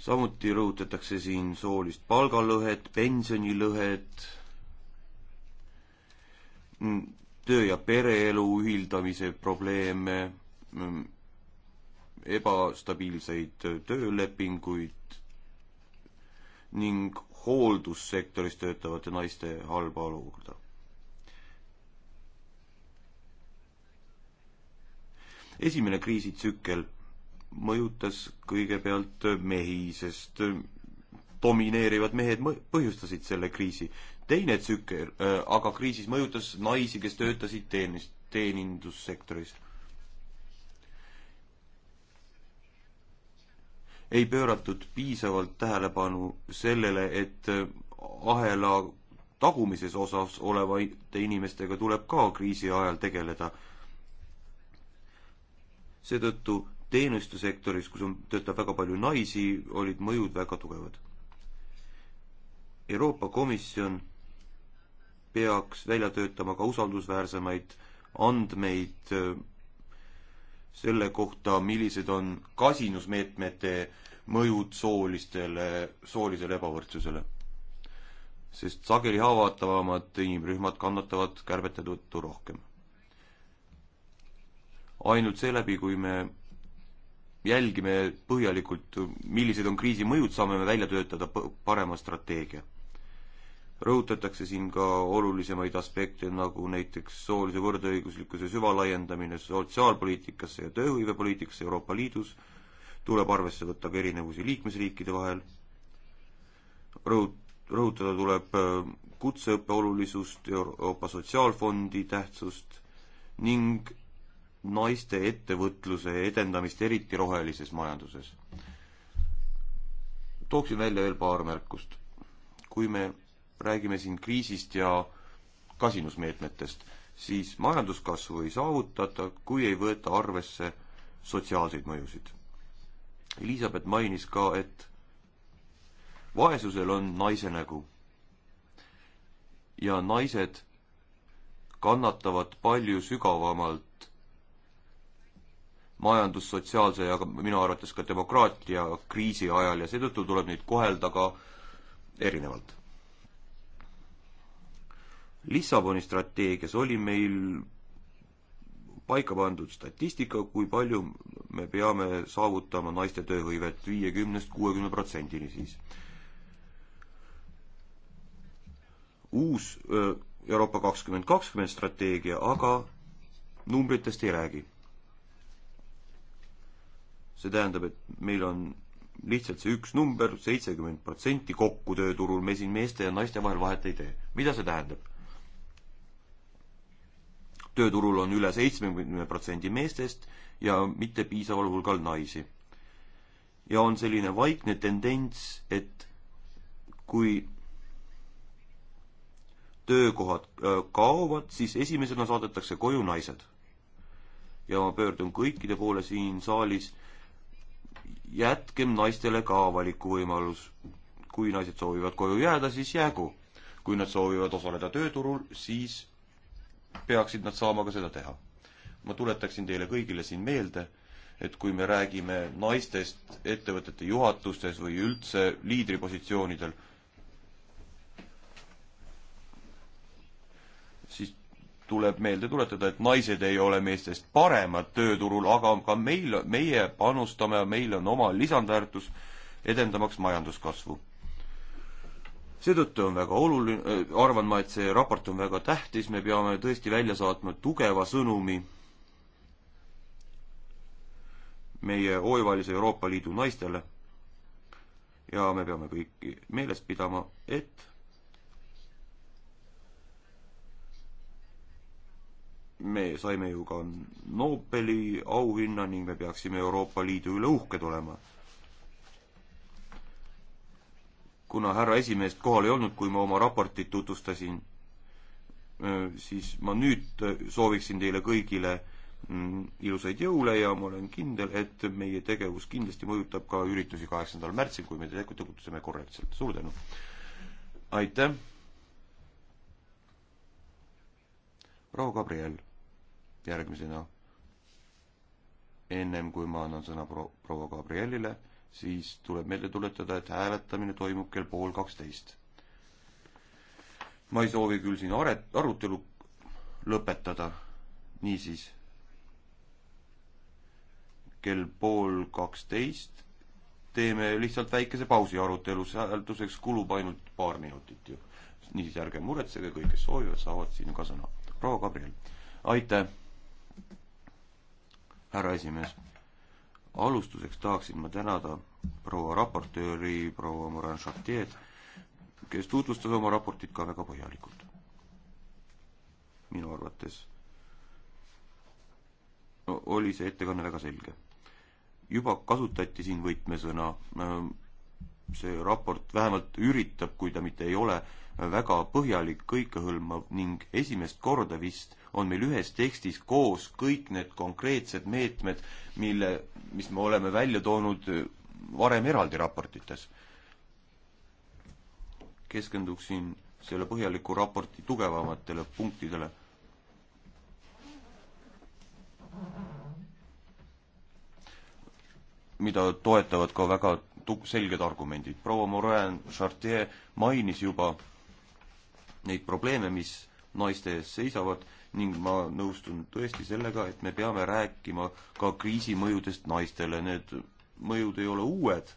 samuti rõhutatakse siin soolist palgalõhet, pensionilõhet, töö- ja pereelu ühildamise probleeme, ebastabiilseid töölepinguid, ning hooldussektoris töötavate naiste halba olukorda. esimene kriisitsükkel mõjutas kõigepealt mehi, sest domineerivad mehed põhjustasid selle kriisi. teine tsükkel äh, aga kriisis mõjutas naisi, kes töötasid teenis, teenindussektoris ei pööratud piisavalt tähelepanu sellele, et ahela tagumises osas olevate inimestega tuleb ka kriisi ajal tegeleda. seetõttu teenistussektoris, kus on, töötab väga palju naisi, olid mõjud väga tugevad. Euroopa Komisjon peaks välja töötama ka usaldusväärsemaid andmeid selle kohta, millised on kasinusmeetmete mõjud soolistele, soolisele ebavõrdsusele. sest sageli haavatavamad inimrühmad kannatavad kärbete tõttu rohkem. ainult seeläbi, kui me jälgime põhjalikult, millised on kriisi mõjud, saame me välja töötada parema strateegia rõhutatakse siin ka olulisemaid aspekte, nagu näiteks soolise võrdõiguslikkuse süvalaiendamine sotsiaalpoliitikasse ja tööhõivepoliitikasse Euroopa Liidus, tuleb arvesse võtta ka erinevusi liikmesriikide vahel, rõhut-, rõhutada tuleb äh, kutseõppe olulisust, Euroopa Sotsiaalfondi tähtsust ning naiste ettevõtluse edendamist, eriti rohelises majanduses. tooksin välja veel paar märkust. kui me räägime siin kriisist ja kasinusmeetmetest, siis majanduskasvu ei saavutata, kui ei võeta arvesse sotsiaalseid mõjusid. Elizabeth mainis ka, et vaesusel on naise nägu. ja naised kannatavad palju sügavamalt majandussotsiaalse ja minu arvates ka demokraatia kriisi ajal ja seetõttu tuleb neid kohelda ka erinevalt Lissaboni strateegias oli meil paika pandud statistika, kui palju me peame saavutama naiste tööhõivet viiekümnest kuuekümne protsendini siis. uus Euroopa kakskümmend kakskümmend strateegia aga numbritest ei räägi. see tähendab, et meil on lihtsalt see üks number, seitsekümmend protsenti kokku tööturul, me siin meeste ja naiste vahel vahet ei tee. mida see tähendab? tööturul on üle seitsmekümne protsendi meestest ja mitte piisaval hulgal naisi. ja on selline vaikne tendents, et kui töökohad äh, kaovad, siis esimesena saadetakse koju naised. ja ma pöördun kõikide poole siin saalis, jätkem naistele ka avaliku võimalus. kui naised soovivad koju jääda, siis jäägu. kui nad soovivad osaleda tööturul, siis peaksid nad saama ka seda teha. ma tuletaksin teile kõigile siin meelde, et kui me räägime naistest ettevõtete juhatustes või üldse liidripositsioonidel, siis tuleb meelde tuletada, et naised ei ole meestest paremad tööturul, aga ka meil, meie panustame, meil on oma lisandväärtus, edendamaks majanduskasvu seetõttu on väga oluline, äh, arvan ma, et see raport on väga tähtis, me peame tõesti välja saatma tugeva sõnumi meie hooivalise Euroopa Liidu naistele. ja me peame kõiki meeles pidama, et me saime ju ka Nobeli auhinna ning me peaksime Euroopa Liidu üle uhked olema kuna härra esimeest kohal ei olnud, kui ma oma raportit tutvustasin, siis ma nüüd sooviksin teile kõigile mm, ilusaid jõule ja ma olen kindel, et meie tegevus kindlasti mõjutab ka üritusi kaheksandal märtsil, kui me tegutseme korrektselt. suur tänu! aitäh! proua Gabriel järgmisena. ennem kui ma annan sõna proua Gabrielile siis tuleb meelde tuletada, et hääletamine toimub kell pool kaksteist. ma ei soovi küll siin are-, arutelu lõpetada, niisiis kell pool kaksteist teeme lihtsalt väikese pausi arutelus, häälduseks kulub ainult paar minutit ju. niisiis, ärge muretsege, kõik, kes soovivad, saavad siin ka sõna. proua Gabriel, aitäh, härra esimees alustuseks tahaksin ma tänada proua raportööri, proua Moran Chartier, kes tutvustas oma raportit ka väga põhjalikult. minu arvates no, oli see ettekanne väga selge. juba kasutati siin võtmesõna, ähm, see raport vähemalt üritab, kui ta mitte ei ole, väga põhjalik, kõikehõlmav ning esimest korda vist on meil ühes tekstis koos kõik need konkreetsed meetmed, mille, mis me oleme välja toonud varem eraldi raportites. keskenduksin selle põhjaliku raporti tugevamatele punktidele. mida toetavad ka väga tug-, selged argumendid. proua Morin Chartier mainis juba neid probleeme, mis naiste ees seisavad ning ma nõustun tõesti sellega, et me peame rääkima ka kriisi mõjudest naistele, need mõjud ei ole uued,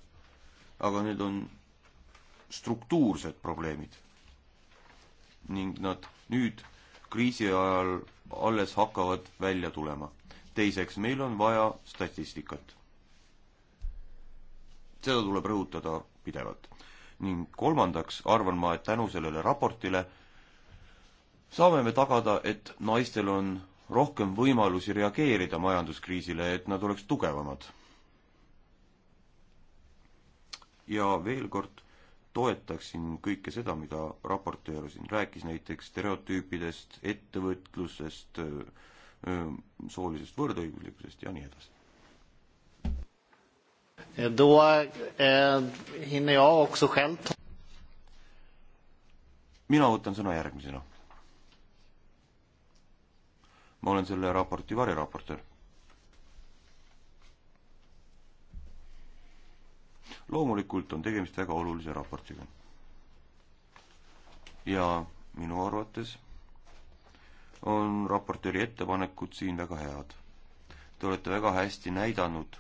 aga need on struktuursed probleemid. ning nad nüüd kriisi ajal alles hakkavad välja tulema. teiseks, meil on vaja statistikat. seda tuleb rõhutada pidevalt. ning kolmandaks arvan ma, et tänu sellele raportile saame me tagada, et naistel on rohkem võimalusi reageerida majanduskriisile, et nad oleks tugevamad. ja veel kord toetaksin kõike seda, mida raportöör siin rääkis, näiteks stereotüüpidest, ettevõtlusest, soolisest võrdõiguslikkusest ja nii edasi. Då eh, hinner jag också själv ta... mina võtan sõna järgmisena ma olen selle raporti variraportöör. loomulikult on tegemist väga olulise raportiga. ja minu arvates on raportööri ettepanekud siin väga head. Te olete väga hästi näidanud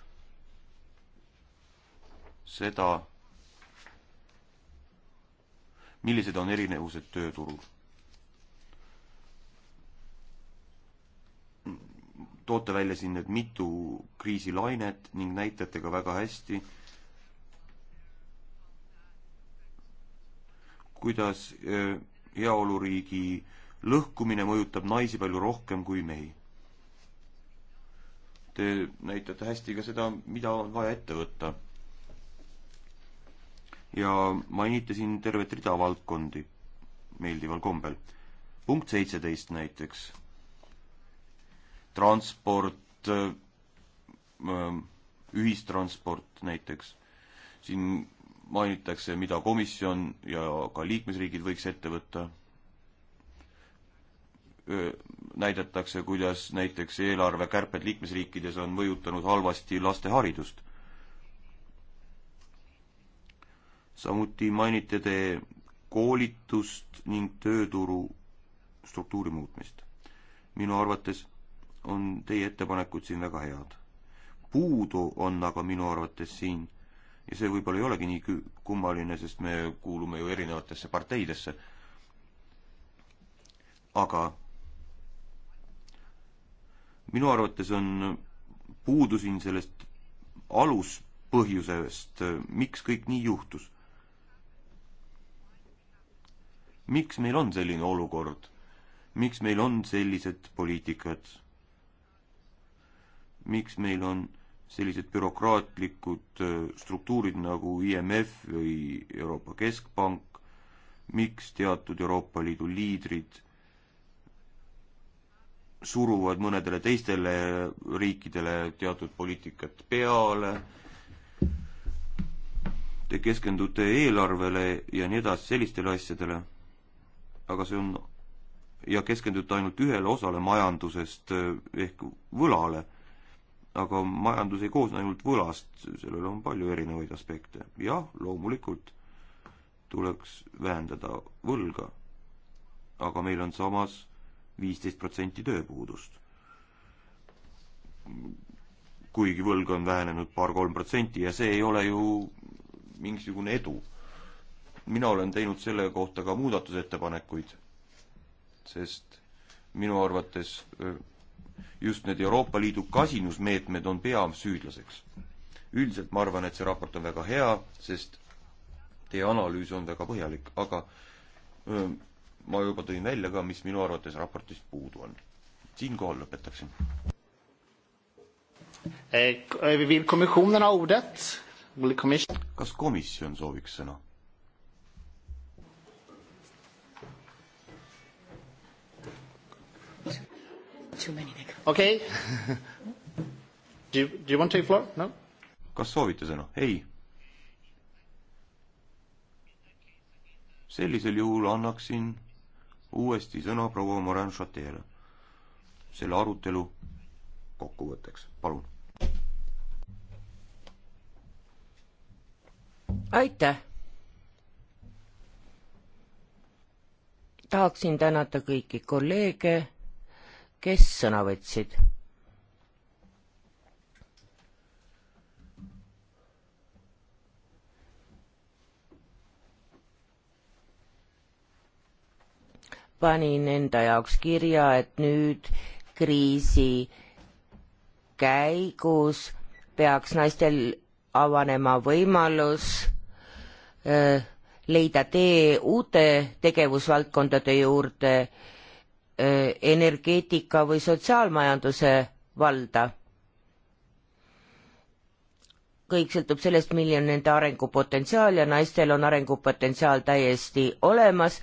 seda, millised on erinevused tööturul toote välja siin need mitu kriisilainet ning näitate ka väga hästi, kuidas äh, heaoluriigi lõhkumine mõjutab naisi palju rohkem kui mehi. Te näitate hästi ka seda, mida on vaja ette võtta. ja mainite siin tervet rida valdkondi meeldival kombel. punkt seitseteist näiteks transport, äh, ühistransport näiteks. siin mainitakse, mida komisjon ja ka liikmesriigid võiks ette võtta. näidatakse, kuidas näiteks eelarvekärped liikmesriikides on mõjutanud halvasti laste haridust. samuti mainite te koolitust ning tööturu struktuuri muutmist. minu arvates on teie ettepanekud siin väga head. puudu on aga minu arvates siin ja see võib-olla ei olegi nii kummaline, sest me kuulume ju erinevatesse parteidesse. aga minu arvates on puudu siin sellest aluspõhjusest, miks kõik nii juhtus. miks meil on selline olukord? miks meil on sellised poliitikad? miks meil on sellised bürokraatlikud äh, struktuurid nagu IMF või Euroopa Keskpank, miks teatud Euroopa Liidu liidrid suruvad mõnedele teistele riikidele teatud poliitikat peale, te keskendute eelarvele ja nii edasi, sellistele asjadele, aga see on, ja keskendute ainult ühele osale majandusest äh, ehk võlale aga majandus ei koosne ainult võlast, sellel on palju erinevaid aspekte. jah, loomulikult tuleks vähendada võlga, aga meil on samas viisteist protsenti tööpuudust. kuigi võlg on vähenenud paar-kolm protsenti ja see ei ole ju mingisugune edu. mina olen teinud selle kohta ka muudatusettepanekuid, sest minu arvates öö, just need Euroopa Liidu kasinusmeetmed on peasüüdlaseks. üldiselt ma arvan, et see raport on väga hea, sest teie analüüs on väga põhjalik, aga öö, ma juba tõin välja ka, mis minu arvates raportist puudu on. siinkohal lõpetaksin. Eh, eh, kas komisjon sooviks sõna? Too many okei okay. Do you, do you want to take floor? no? kas soovite sõna? ei. sellisel juhul annaksin uuesti sõna proua Morin Chateele selle arutelu kokkuvõtteks, palun. aitäh. tahaksin tänada kõiki kolleege kes sõna võtsid? panin enda jaoks kirja, et nüüd kriisi käigus peaks naistel avanema võimalus öö, äh, leida tee uute tegevusvaldkondade juurde öö, energeetika või sotsiaalmajanduse valda. kõik sõltub sellest, milline on nende arengupotentsiaal ja naistel on arengupotentsiaal täiesti olemas,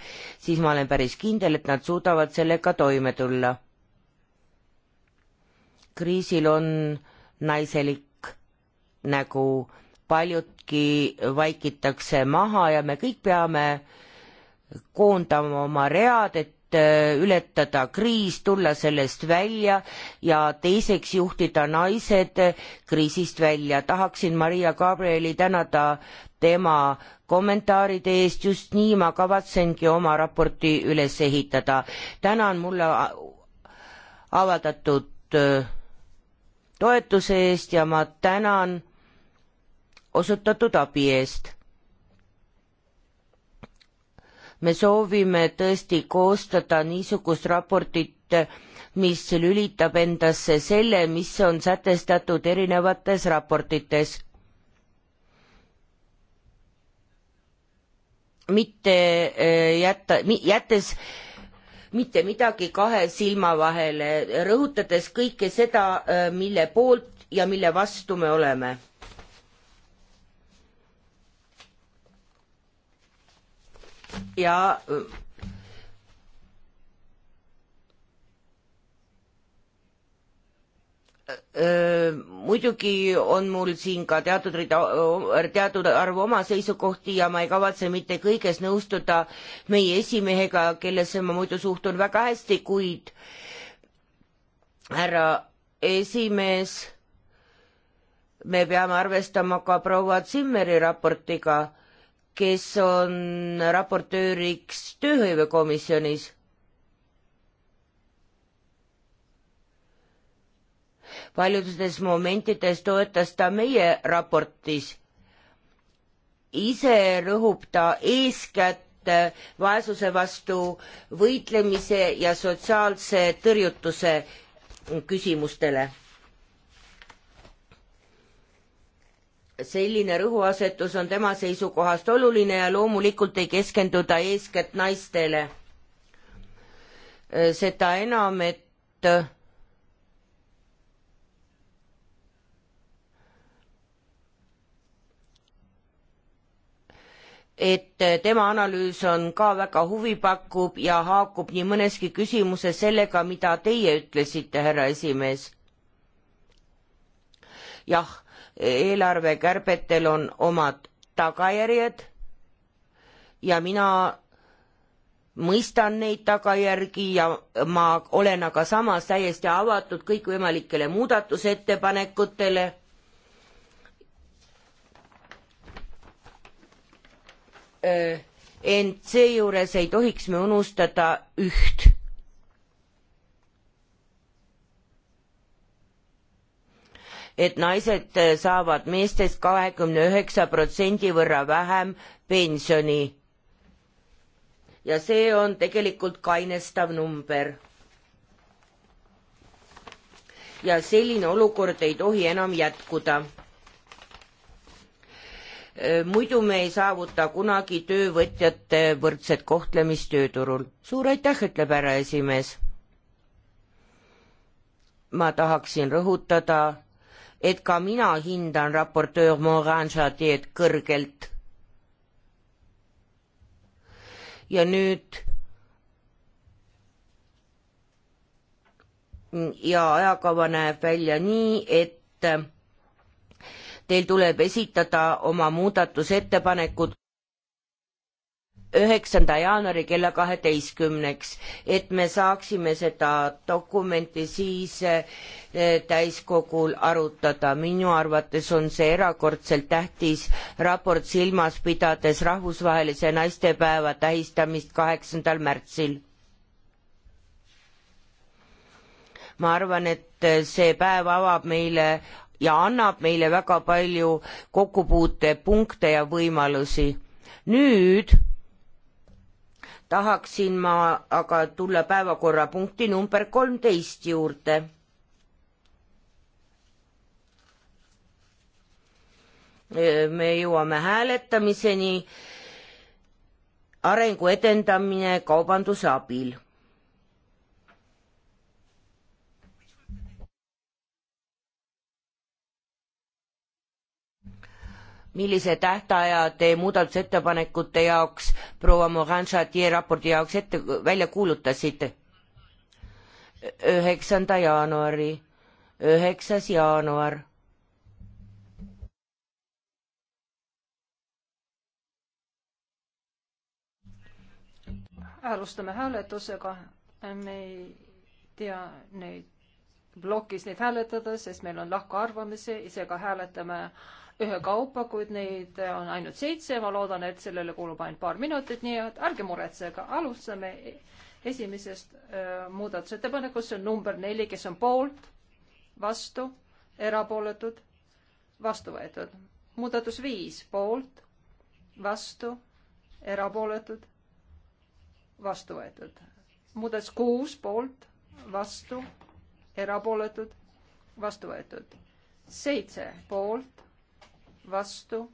siis ma olen päris kindel, et nad suudavad sellega toime tulla. kriisil on naiselik nägu, paljudki vaikitakse maha ja me kõik peame koondama oma read, et Äh, ületada kriis, tulla sellest välja ja teiseks juhtida naised äh, kriisist välja. tahaksin Maria Gabrieli tänada tema kommentaaride eest, just nii ma kavatsengi oma raporti üles ehitada. tänan mulle äh, avaldatud toetuse eest ja ma tänan osutatud abi eest me soovime tõesti koostada niisugust raportit, mis lülitab endasse selle, mis on sätestatud erinevates raportites. mitte äh, jätta, jättes mitte midagi kahe silma vahele, rõhutades kõike seda, äh, mille poolt ja mille vastu me oleme ja äh, äh, muidugi on mul siin ka teatud rida, teatud arv oma seisukohti ja ma ei kavatse mitte kõiges nõustuda meie esimehega, kellesse ma muidu suhtun väga hästi, kuid härra esimees, me peame arvestama ka proua Zimmeri raportiga kes on raportööriks tööhõivekomisjonis. paljudes momentides toetas ta meie raportis. ise rõhub ta eeskätt vaesuse vastu võitlemise ja sotsiaalse tõrjutuse küsimustele selline rõhuasetus on tema seisukohast oluline ja loomulikult ei keskenduda eeskätt naistele. seda enam, et et tema analüüs on ka väga huvipakkuv ja haakub nii mõneski küsimuses sellega, mida teie ütlesite, härra esimees. jah eelarvekärbetel on omad tagajärjed ja mina mõistan neid tagajärgi ja ma olen aga samas täiesti avatud kõikvõimalikele muudatusettepanekutele. ent seejuures ei tohiks me unustada üht et naised saavad meestest kahekümne üheksa protsendi võrra vähem pensioni. ja see on tegelikult kainestav number. ja selline olukord ei tohi enam jätkuda muidu me ei saavuta kunagi töövõtjate võrdset kohtlemist tööturul. suur aitäh, ütleb härra esimees. ma tahaksin rõhutada et ka mina hindan raportöör Morin Chartier'd kõrgelt. ja nüüd ja ajakava näeb välja nii, et teil tuleb esitada oma muudatusettepanekud üheksanda jaanuari kella kaheteistkümneks, et me saaksime seda dokumenti siis eh, täiskogul arutada. minu arvates on see erakordselt tähtis raport silmas pidades rahvusvahelise naistepäeva tähistamist kaheksandal märtsil. ma arvan, et eh, see päev avab meile ja annab meile väga palju kokkupuutepunkte ja võimalusi. nüüd tahaksin ma aga tulla päevakorrapunkti number kolmteist juurde. me jõuame hääletamiseni. arengu edendamine kaubanduse abil millise tähtaja te muudatusettepanekute jaoks proua Morin Chartier raporti jaoks ette välja kuulutasite? üheksanda jaanuari, üheksas jaanuar. alustame hääletusega, me ei tea neid plokis neid hääletada, sest meil on lahkarvamusi, seega hääletame äh, ühekaupa, kuid neid on ainult seitse. ma loodan, et sellele kulub ainult paar minutit, nii et ärge muretsege, alustame esimesest äh, muudatusettepanekust, see on number neli, kes on poolt, vastu, erapooletud, vastu võetud. muudatus viis, poolt, vastu, erapooletud, vastu võetud. muudatus kuus, poolt, vastu, erapooletud, vastu võetud. seitse, poolt vastu,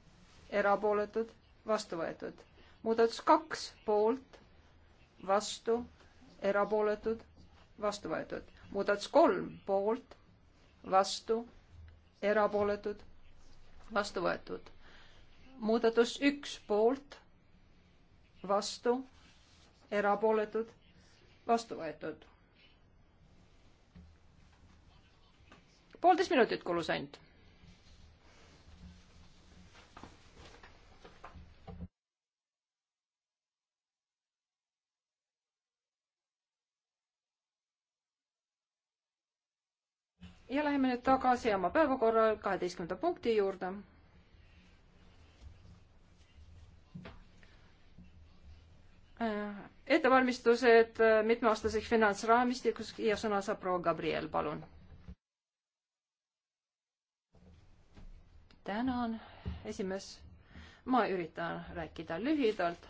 erapooletud, vastu võetud. muudatus kaks poolt, vastu, erapooletud, vastu võetud. muudatus kolm poolt, vastu, erapooletud, vastu võetud. muudatus üks poolt, vastu, erapooletud, vastu võetud. poolteist minutit kulus ainult ja läheme nüüd tagasi oma päevakorra kaheteistkümnenda punkti juurde. Äh, ettevalmistused äh, mitmeaastaseks finantsraamistikus ja sõna saab proua Gabriel, palun. tänan, esimees. ma üritan rääkida lühidalt,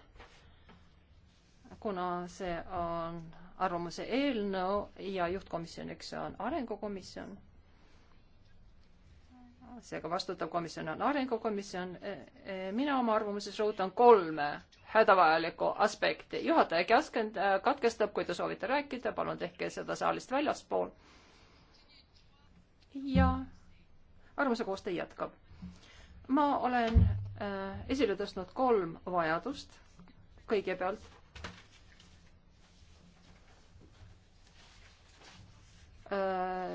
kuna see on arvamuse eelnõu ja juhtkomisjoniks on arengukomisjon. seega vastutav komisjon on arengukomisjon. E, e, mina oma arvamuses rõhutan kolme hädavajalikku aspekti. juhataja käskend, e, katkestab, kui te soovite rääkida, palun tehke seda saalist väljaspool. ja arvamuse koostöö jätkab. ma olen esile tõstnud kolm vajadust. kõigepealt Äh,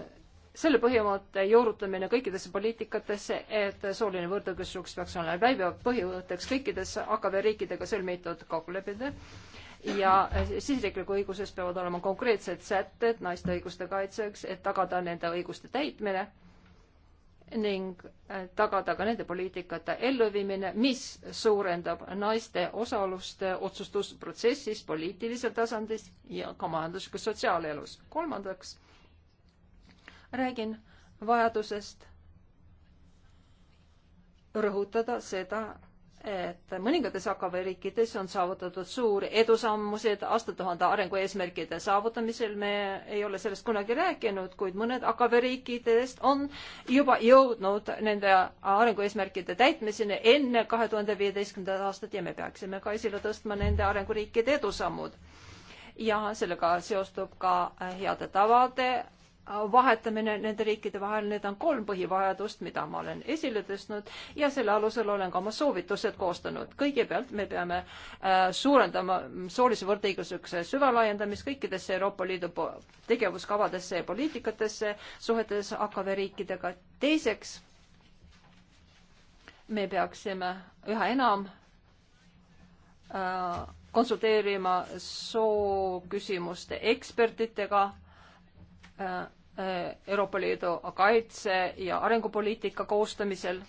selle põhimõtte juurutamine kõikidesse poliitikatesse, et sooline võrdõiguslikkus peaks olema läbiv põhimõtteks kõikides AKV riikidega sõlmitud kokkulepped ja siseriikliku õiguses peavad olema konkreetsed sätted naiste õiguste kaitseks, et tagada nende õiguste täitmine ning äh, tagada ka nende poliitikate elluviimine, mis suurendab naiste osalust otsustusprotsessis poliitilisel tasandil ja ka majanduslikus sotsiaalelus. kolmandaks räägin vajadusest rõhutada seda, et mõningates AKV riikides on saavutatud suuri edusammusid aastatuhande arengueesmärkide saavutamisel. me ei ole sellest kunagi rääkinud, kuid mõned AKV riikidest on juba jõudnud nende arengueesmärkide täitmiseni enne kahe tuhande viieteistkümnendat aastat ja me peaksime ka esile tõstma nende arenguriikide edusammud. ja sellega seostub ka heade tavade vahetamine nende riikide vahel, need on kolm põhivajadust, mida ma olen esile tõstnud ja selle alusel olen ka oma soovitused koostanud. kõigepealt me peame äh, suurendama soolise võrdõiguslikkuse süvalaiendamist kõikidesse Euroopa Liidu tegevuskavadesse ja poliitikatesse suhetes AKV riikidega. teiseks, me peaksime üha enam äh, konsulteerima sooküsimuste ekspertidega Äh, Euroopa Liidu kaitse- ja arengupoliitika koostamisel.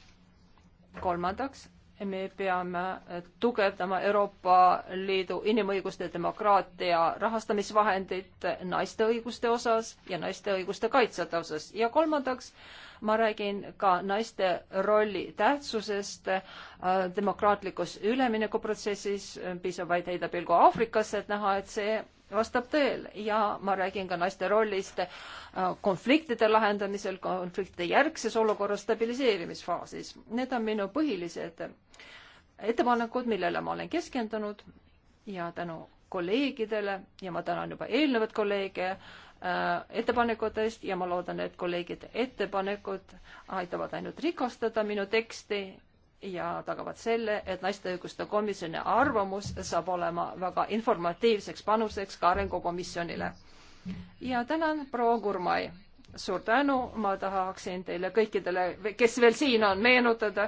kolmandaks, me peame tugevdama Euroopa Liidu inimõiguste demokraatia rahastamisvahendit naiste õiguste osas ja naiste õiguste kaitsjate osas. ja kolmandaks, ma räägin ka naiste rolli tähtsusest äh, demokraatlikus üleminekuprotsessis, piisab vaid heida pilgu Aafrikasse, et näha, et see vastab tõele ja ma räägin ka naiste rollist äh, konfliktide lahendamisel, konfliktide järgses olukorras stabiliseerimisfaasis. Need on minu põhilised äh, ettepanekud, millele ma olen keskendunud ja tänu kolleegidele ja ma tänan juba eelnevat kolleege äh, ettepanekute eest ja ma loodan, et kolleegide ettepanekud aitavad ainult rikastada minu teksti ja tagavad selle, et naiste õiguste komisjoni arvamus saab olema väga informatiivseks panuseks ka Arengukomisjonile. ja tänan, proua Kurmai. suur tänu, ma tahaksin teile kõikidele, kes veel siin on, meenutada,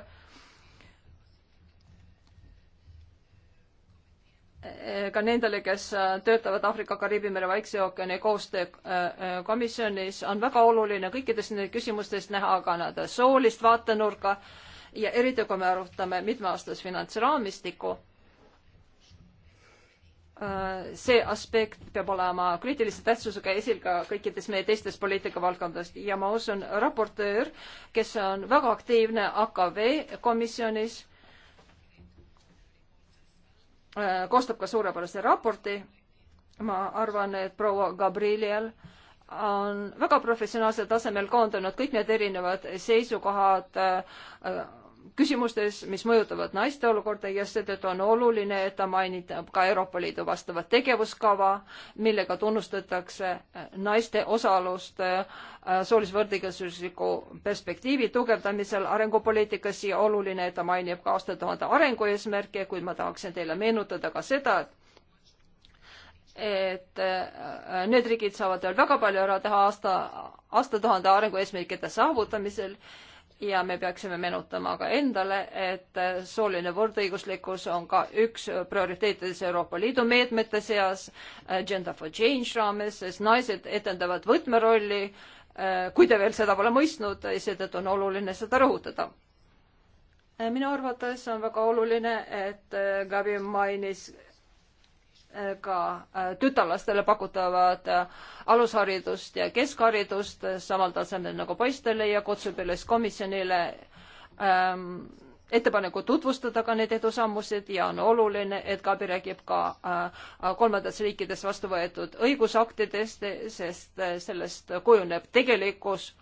eh, ka nendele, kes töötavad Aafrika-Kariibi mere Vaikse ookeani koostöökomisjonis, eh, eh, on väga oluline kõikides nendes küsimustes näha ka nii-öelda soolist vaatenurka äh, ja eriti, kui me arutame mitmeaastast finantsraamistikku, äh, see aspekt peab olema kriitilise tähtsusega esil ka kõikides meie teistes poliitikavaldkondades ja ma usun, raportöör, kes on väga aktiivne AKV komisjonis, äh, koostab ka suurepärase raporti. ma arvan, et proua Gabrielial on väga professionaalsel tasemel koondanud kõik need erinevad seisukohad äh, küsimustes, mis mõjutavad naiste olukorda ja seetõttu on oluline, et ta mainitab ka Euroopa Liidu vastavat tegevuskava, millega tunnustatakse äh, naiste osalust äh, soolise võrdõigusliku perspektiivi tugevdamisel arengupoliitikas ja oluline, et ta mainib ka aastatuhande arengueesmärke, kuid ma tahaksin teile meenutada ka seda, et et äh, need riigid saavad veel väga palju ära teha aasta, aastatuhande arengueesmärkide saavutamisel äh, ja me peaksime meenutama ka endale, et sooline võrdõiguslikkus on ka üks prioriteetides Euroopa Liidu meetmete seas Agenda äh, for Change raames, sest naised etendavad võtmerolli, äh, kui te veel seda pole mõistnud, seetõttu on oluline seda rõhutada äh, minu arvates on väga oluline, et Gabi mainis ka äh, tütarlastele pakutavad äh, alusharidust ja keskharidust äh, samal tasemel nagu poistele ja kutsub üles komisjonile ähm, ettepaneku tutvustada ka need edusammused ja on oluline, et KABI räägib ka kolmandates riikides vastu võetud õigusaktidest, sest sellest kujuneb tegelikkus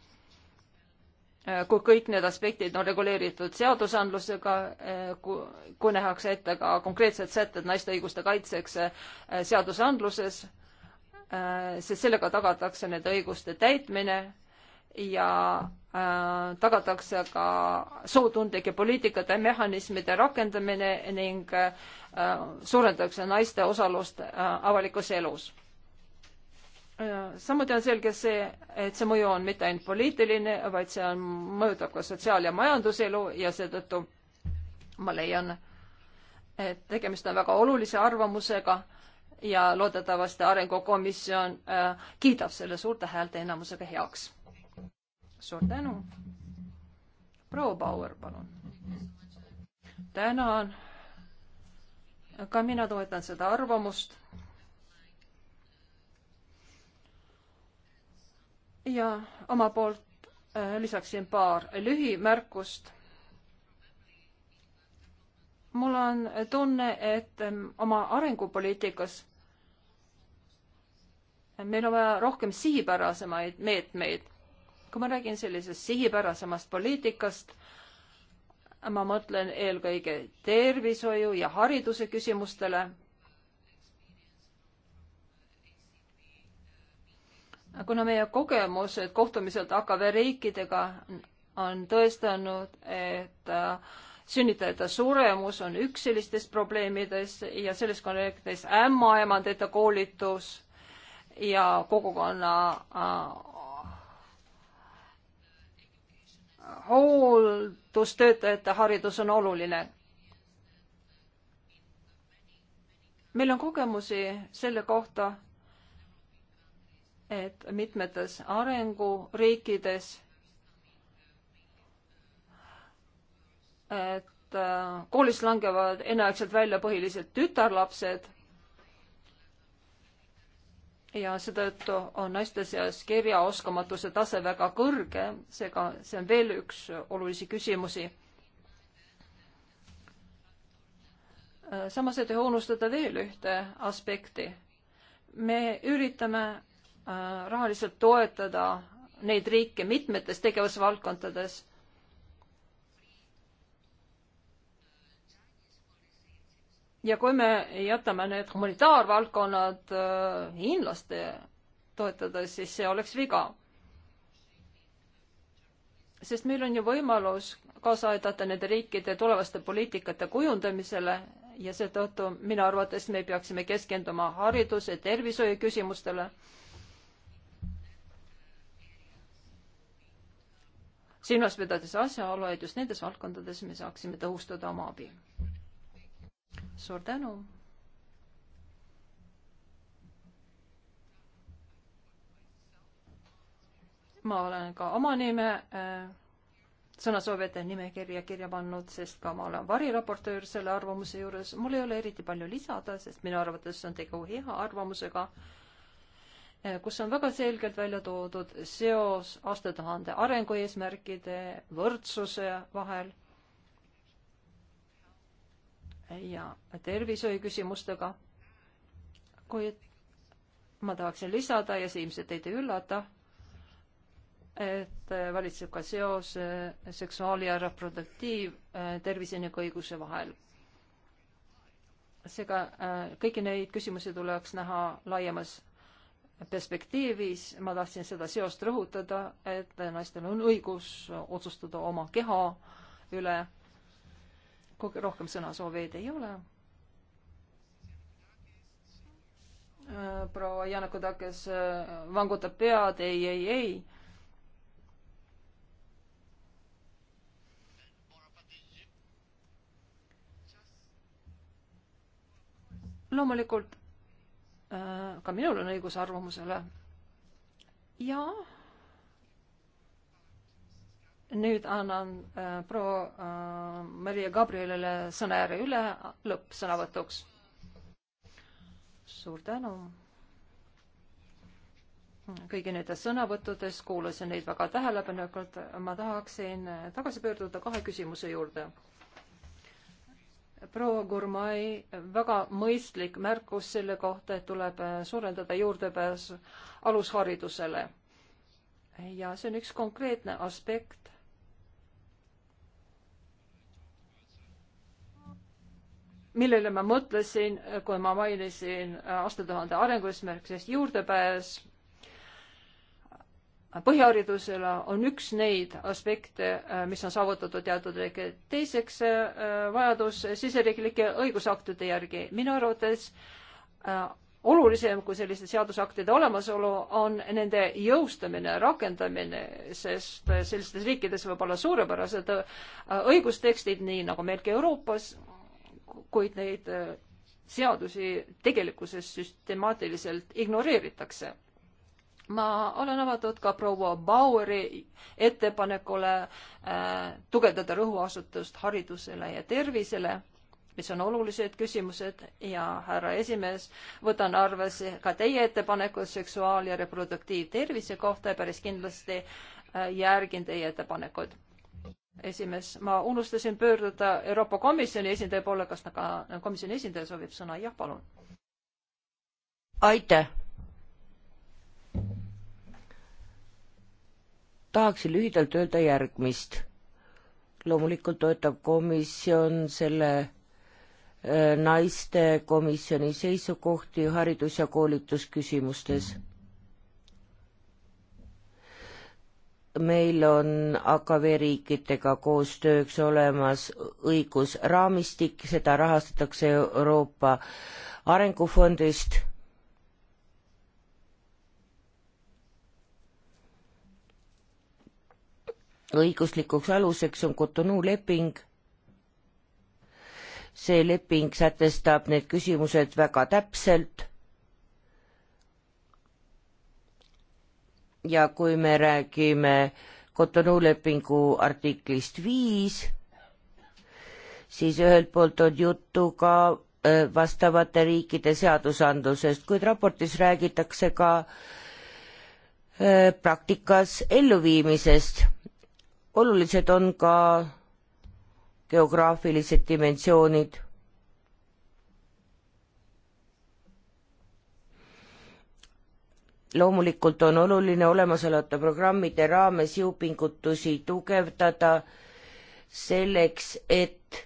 Äh, kui kõik need aspektid on reguleeritud seadusandlusega, äh, kui nähakse ette ka konkreetsed sätted naiste õiguste kaitseks äh, seadusandluses, sest sellega tagatakse nende õiguste täitmine ja tagatakse ka sootundlike poliitikate mehhanismide rakendamine ning suurendatakse naiste osalust avalikus elus Äh, samuti on selge see, et see mõju on mitte ainult poliitiline, vaid see on, mõjutab ka sotsiaal- ja majanduselu ja seetõttu ma leian, et tegemist on väga olulise arvamusega ja loodetavasti Arengukomisjon äh, kiidab selle suurte häälte enamusega heaks. suur tänu. proua Bauer, palun. tänan. ka mina toetan seda arvamust ja oma poolt äh, lisaksin paar lühimärkust. mul on tunne, et ähm, oma arengupoliitikas meil on vaja rohkem sihipärasemaid meetmeid. kui ma räägin sellisest sihipärasemast poliitikast, ma mõtlen eelkõige tervishoiu ja hariduse küsimustele kuna meie kogemused kohtumiselt AKV riikidega on tõestanud, et äh, sünnitajate suremus on üks sellistest probleemidest ja selles kontekstis ämmaemandate koolitus ja kogukonna äh, hooldustöötajate haridus on oluline. meil on kogemusi selle kohta et mitmetes arenguriikides, et äh, koolist langevad enneaegselt välja põhiliselt tütarlapsed ja seetõttu on naiste seas kirjaoskamatuse tase väga kõrge, seega see on veel üks olulisi küsimusi. Äh, samas ei tohi unustada veel ühte aspekti. me üritame Äh, rahaliselt toetada neid riike mitmetes tegevusvaldkondades ja kui me jätame need humanitaarvaldkonnad äh, hiinlaste toetada, siis see oleks viga. sest meil on ju võimalus kaasa aidata nende riikide tulevaste poliitikate kujundamisele ja seetõttu minu arvates me peaksime keskenduma hariduse, tervishoiu küsimustele silmas pidades asjaolu, et just nendes valdkondades me saaksime tõhustada oma abi. suur tänu. ma olen ka oma nime äh, sõnasoovijate nimekirja kirja pannud, sest ka ma olen variraportöör selle arvamuse juures. mul ei ole eriti palju lisada, sest minu arvates on tegu hea arvamusega äh, Eh, kus on väga selgelt välja toodud seos aastatuhande arengueesmärkide, võrdsuse vahel ja tervishoiu küsimustega. kuid ma tahaksin lisada ja see ilmselt teid ei üllata, et eh, valitseb ka seos eh, seksuaal- ja reproduktiivtervise ning õiguse vahel seega kõiki neid küsimusi tuleks näha laiemas perspektiivis ma tahtsin seda seost rõhutada, et naistel on õigus otsustada oma keha üle. rohkem sõnasoovijaid ei ole. Äh, proua Janako Takes äh, vangutab pead, ei, ei, ei. loomulikult Äh, ka minul on õigus arvamusele. ja nüüd annan äh, proua äh, Maria Gabrielile sõnajärje üle lõppsõnavõtuks. suur tänu kõigi nende sõnavõttudes, kuulasin neid väga tähelepanelikult. ma tahaksin tagasi pöörduda kahe küsimuse juurde proua Gurmai väga mõistlik märkus selle kohta, et tuleb äh, suurendada juurdepääsu alusharidusele. ja see on üks konkreetne aspekt. millele ma mõtlesin, kui ma mainisin äh, aastatuhande arengueesmärk, sest juurdepääs põhiharidusele on üks neid aspekte, äh, mis on saavutatud teatud riike. teiseks äh, vajadus siseriiklike õigusaktide järgi. minu arvates äh, olulisem kui selliste seadusaktide olemasolu on nende jõustamine, rakendamine, sest sellistes riikides võib olla suurepärased õigustekstid, nii nagu meilgi Euroopas, kuid neid seadusi tegelikkuses süstemaatiliselt ignoreeritakse ma olen avatud ka proua Baueri ettepanekule äh, tugevdada rõhuasutust haridusele ja tervisele, mis on olulised küsimused ja härra esimees, võtan arvesse ka teie ettepanekud seksuaal- ja reproduktiivtervise kohta ja päris kindlasti äh, järgin teie ettepanekuid. esimees, ma unustasin pöörduda Euroopa Komisjoni esindaja poole, kas ka komisjoni esindaja soovib sõna? jah, palun. aitäh tahaksin lühidalt öelda järgmist. loomulikult toetab komisjon selle äh, naiste komisjoni seisukohti haridus- ja koolitusküsimustes. meil on AKV riikidega koostööks olemas õigusraamistik, seda rahastatakse Euroopa Arengufondist õiguslikuks aluseks on Cotonou leping. see leping sätestab need küsimused väga täpselt. ja kui me räägime Cotonou lepingu artiklist viis, siis ühelt poolt on juttu ka äh, vastavate riikide seadusandlusest, kuid raportis räägitakse ka äh, praktikas elluviimisest olulised on ka geograafilised dimensioonid. loomulikult on oluline olemasolevate programmide raames jõupingutusi tugevdada selleks, et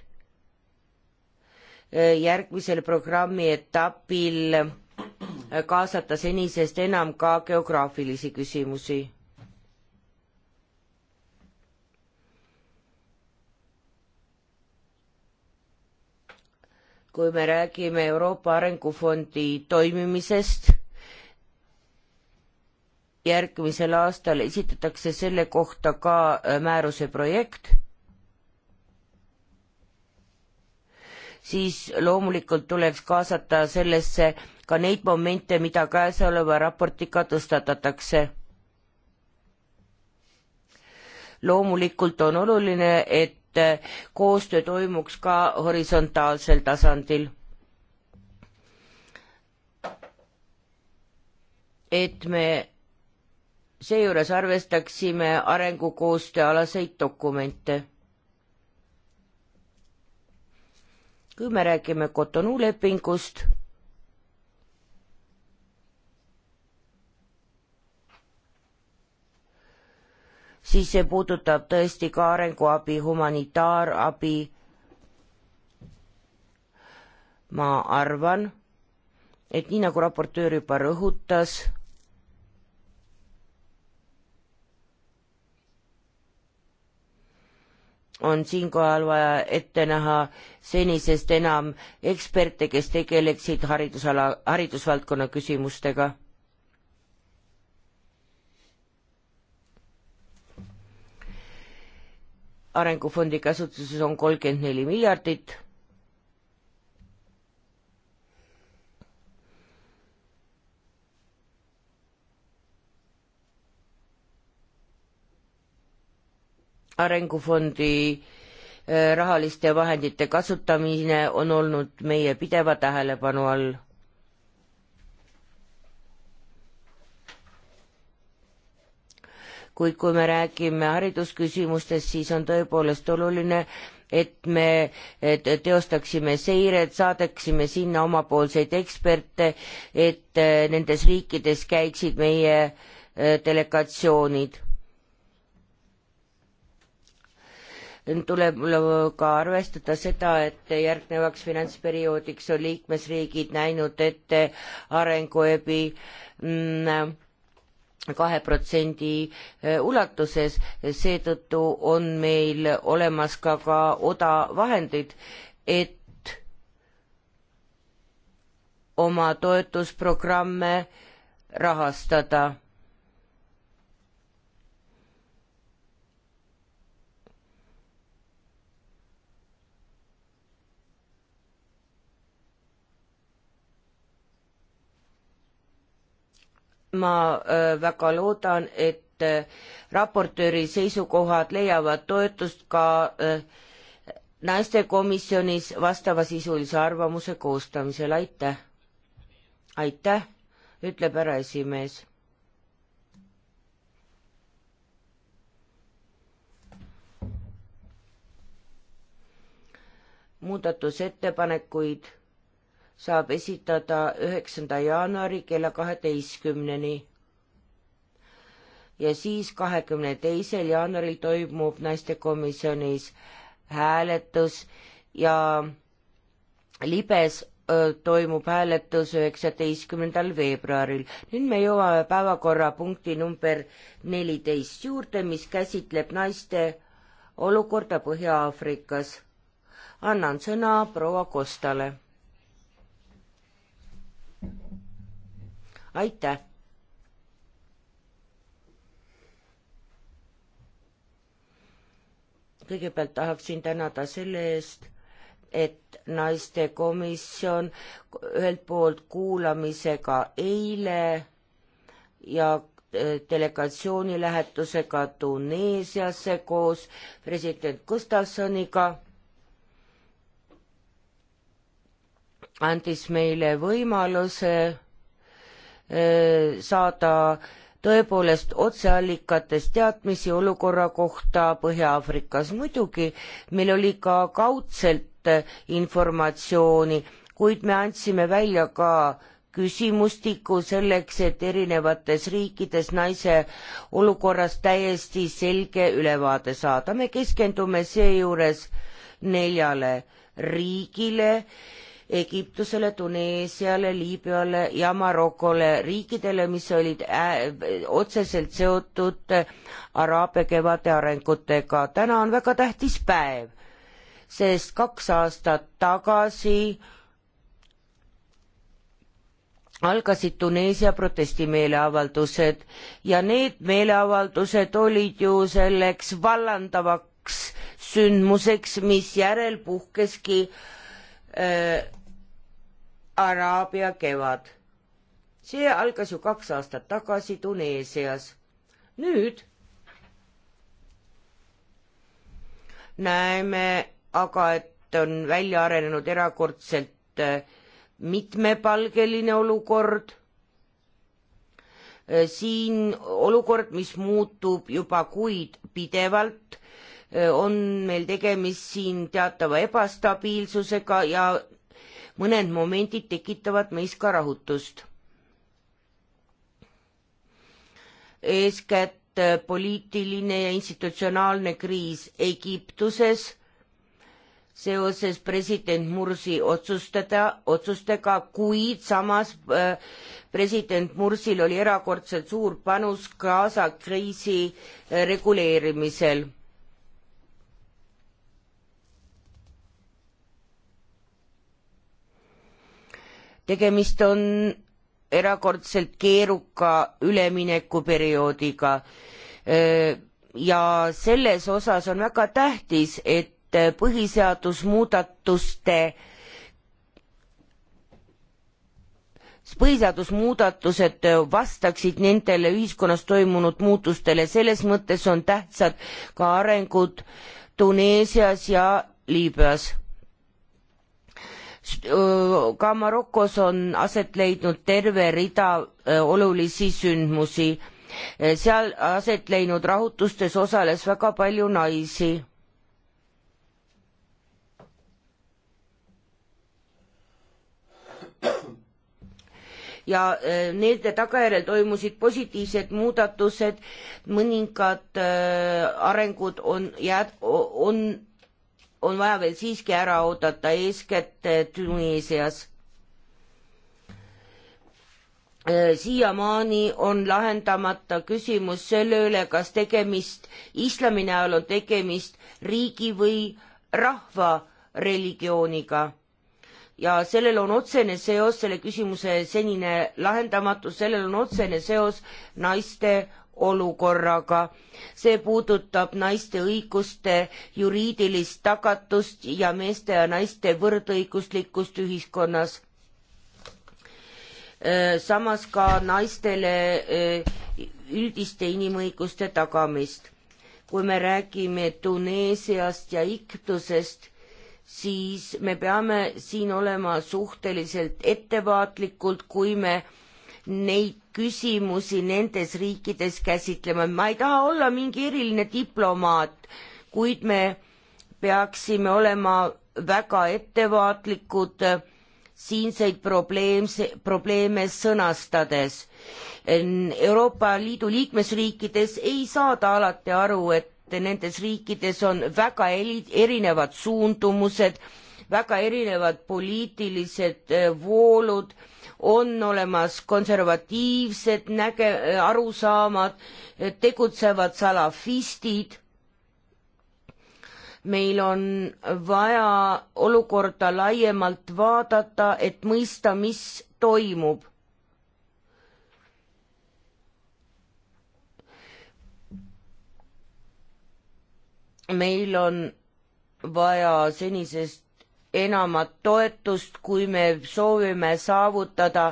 eh, järgmisel programmi etapil kaasata senisest enam ka geograafilisi küsimusi kui me räägime Euroopa Arengufondi toimimisest, järgmisel aastal esitatakse selle kohta ka äh, määruse projekt, siis loomulikult tuleks kaasata sellesse ka neid momente, mida käesoleva raportiga tõstatatakse. loomulikult on oluline, et et koostöö toimuks ka horisontaalsel tasandil. et me seejuures arvestaksime arengukoostööalaseid dokumente. kui me räägime Cotonou lepingust siis see puudutab tõesti ka arenguabi, humanitaarabi. ma arvan, et nii nagu raportöör juba rõhutas, on siinkohal vaja ette näha senisest enam eksperte, kes tegeleksid haridusala, haridusvaldkonna küsimustega arengufondi käsutuses on kolmkümmend neli miljardit. arengufondi äh, rahaliste vahendite kasutamine on olnud meie pideva tähelepanu all kuid kui me räägime haridusküsimustest, siis on tõepoolest oluline, et me et teostaksime seiret, saadeksime sinna omapoolseid eksperte, et äh, nendes riikides käiksid meie äh, delegatsioonid. tuleb ka arvestada seda, et järgnevaks finantsperioodiks on liikmesriigid näinud ette arenguebi mm, kahe protsendi eh, ulatuses, seetõttu on meil olemas ka ka oda vahendid, et oma toetusprogramme rahastada ma äh, väga loodan, et äh, raportööri seisukohad leiavad toetust ka äh, naistekomisjonis vastavasisulise arvamuse koostamisel, aitäh. aitäh, ütleb härra esimees. muudatusettepanekuid saab esitada üheksanda jaanuari kella kaheteistkümneni. ja siis kahekümne teisel jaanuaril toimub naistekomisjonis hääletus ja libes toimub hääletus üheksateistkümnendal veebruaril. nüüd me jõuame päevakorrapunkti number neliteist juurde, mis käsitleb naiste olukorda Põhja-Aafrikas. annan sõna proua Kostale aitäh! kõigepealt tahaksin tänada selle eest, et naistekomisjon ühelt poolt kuulamisega eile ja e, delegatsiooni lähetusega Tuneesiasse koos president Gustafsoniga andis meile võimaluse saada tõepoolest otseallikatest teadmisi olukorra kohta Põhja-Aafrikas. muidugi meil oli ka kaudselt äh, informatsiooni, kuid me andsime välja ka küsimustiku selleks, et erinevates riikides naise olukorrast täiesti selge ülevaade saada. me keskendume seejuures neljale riigile Egiptusele, Tuneesiale, Liibüale ja Marokole, riikidele, mis olid ää, äh, otseselt seotud äh, Araabia kevade arengutega. täna on väga tähtis päev, sest kaks aastat tagasi algasid Tuneesia protestimeeleavaldused ja need meeleavaldused olid ju selleks vallandavaks sündmuseks, mis järel puhkeski äh, Araabia kevad. see algas ju kaks aastat tagasi Tuneesias. nüüd näeme aga, et on välja arenenud erakordselt äh, mitmepalgeline olukord. Äh, siin olukord, mis muutub juba kuid pidevalt, äh, on meil tegemist siin teatava ebastabiilsusega ja mõned momendid tekitavad meis ka rahutust. eeskätt poliitiline ja institutsionaalne kriis Egiptuses seoses president Mursi otsustada, otsustega, kuid samas äh, president Mursil oli erakordselt suur panus Gaza kriisi äh, reguleerimisel. tegemist on erakordselt keeruka üleminekuperioodiga ja selles osas on väga tähtis, et põhiseadusmuudatuste põhiseadusmuudatused vastaksid nendele ühiskonnas toimunud muutustele, selles mõttes on tähtsad ka arengud Tuneesias ja Liibüas ka Marokos on aset leidnud terve rida olulisi sündmusi. seal aset leidnud rahutustes osales väga palju naisi. ja nende tagajärjel toimusid positiivsed muudatused, mõningad arengud on jääd-, on on vaja veel siiski ära oodata, eeskätt Tuneesias. siiamaani on lahendamata küsimus selle üle, kas tegemist, islami näol on tegemist riigi või rahva religiooniga. ja sellel on otsene seos, selle küsimuse senine lahendamatus, sellel on otsene seos naiste olukorraga. see puudutab naiste õiguste juriidilist tagatust ja meeste ja naiste võrdõiguslikkust ühiskonnas. Äh, samas ka naistele äh, üldiste inimõiguste tagamist. kui me räägime Tuneesiast ja Iktusest, siis me peame siin olema suhteliselt ettevaatlikult, kui me äh, neid küsimusi nendes riikides käsitlema. ma ei taha olla mingi eriline diplomaat, kuid me peaksime olema väga ettevaatlikud siinseid probleemse, probleeme sõnastades. Euroopa Liidu liikmesriikides ei saada alati aru, et nendes riikides on väga erinevad suundumused, väga erinevad poliitilised voolud äh, on olemas konservatiivsed näge-, arusaamad, tegutsevad salafistid, meil on vaja olukorda laiemalt vaadata, et mõista, mis toimub. meil on vaja senisest enamat toetust, kui me soovime saavutada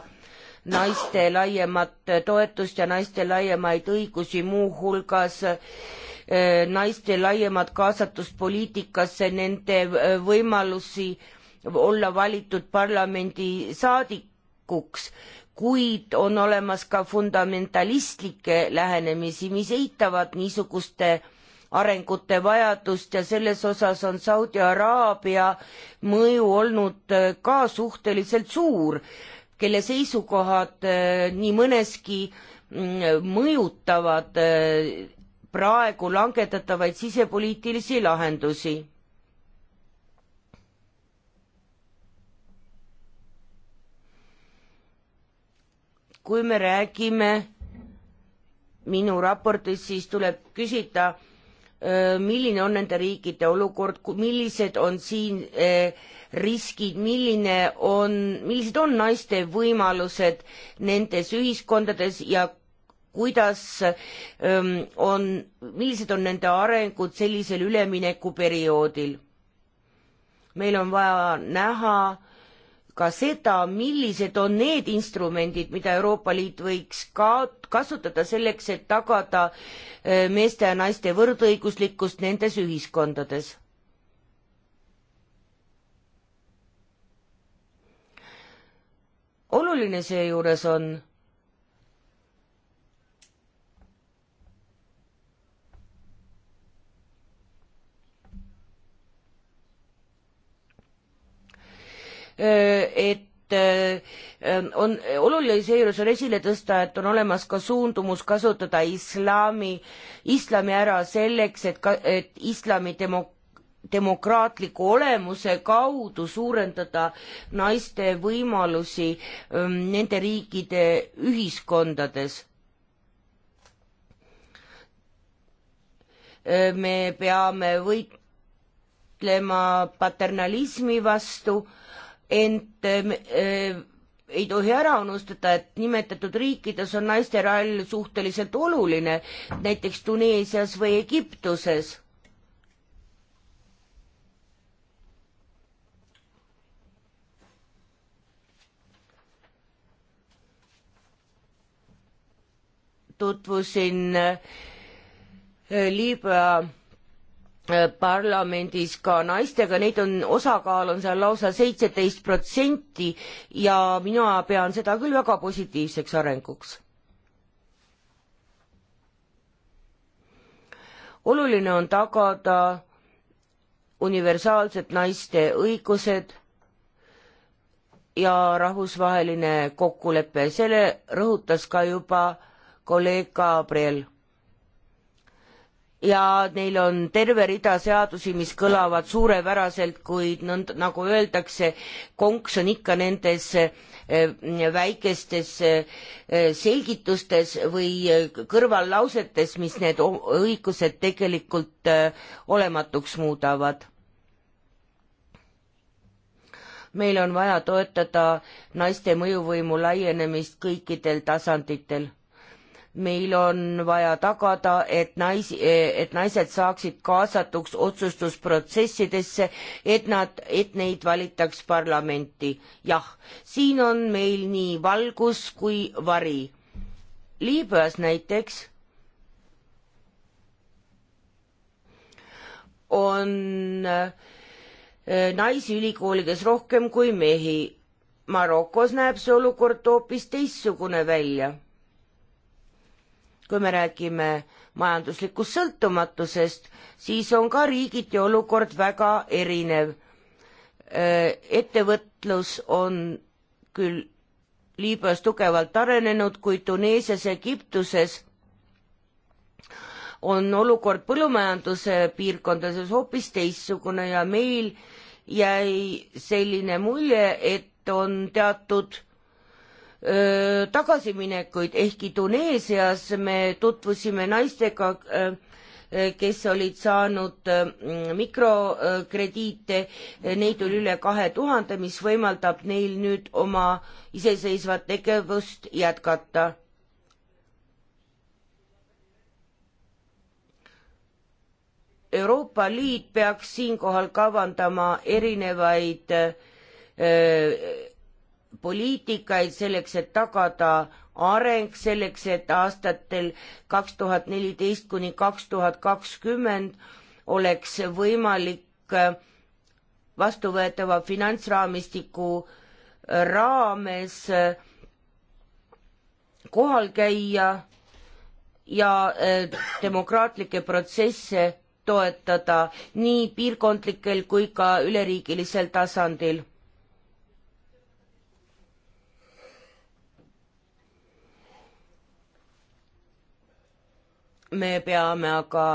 naiste laiemat toetust ja naiste laiemaid õigusi, muuhulgas äh, naiste laiemat kaasatust poliitikasse, nende äh, võimalusi olla valitud parlamendisaadikuks, kuid on olemas ka fundamentalistlikke lähenemisi, mis eitavad niisuguste arengute vajadust ja selles osas on Saudi Araabia mõju olnud äh, ka suhteliselt suur, kelle seisukohad äh, nii mõneski mm, mõjutavad äh, praegu langetatavaid sisepoliitilisi lahendusi kui me räägime minu raportis, siis tuleb küsida, Äh, milline on nende riikide olukord, millised on siin äh, riskid, milline on, millised on naiste võimalused nendes ühiskondades ja kuidas ähm, on, millised on nende arengud sellisel üleminekuperioodil. meil on vaja näha ka seda, millised on need instrumendid, mida Euroopa Liit võiks ka kasutada selleks, et tagada eh, meeste ja naiste võrdõiguslikkust nendes ühiskondades. oluline seejuures on et ähm, on oluline seejuures on esile tõsta, et on olemas ka suundumus kasutada islami, islami ära selleks, et ka, et islami demo-, demokraatliku olemuse kaudu suurendada naiste võimalusi ähm, nende riikide ühiskondades me peame võitlema paternalismi vastu ent ähm, äh, ei tohi ära unustada, et nimetatud riikides on naiste roll suhteliselt oluline, näiteks Tuneesias või Egiptuses. tutvusin äh, Liibüa Äh, parlamendis ka naistega, neid on, osakaal on seal lausa seitseteist protsenti ja mina pean seda küll väga positiivseks arenguks. oluline on tagada universaalsed naiste õigused ja rahvusvaheline kokkulepe, selle rõhutas ka juba kolleeg Gabriel ja neil on terve rida seadusi, mis kõlavad suurepäraselt, kuid nõnd-, nagu öeldakse, konks on ikka nendes eh, väikestes eh, selgitustes või eh, kõrvallausetes, mis need õigused tegelikult olematuks muudavad. meil on vaja toetada naiste mõjuvõimu laienemist kõikidel tasanditel meil on vaja tagada, et naisi, et naised saaksid kaasatuks otsustusprotsessidesse, et nad, et neid valitaks parlamenti. jah, siin on meil nii valgus kui vari. Liibüas näiteks on äh, naisi ülikoolides rohkem kui mehi. Marokos näeb see olukord hoopis teistsugune välja kui me räägime majanduslikust sõltumatusest, siis on ka riigiti olukord väga erinev. ettevõtlus on küll Liibüas tugevalt arenenud, kuid Tuneesias, Egiptuses on olukord põllumajanduse piirkondades hoopis teistsugune ja meil jäi selline mulje, et on teatud tagasiminekuid, ehkki Tuneesias me tutvusime naistega, kes olid saanud mikrokrediite, neid oli üle kahe tuhande, mis võimaldab neil nüüd oma iseseisvat tegevust jätkata Euroopa Liit peaks siinkohal kavandama erinevaid öö, poliitikaid selleks, et tagada areng, selleks, et aastatel kaks tuhat neliteist kuni kaks tuhat kakskümmend oleks võimalik äh, vastuvõetava finantsraamistiku äh, raames äh, kohal käia ja demokraatlikke protsesse toetada nii piirkondlikel kui ka üleriigilisel tasandil me peame aga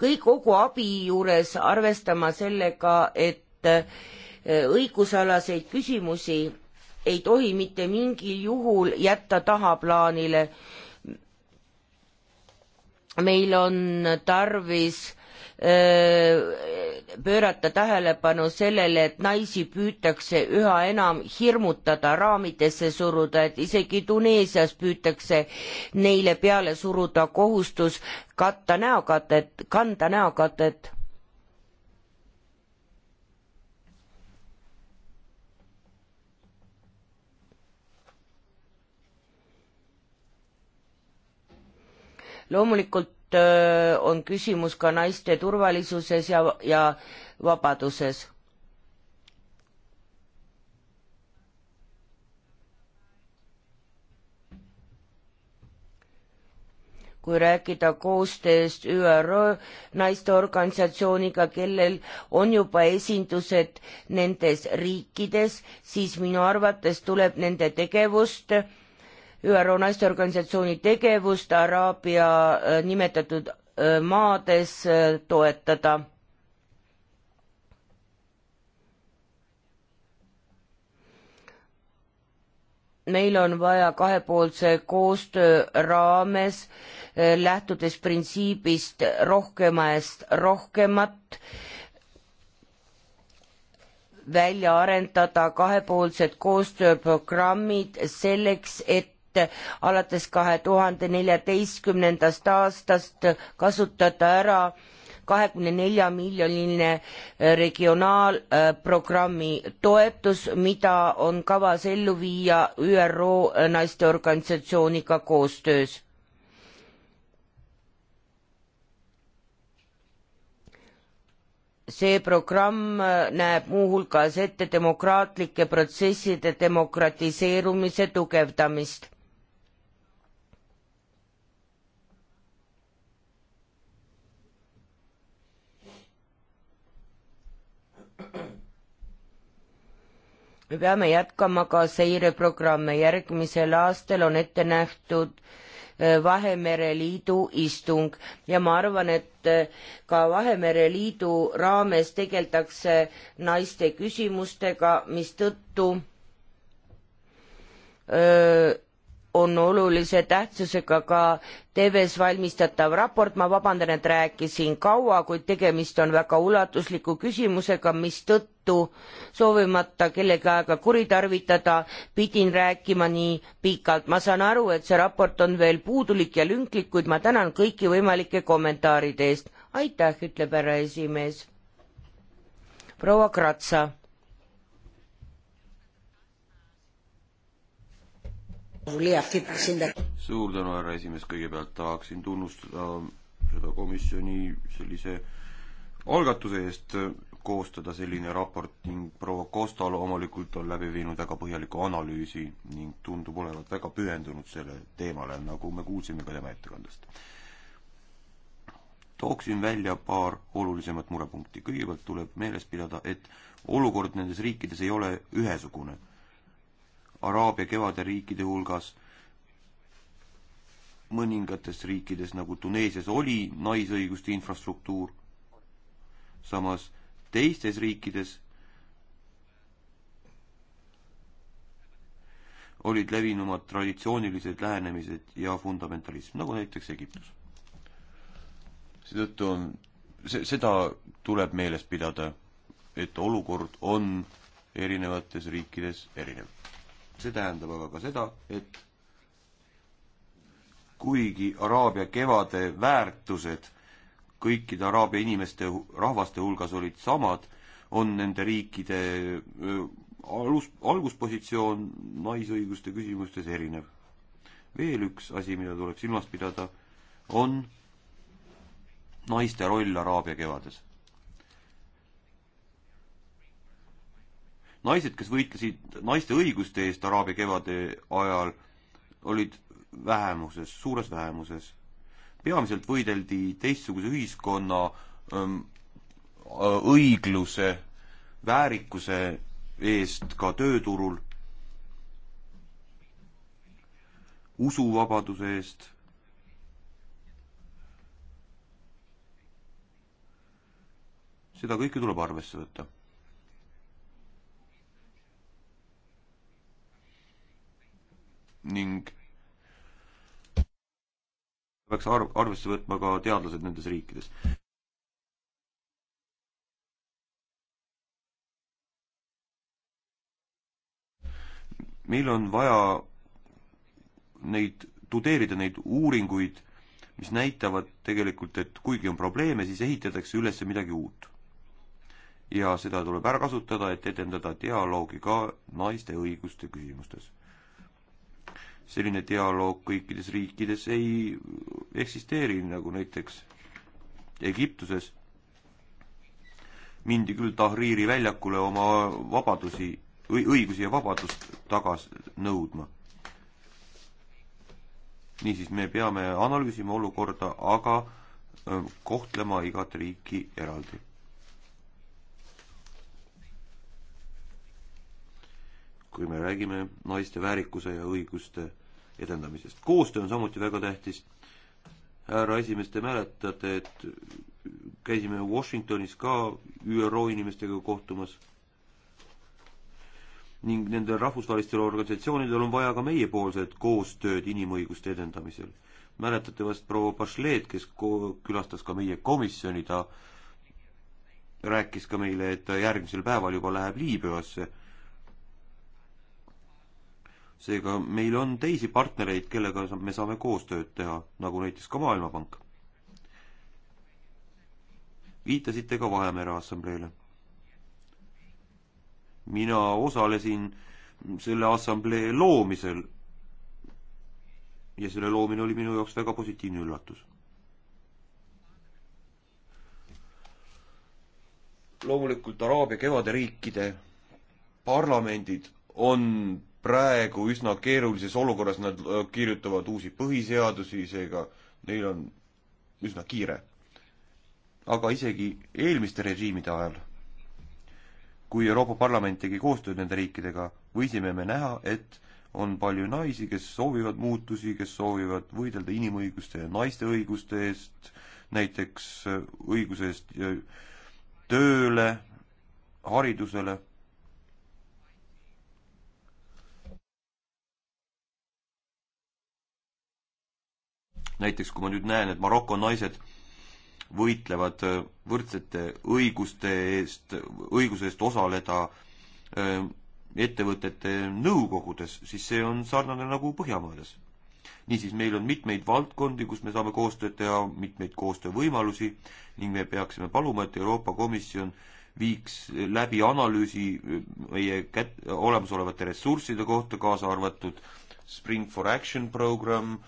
kõik kogu abi juures arvestama sellega, et õigusalaseid küsimusi ei tohi mitte mingil juhul jätta tahaplaanile. meil on tarvis Äh, pöörata tähelepanu sellele, et naisi püütakse üha enam hirmutada, raamidesse suruda, et isegi Tuneesias püütakse neile peale suruda kohustus katta näokatet, kanda näokatet loomulikult on küsimus ka naiste turvalisuses ja, ja vabaduses. kui rääkida koostööst ÜRO naisteorganisatsiooniga, kellel on juba esindused nendes riikides, siis minu arvates tuleb nende tegevust äh, ÜRO naisteorganisatsiooni tegevust Araabia äh, nimetatud äh, maades äh, toetada. meil on vaja kahepoolse koostöö raames lähtudes printsiibist rohkema eest rohkemat välja arendada kahepoolsed koostööprogrammid selleks, et alates kahe tuhande neljateistkümnendast aastast kasutada ära kahekümne nelja miljoniline äh, regionaalprogrammi äh, toetus, mida on kavas ellu viia ÜRO äh, naisteorganisatsiooniga koostöös. see programm näeb muuhulgas ette demokraatlike protsesside demokratiseerumise tugevdamist me peame jätkama ka seireprogramme, järgmisel aastal on ette nähtud äh, Vahemere Liidu istung ja ma arvan, et äh, ka Vahemere Liidu raames tegeldakse naiste küsimustega, mistõttu öö, äh, on olulise tähtsusega ka TV-s valmistatav raport, ma vabandan, et rääkisin kaua, kuid tegemist on väga ulatusliku küsimusega, mistõttu soovimata kellegi aega kuritarvitada, pidin rääkima nii pikalt. ma saan aru, et see raport on veel puudulik ja lünklik, kuid ma tänan kõiki võimalike kommentaaride eest. aitäh, ütleb härra esimees. proua Kratsa suur tänu, härra esimees, kõigepealt tahaksin tunnustada seda komisjoni sellise algatuse eest koostada selline raport ning proua Kostal omaelikult on läbi viinud väga põhjaliku analüüsi ning tundub olevat väga pühendunud sellele teemale, nagu me kuulsime ka tema ettekandest. tooksin välja paar olulisemat murepunkti. kõigepealt tuleb meeles pidada, et olukord nendes riikides ei ole ühesugune Araabia kevade riikide hulgas. mõningates riikides nagu Tuneesias oli naisõiguste infrastruktuur, samas teistes riikides olid levinumad traditsioonilised lähenemised ja fundamentalism, nagu näiteks Egiptus. seetõttu on, see, seda tuleb meeles pidada, et olukord on erinevates riikides erinev see tähendab aga ka seda, et kuigi Araabia kevade väärtused kõikide Araabia inimeste, rahvaste hulgas olid samad, on nende riikide alus, alguspositsioon naisõiguste küsimustes erinev. veel üks asi, mida tuleb silmas pidada, on naiste roll Araabia kevades naised, kes võitlesid naiste õiguste eest Araabia kevade ajal, olid vähemuses, suures vähemuses. peamiselt võideldi teistsuguse ühiskonna öö, ähm, õigluse, väärikuse eest ka tööturul, usuvabaduse eest seda kõike tuleb arvesse võtta. ning peaks arv, arvesse võtma ka teadlased nendes riikides. meil on vaja neid, tudeerida neid uuringuid, mis näitavad tegelikult, et kuigi on probleeme, siis ehitatakse üles midagi uut. ja seda tuleb ära kasutada, et edendada dialoogi ka naiste õiguste küsimustes selline dialoog kõikides riikides ei eksisteeri, nagu näiteks Egiptuses mindi küll Tahriri väljakule oma vabadusi, õigusi ja vabadust tagas nõudma. niisiis, me peame analüüsima olukorda, aga kohtlema igat riiki eraldi. kui me räägime naiste väärikuse ja õiguste edendamisest. koostöö on samuti väga tähtis. härra esimees, te mäletate, et käisime Washingtonis ka ÜRO inimestega kohtumas ning nendel rahvusvahelistel organisatsioonidel on vaja ka meiepoolset koostööd inimõiguste edendamisel. mäletate vast proua Bachelet, kes külastas ka meie komisjoni, ta rääkis ka meile, et ta järgmisel päeval juba läheb Liibüasse seega meil on teisi partnereid, kellega me saame koostööd teha, nagu näiteks ka Maailmapank. viitasite ka Vahemere Assambleele. mina osalesin selle assamblee loomisel ja selle loomine oli minu jaoks väga positiivne üllatus. loomulikult Araabia kevade riikide parlamendid on praegu üsna keerulises olukorras, nad äh, kirjutavad uusi põhiseadusi, seega neil on üsna kiire. aga isegi eelmiste režiimide ajal, kui Euroopa Parlament tegi koostööd nende riikidega, võisime me näha, et on palju naisi, kes soovivad muutusi, kes soovivad võidelda inimõiguste ja naiste õiguste eest, näiteks äh, õiguse eest äh, tööle, haridusele näiteks kui ma nüüd näen, et Maroko naised võitlevad äh, võrdsete õiguste eest, õiguse eest osaleda äh, ettevõtete nõukogudes, siis see on sarnane nagu Põhjamaades. niisiis, meil on mitmeid valdkondi, kus me saame koostööd teha, mitmeid koostöövõimalusi ning me peaksime paluma, et Euroopa Komisjon viiks läbi analüüsi äh, meie kät-, olemasolevate ressursside kohta, kaasa arvatud Spring for Action programm,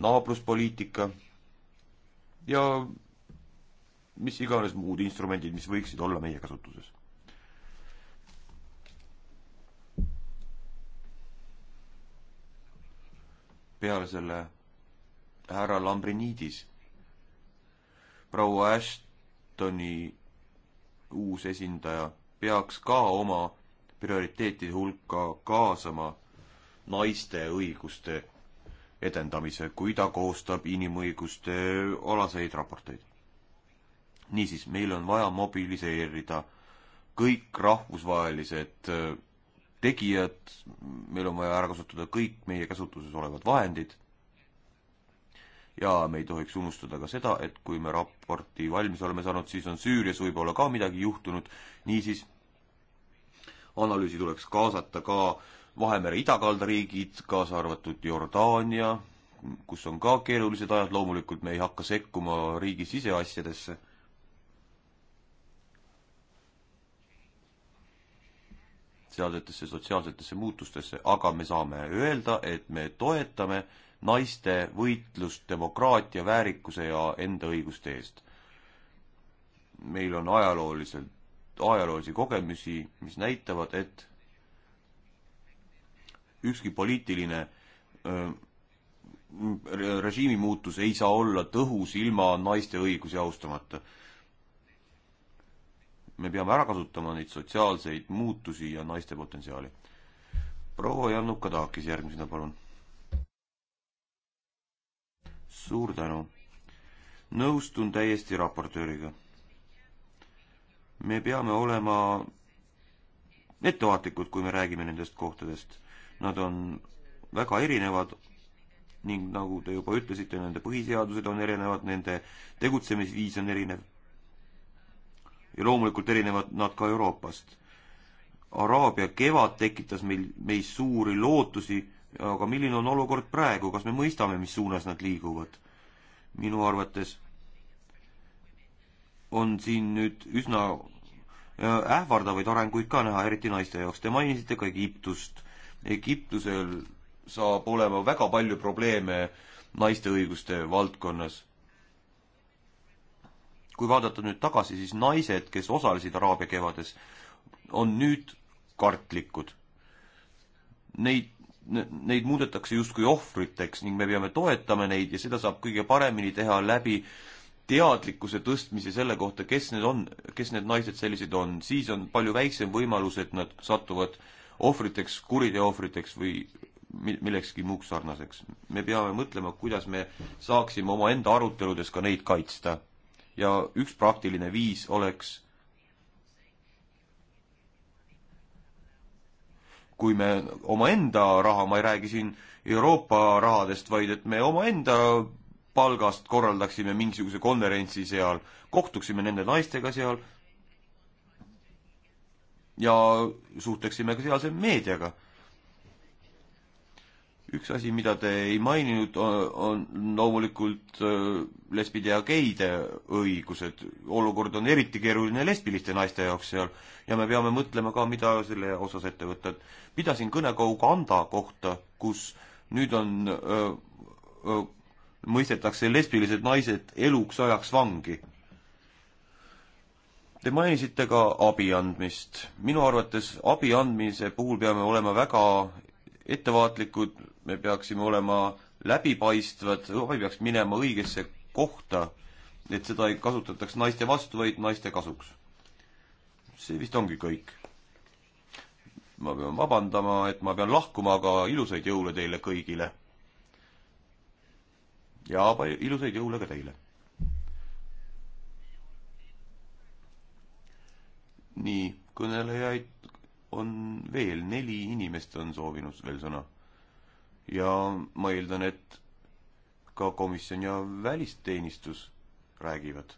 naabruspoliitika ja mis iganes muud instrumendid, mis võiksid olla meie kasutuses. peale selle härra Lambrinidis, proua Ashtoni uus esindaja, peaks ka oma prioriteetide hulka kaasama naiste õiguste edendamise, kui ta koostab inimõiguste alaseid raporteid. niisiis, meil on vaja mobiliseerida kõik rahvusvahelised äh, tegijad, meil on vaja ära kasutada kõik meie käsutuses olevad vahendid ja me ei tohiks unustada ka seda, et kui me raporti valmis oleme saanud, siis on Süürias võib-olla ka midagi juhtunud, niisiis analüüsi tuleks kaasata ka äh, Vahemere idakaldariigid, kaasa arvatud Jordaania, kus on ka keerulised ajad, loomulikult me ei hakka sekkuma riigi siseasjadesse. sealsetesse sotsiaalsetesse muutustesse, aga me saame öelda, et me toetame naiste võitlust demokraatia, väärikuse ja enda õiguste eest. meil on ajalooliselt, ajaloolisi kogemusi, mis näitavad, et ükski poliitiline öö, režiimi muutus ei saa olla tõhus ilma naiste õigusi austamata. me peame ära kasutama neid sotsiaalseid muutusi ja naiste potentsiaali. proua Jannuka Taakis järgmisena, palun. suur tänu. nõustun täiesti raportööriga. me peame olema ettevaatlikud, kui me räägime nendest kohtadest Nad on väga erinevad ning nagu te juba ütlesite, nende põhiseadused on erinevad, nende tegutsemisviis on erinev. ja loomulikult erinevad nad ka Euroopast. Araabia kevad tekitas meil, meis suuri lootusi, aga milline on olukord praegu, kas me mõistame, mis suunas nad liiguvad? minu arvates on siin nüüd üsna äh, ähvardavaid arenguid ka näha, eriti naiste jaoks. Te mainisite ka Egiptust Egiptusel saab olema väga palju probleeme naiste õiguste valdkonnas. kui vaadata nüüd tagasi, siis naised, kes osalesid Araabia kevades, on nüüd kartlikud. Neid, neid muudetakse justkui ohvriteks ning me peame toetama neid ja seda saab kõige paremini teha läbi teadlikkuse tõstmise selle kohta, kes need on, kes need naised sellised on, siis on palju väiksem võimalus, et nad satuvad äh, ohvriteks, kuriteo ohvriteks või millekski muuks sarnaseks. me peame mõtlema, kuidas me saaksime omaenda aruteludes ka neid kaitsta. ja üks praktiline viis oleks, kui me omaenda raha, ma ei räägi siin Euroopa rahadest, vaid et me omaenda palgast korraldaksime mingisuguse konverentsi seal, kohtuksime nende naistega seal ja suhtleksime ka sealse meediaga. üks asi, mida te ei maininud, on loomulikult lesbide ja geide õigused. olukord on eriti keeruline lesbiliste naiste jaoks seal ja me peame mõtlema ka, mida selle osas ette võtta. pidasin kõne ka Uganda kohta, kus nüüd on öö, öö, mõistetakse lesbilised naised eluks ajaks vangi Te mainisite ka abi andmist. minu arvates abi andmise puhul peame olema väga ettevaatlikud, me peaksime olema läbipaistvad, abi peaks minema õigesse kohta, et seda ei kasutataks naiste vastu, vaid naiste kasuks. see vist ongi kõik. ma pean vabandama, et ma pean lahkuma, aga ilusaid jõule teile kõigile. ja ilusaid jõule ka teile nii, kõnelejaid on veel, neli inimest on soovinud veel sõna. ja ma eeldan, et ka komisjon ja välisteenistus räägivad.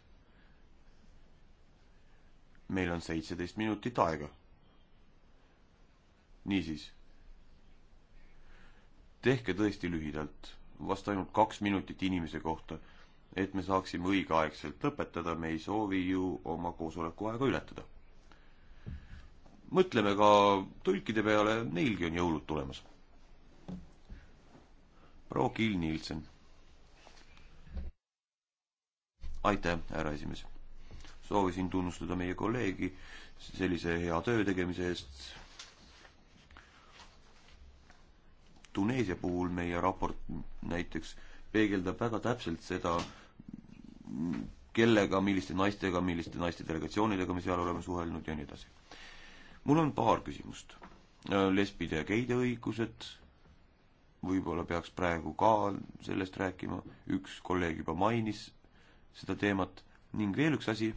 meil on seitseteist minutit aega. niisiis, tehke tõesti lühidalt, vast ainult kaks minutit inimese kohta, et me saaksime õigeaegselt lõpetada, me ei soovi ju oma koosoleku aega ületada mõtleme ka tõlkide peale, neilgi on jõulud tulemas. proua Kill Nielsen. aitäh, härra esimees. soovisin tunnustada meie kolleegi sellise hea töö tegemise eest. Tuneesia puhul meie raport näiteks peegeldab väga täpselt seda, kellega, milliste naistega, milliste naiste delegatsioonidega me seal oleme suhelnud ja nii edasi mul on paar küsimust. Äh, lesbide ja geide õigused, võib-olla peaks praegu ka sellest rääkima, üks kolleeg juba mainis seda teemat ning veel üks asi.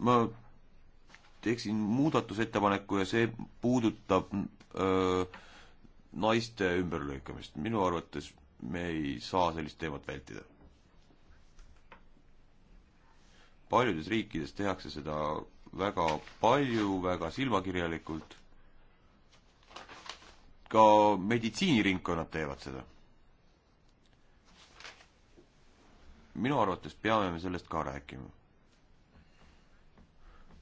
ma teeksin muudatusettepaneku ja see puudutab öö, äh, naiste ümberlõikamist. minu arvates me ei saa sellist teemat vältida. paljudes riikides tehakse seda väga palju, väga silmakirjalikult. ka meditsiiniringkonnad teevad seda. minu arvates peame me sellest ka rääkima.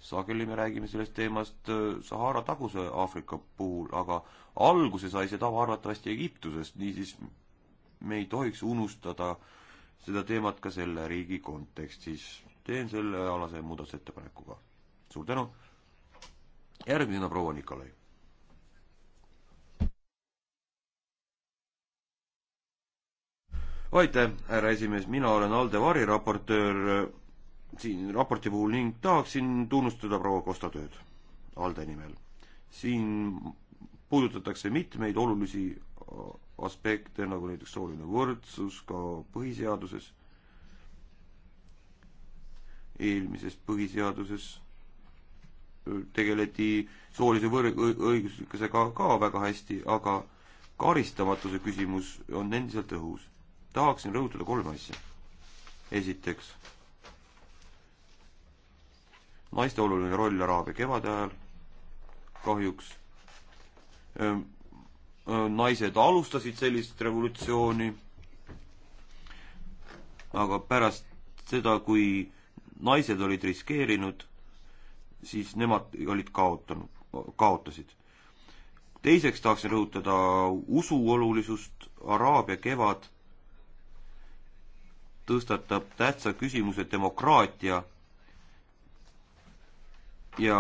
sageli me räägime sellest teemast äh, Sahara taguse Aafrika puhul, aga alguse sai see tava arvatavasti Egiptusest, niisiis me ei tohiks unustada seda teemat ka selle riigi kontekstis. teen sellealase muudatusettepaneku ka suur tänu. järgmine proua Nikolai. aitäh, härra esimees, mina olen ALDE variraportöör äh, siin raporti puhul ning tahaksin tunnustada proua Kosta tööd ALDE nimel. siin puudutatakse mitmeid olulisi äh, aspekte, nagu näiteks sooline võrdsus ka põhiseaduses, eelmises põhiseaduses tegeleti soolise võrdõiguslikkusega ka väga hästi, aga karistamatuse küsimus on endiselt õhus. tahaksin rõhutada kolme asja. esiteks, naiste oluline roll Araabia kevade ajal, kahjuks ehm, ehm, naised alustasid sellist revolutsiooni, aga pärast seda, kui naised olid riskeerinud siis nemad olid kaotanud, kaotasid. teiseks tahaksin rõhutada usu olulisust, Araabia kevad tõstatab tähtsa küsimuse demokraatia ja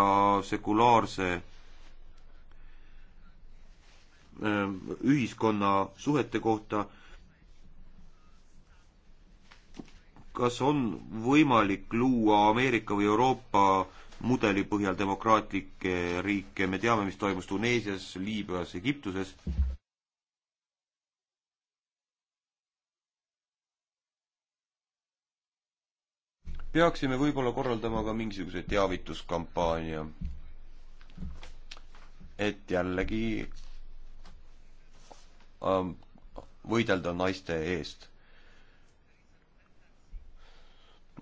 sekulaarse ähm, ühiskonna suhete kohta. kas on võimalik luua Ameerika või Euroopa mudeli põhjal demokraatlikke riike, me teame, mis toimus Tuneesias, Liibüas, Egiptuses. peaksime võib-olla korraldama ka mingisuguse teavituskampaania. et jällegi ähm, võidelda naiste eest.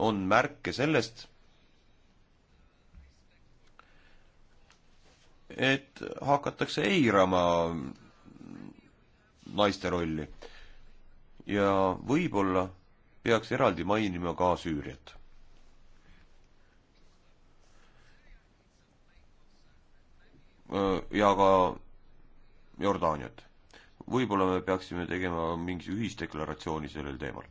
on märke sellest et hakatakse eirama naiste rolli. ja võib-olla peaks eraldi mainima ka Süüriat. ja ka Jordaaniat. võib-olla me peaksime tegema mingi ühisdeklaratsiooni sellel teemal.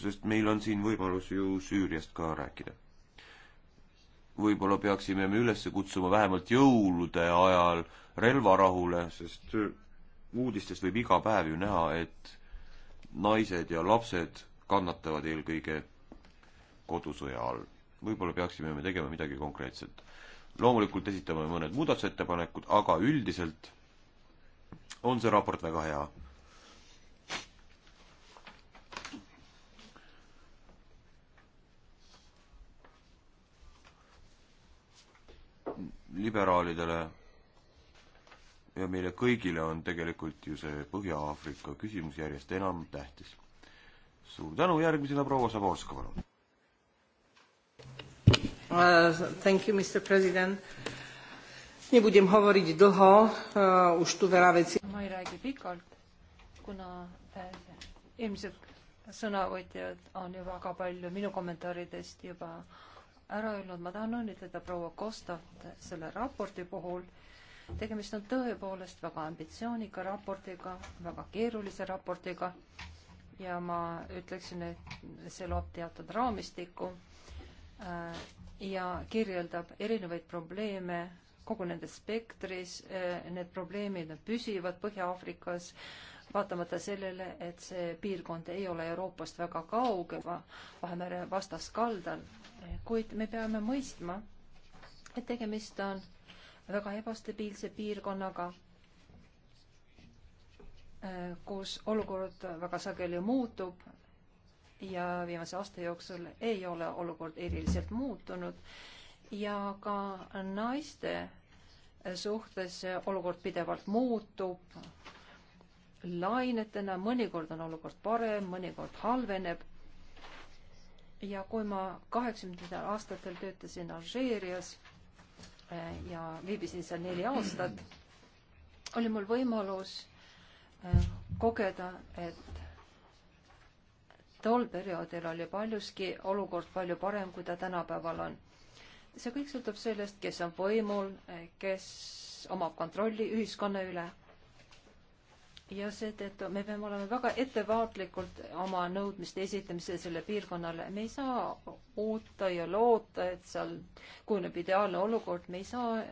sest meil on siin võimalus ju Süüriast ka rääkida. võib-olla peaksime me üles kutsuma vähemalt jõulude ajal relvarahule, sest uudistest võib iga päev ju näha, et naised ja lapsed kannatavad eelkõige kodusõja all. võib-olla peaksime me tegema midagi konkreetset. loomulikult esitame mõned muudatusettepanekud, aga üldiselt on see raport väga hea liberaalidele ja meile kõigile on tegelikult ju see Põhja-Aafrika küsimus järjest enam tähtis. suur tänu, järgmisena proua Saborska, palun uh, nebudem hovoriť dlho, uh, už tu veľa vecí. Ma ei räägi pikalt, kuna ilmselt eh, sõnavõtjad on ju väga palju minu kommentaaridest juba ära öelnud, ma tahan õnnitleda proua Kostat selle raporti puhul. tegemist on tõepoolest väga ambitsioonika raportiga, väga keerulise raportiga ja ma ütleksin, et see loob teatud raamistikku äh, ja kirjeldab erinevaid probleeme kogu nende spektris, äh, need probleemid on püsivad Põhja-Aafrikas äh,, vaatamata sellele, et see piirkond ei ole Euroopast väga kaugel, Vahemere vastaskaldal, kuid me peame mõistma, et tegemist on väga ebastabiilse piirkonnaga, kus olukord väga sageli muutub ja viimase aasta jooksul ei ole olukord eriliselt muutunud ja ka naiste suhtes olukord pidevalt muutub lainetena, mõnikord on olukord parem, mõnikord halveneb. ja kui ma kaheksakümnendatel aastatel töötasin Alžeerias eh, ja viibisin seal neli aastat, oli mul võimalus eh, kogeda, et tol perioodil oli paljuski olukord palju parem, kui ta tänapäeval on. see kõik sõltub sellest, kes on võimul, eh, kes omab kontrolli ühiskonna üle ja seetõttu me peame olema väga ettevaatlikult oma nõudmiste esitamisel selle piirkonnale. me ei saa oota ja loota, et seal kujuneb ideaalne olukord, me ei saa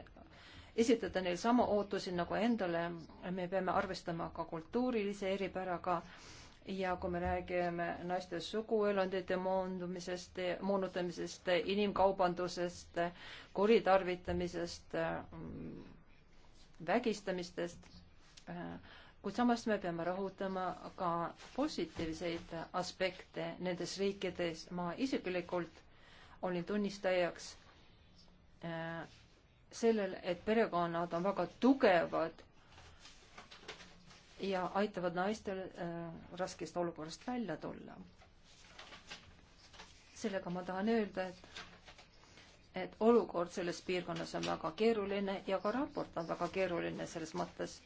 esitada neil samu ootusi nagu endale. me peame arvestama ka kultuurilise eripäraga ja kui me räägime naiste suguelundite moondumisest, moonutamisest, inimkaubandusest, kuritarvitamisest, vägistamistest äh,, kuid samas me peame rõhutama ka positiivseid aspekte nendes riikides. ma isiklikult olin tunnistajaks äh, sellel, et perekonnad on väga tugevad ja aitavad naistel äh, raskest olukorrast välja tulla. sellega ma tahan öelda, et et olukord selles piirkonnas on väga keeruline ja ka raport on väga keeruline selles mõttes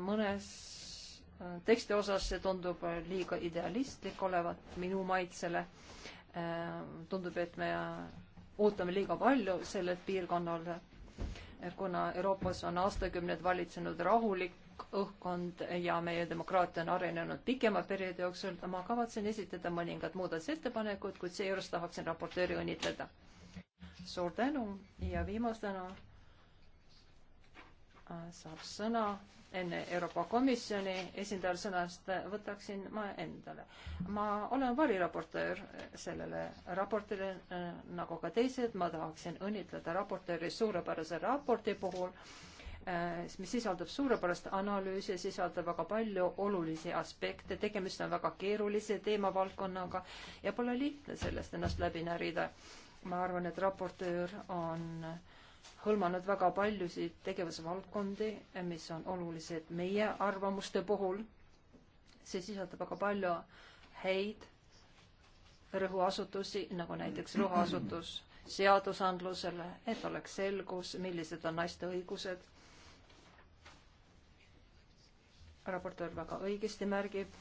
mõnes äh, teksti osas see tundub äh, liiga idealistlik olevat minu maitsele. Äh, tundub, et me ootame liiga palju sellelt piirkonnale, kuna Euroopas on aastakümneid valitsenud rahulik õhkkond ja meie demokraatia on arenenud pikema perioodi jooksul. ma kavatsen esitada mõningad muudatusettepanekud, kuid seejuures tahaksin raportööri õnnitleda. suur tänu ja viimasena saab sõna enne Euroopa Komisjoni esindajal sõnast võtaksin ma endale. ma olen variraportöör sellele raportile äh, nagu ka teised, ma tahaksin õnnitleda raportööri suurepärase raporti puhul äh,, mis sisaldab suurepärast analüüsi, sisaldab väga palju olulisi aspekte, tegemist on väga keerulise teemavaldkonnaga ja pole lihtne sellest ennast läbi närida. ma arvan, et raportöör on äh, hõlmanud väga paljusid tegevusvaldkondi, mis on olulised meie arvamuste puhul. see sisaldab väga palju häid rõhuasutusi, nagu näiteks rõhuasutus seadusandlusele, et oleks selgus, millised on naiste õigused. raportöör väga õigesti märgib,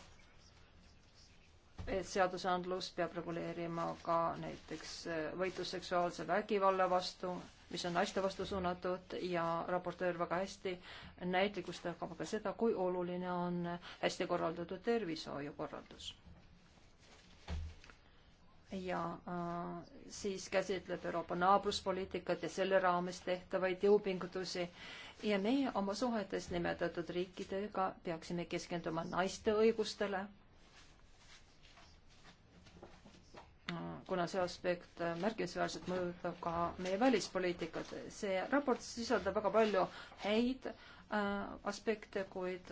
et seadusandlus peab reguleerima ka näiteks võitlus seksuaalse vägivalla vastu mis on naiste vastu suunatud ja raportöör väga hästi näitlikustab ka seda, kui oluline on hästi korraldatud tervishoiukorraldus. ja äh, siis käsitleb Euroopa naabruspoliitikat ja selle raames tehtavaid jõupingutusi ja meie oma suhetes nimetatud riikidega peaksime keskenduma naiste õigustele kuna see aspekt märkimisväärselt mõjutab ka meie välispoliitikat. see raport sisaldab väga palju häid äh, aspekte, kuid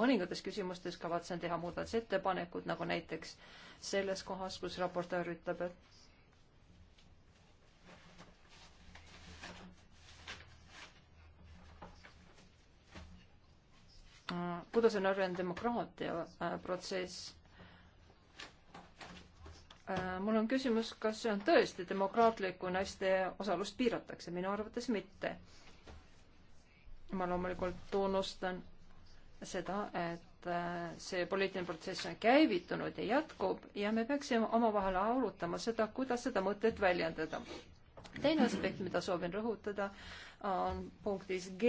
mõningates küsimustes kavatsen teha muudatusettepanekud, nagu näiteks selles kohas, kus raportöör ütleb, et äh, kuidas on arenenud demokraatia äh, protsess Äh, mul on küsimus, kas see on tõesti demokraatlik, kui naiste osalust piiratakse? minu arvates mitte. ma loomulikult tunnustan seda, et äh, see poliitiline protsess on käivitunud ja jätkub ja me peaksime omavahel arutama seda, kuidas seda mõtet väljendada. teine aspekt, mida soovin rõhutada, on punktis G.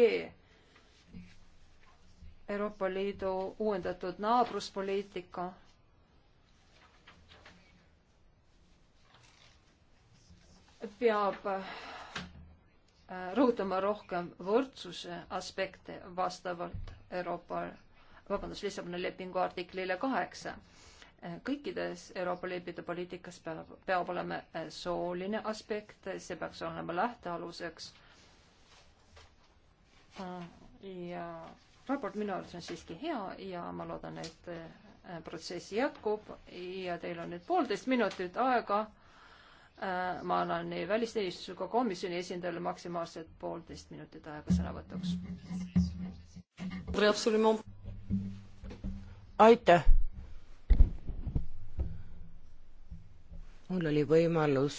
Euroopa Liidu uuendatud naabruspoliitika peab äh, rõhutama rohkem võrdsuse aspekte vastavalt Euroopa, vabandust, Lissaboni lepingu artiklile kaheksa. kõikides Euroopa Liidu poliitikas peab, peab olema äh, sooline aspekt, see peaks olema lähtealuseks. Äh, ja raport minu arvates on siiski hea ja ma loodan, et protsess jätkub ja teil on nüüd poolteist minutit aega Äh, ma annan nii välisteenistuse kui komisjoni esindajale maksimaalselt poolteist minutit aega sõnavõtuks. aitäh. mul oli võimalus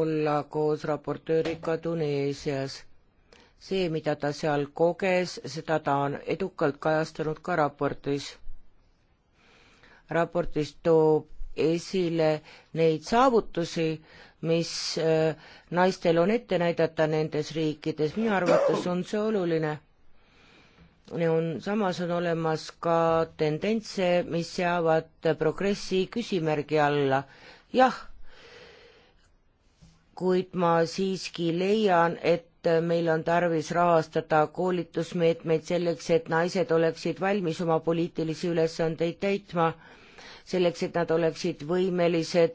olla koos raportööriga Tuneesias. see, mida ta seal koges, seda ta on edukalt kajastanud ka raportis. raportis toob esile neid saavutusi, mis äh, naistel on ette näidata nendes riikides, minu arvates on see oluline. on, samas on olemas ka tendentse, mis seavad progressi küsimärgi alla. jah, kuid ma siiski leian, et meil on tarvis rahastada koolitusmeetmeid selleks, et naised oleksid valmis oma poliitilisi ülesandeid täitma selleks, et nad oleksid võimelised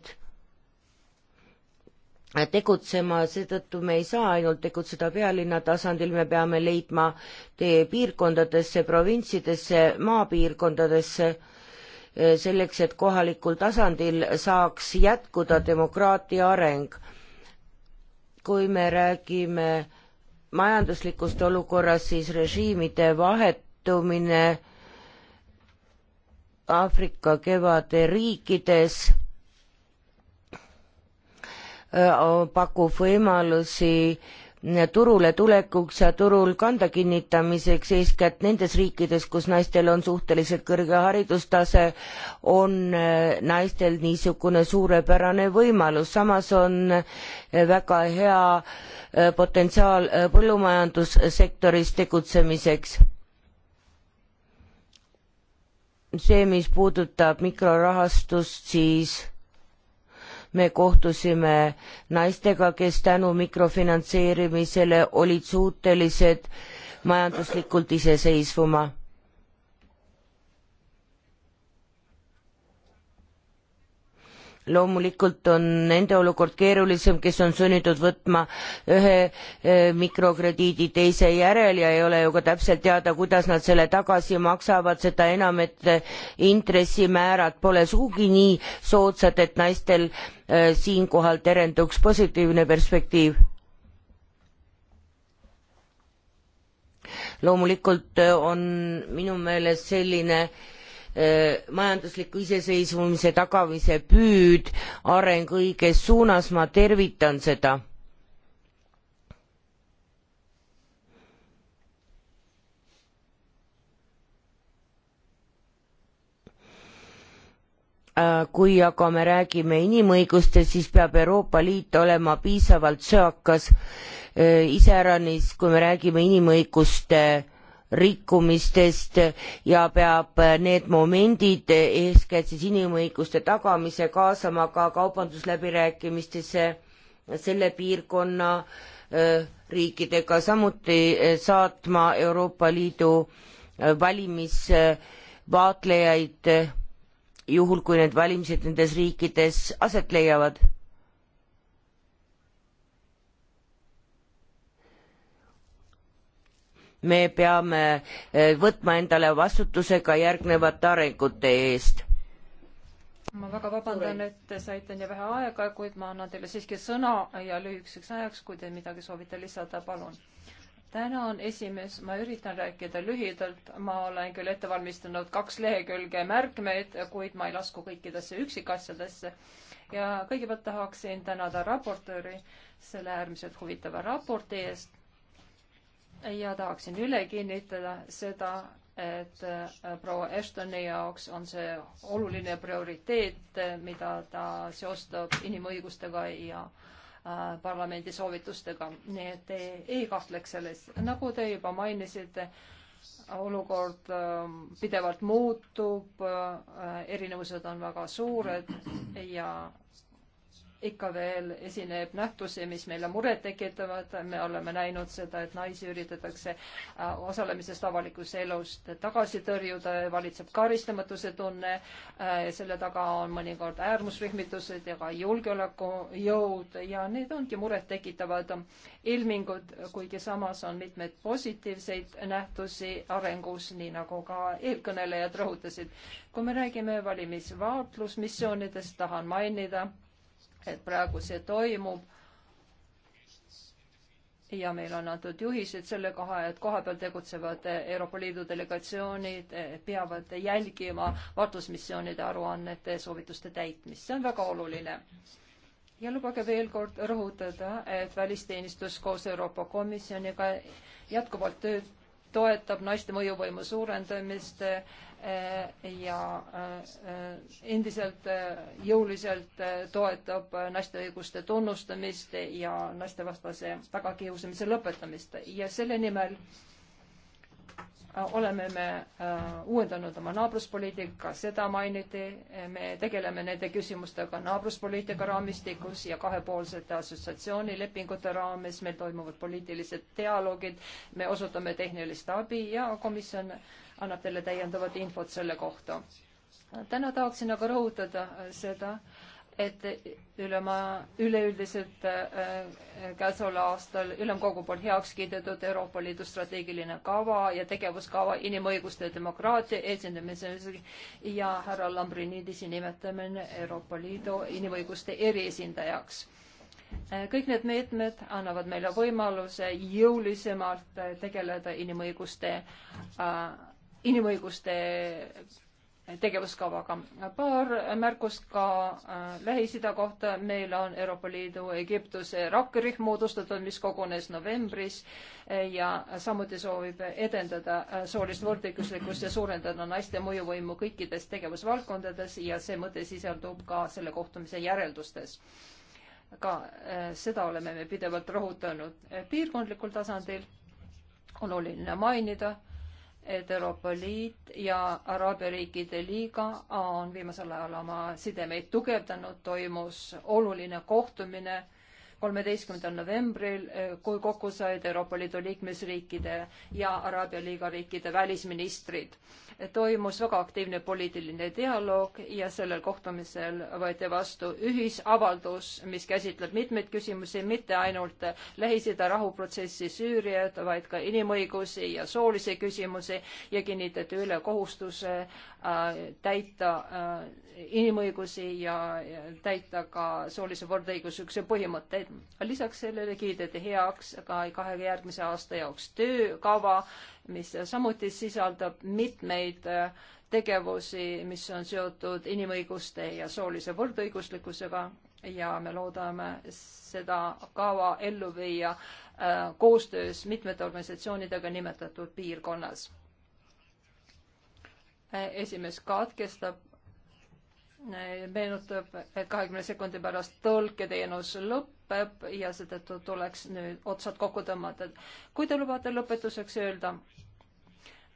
tegutsema, seetõttu me ei saa ainult tegutseda pealinna tasandil, me peame leidma tee piirkondadesse, provintsidesse, maapiirkondadesse, eh, selleks, et kohalikul tasandil saaks jätkuda demokraatia areng. kui me räägime majanduslikust olukorrast, siis režiimide vahetumine Aafrika kevade riikides äh, pakub võimalusi turule tulekuks ja turul kanda kinnitamiseks, eeskätt nendes riikides, kus naistel on suhteliselt kõrge haridustase, on äh, naistel niisugune suurepärane võimalus, samas on äh, väga hea potentsiaal põllumajandussektoris tegutsemiseks see, mis puudutab mikrorahastust, siis me kohtusime naistega, kes tänu mikrofinantseerimisele olid suutelised majanduslikult iseseisvuma loomulikult on nende olukord keerulisem, kes on sunnitud võtma ühe eh, mikrokrediidi teise järel ja ei ole ju ka täpselt teada, kuidas nad selle tagasi maksavad, seda enam, et eh, intressimäärad pole sugugi nii soodsad, et naistel eh, siinkohal terenduks positiivne perspektiiv loomulikult on minu meelest selline äh, majandusliku iseseisvumise tagamise püüd areng õiges suunas ma tervitan seda kui aga me räägime inimõigustest siis peab euroopa liit olema piisavalt söakas iseäranis kui me räägime inimõiguste rikkumistest ja peab need momendid eeskätt siis inimõiguste tagamise kaasama ka kaubandusläbirääkimistesse selle piirkonna riikidega samuti saatma euroopa liidu valimisvaatlejaid juhul kui need valimised nendes riikides aset leiavad. me peame eh, võtma endale vastutuse ka järgnevate arengute eest. ma väga vabandan, et saite nii vähe aega, kuid ma annan teile siiski sõna ja lühikeseks ajaks, kui te midagi soovite lisada, palun. tänan, esimees, ma üritan rääkida lühidalt, ma olen küll ette valmistanud kaks lehekülge märkmeid, kuid ma ei lasku kõikidesse üksikasjadesse ja kõigepealt tahaksin tänada raportööri selle äärmiselt huvitava raporti eest ja tahaksin üle kinnitada seda, et äh, proua Ashtoni jaoks on see oluline prioriteet, äh, mida ta seostab inimõigustega ja äh, parlamendi soovitustega, nii et te ei kahtleks selles. nagu te juba mainisite, olukord ähm, pidevalt muutub, erinevused on väga suured ja ikka veel esineb nähtusi, mis meile muret tekitavad, me oleme näinud seda, et naisi üritatakse äh, osalemisest avalikust elust tagasi tõrjuda, valitseb karistamatuse tunne, äh, selle taga on mõnikord äärmusrühmitused ja ka julgeolekujõud ja need ongi muret tekitavad ilmingud, kuigi samas on mitmeid positiivseid nähtusi arengus, nii nagu ka eelkõnelejad rõhutasid. kui me räägime valimisvaatlusmissioonidest, tahan mainida, et praegu see toimub ja meil on antud juhised selle koha, et kohapeal tegutsevad Euroopa Liidu delegatsioonid eh, peavad jälgima vaatlusmissioonide aruannete soovituste täitmist, see on väga oluline. ja lubage veel kord rõhutada, et välisteenistus koos Euroopa Komisjoniga jätkuvalt tööd toetab naiste mõjuvõimu suurendamist eh, ja eh, endiselt eh, jõuliselt toetab naiste õiguste tunnustamist ja naistevastase tagakiusamise lõpetamist ja selle nimel äh, Äh, oleme me äh, uuendanud oma naabruspoliitika, seda mainiti, äh, me tegeleme nende küsimustega naabruspoliitika raamistikus ja kahepoolsete assotsiatsioonilepingute raames, meil toimuvad poliitilised dialoogid, me osutame tehnilist abi ja komisjon annab teile täiendavat infot selle kohta. täna tahaksin aga rõhutada seda, et ülema, üleüldiselt äh, äh, käesoleval aastal ülemkogu poolt heaks kiidetud Euroopa Liidu strateegiline kava ja tegevuskava inimõiguste ja demokraatia esindamisel ja härra Lambrinidisi nimetamine Euroopa Liidu inimõiguste eriesindajaks. Äh, kõik need meetmed annavad meile võimaluse jõulisemalt tegeleda inimõiguste äh,, inimõiguste tegevuskavaga. paar märkust ka äh, Lähis-Ida kohta. meil on Euroopa Liidu Egiptuse rakkerühm moodustatud, mis kogunes novembris äh, ja samuti soovib edendada äh, soolist võrdõiguslikkust ja suurendada naiste mõjuvõimu kõikides tegevusvaldkondades ja see mõte sisaldub ka selle kohtumise järeldustes ka seda oleme me pidevalt rõhutanud piirkondlikul tasandil. on oluline mainida et Euroopa Liit ja Araabia riikide liiga on viimasel ajal oma sidemeid tugevdanud, toimus oluline kohtumine kolmeteistkümnendal novembril, eh, kui kokku said Euroopa Liidu liikmesriikide ja Araabia liiga riikide välisministrid toimus väga aktiivne poliitiline dialoog ja sellel kohtumisel võeti vastu ühisavaldus, mis käsitleb mitmeid küsimusi, mitte ainult Lähis-Ida rahuprotsessi Süüriat, vaid ka inimõigusi ja soolisi küsimusi ja kinnitati üle kohustuse äh, täita äh, inimõigusi ja, ja täita ka soolise võrdõiguslikkuse põhimõtteid. lisaks sellele kiideti heaks ka kahe järgmise aasta jaoks töökava mis samuti sisaldab mitmeid äh, tegevusi, mis on seotud inimõiguste ja soolise võrdõiguslikkusega ja me loodame seda kava ellu viia äh, koostöös mitmete organisatsioonidega nimetatud piirkonnas. Äh, esimees katkestab meenutab, et kahekümne sekundi pärast tõlketeenus lõpeb ja seetõttu tuleks nüüd otsad kokku tõmmata. kui te lubate lõpetuseks öelda,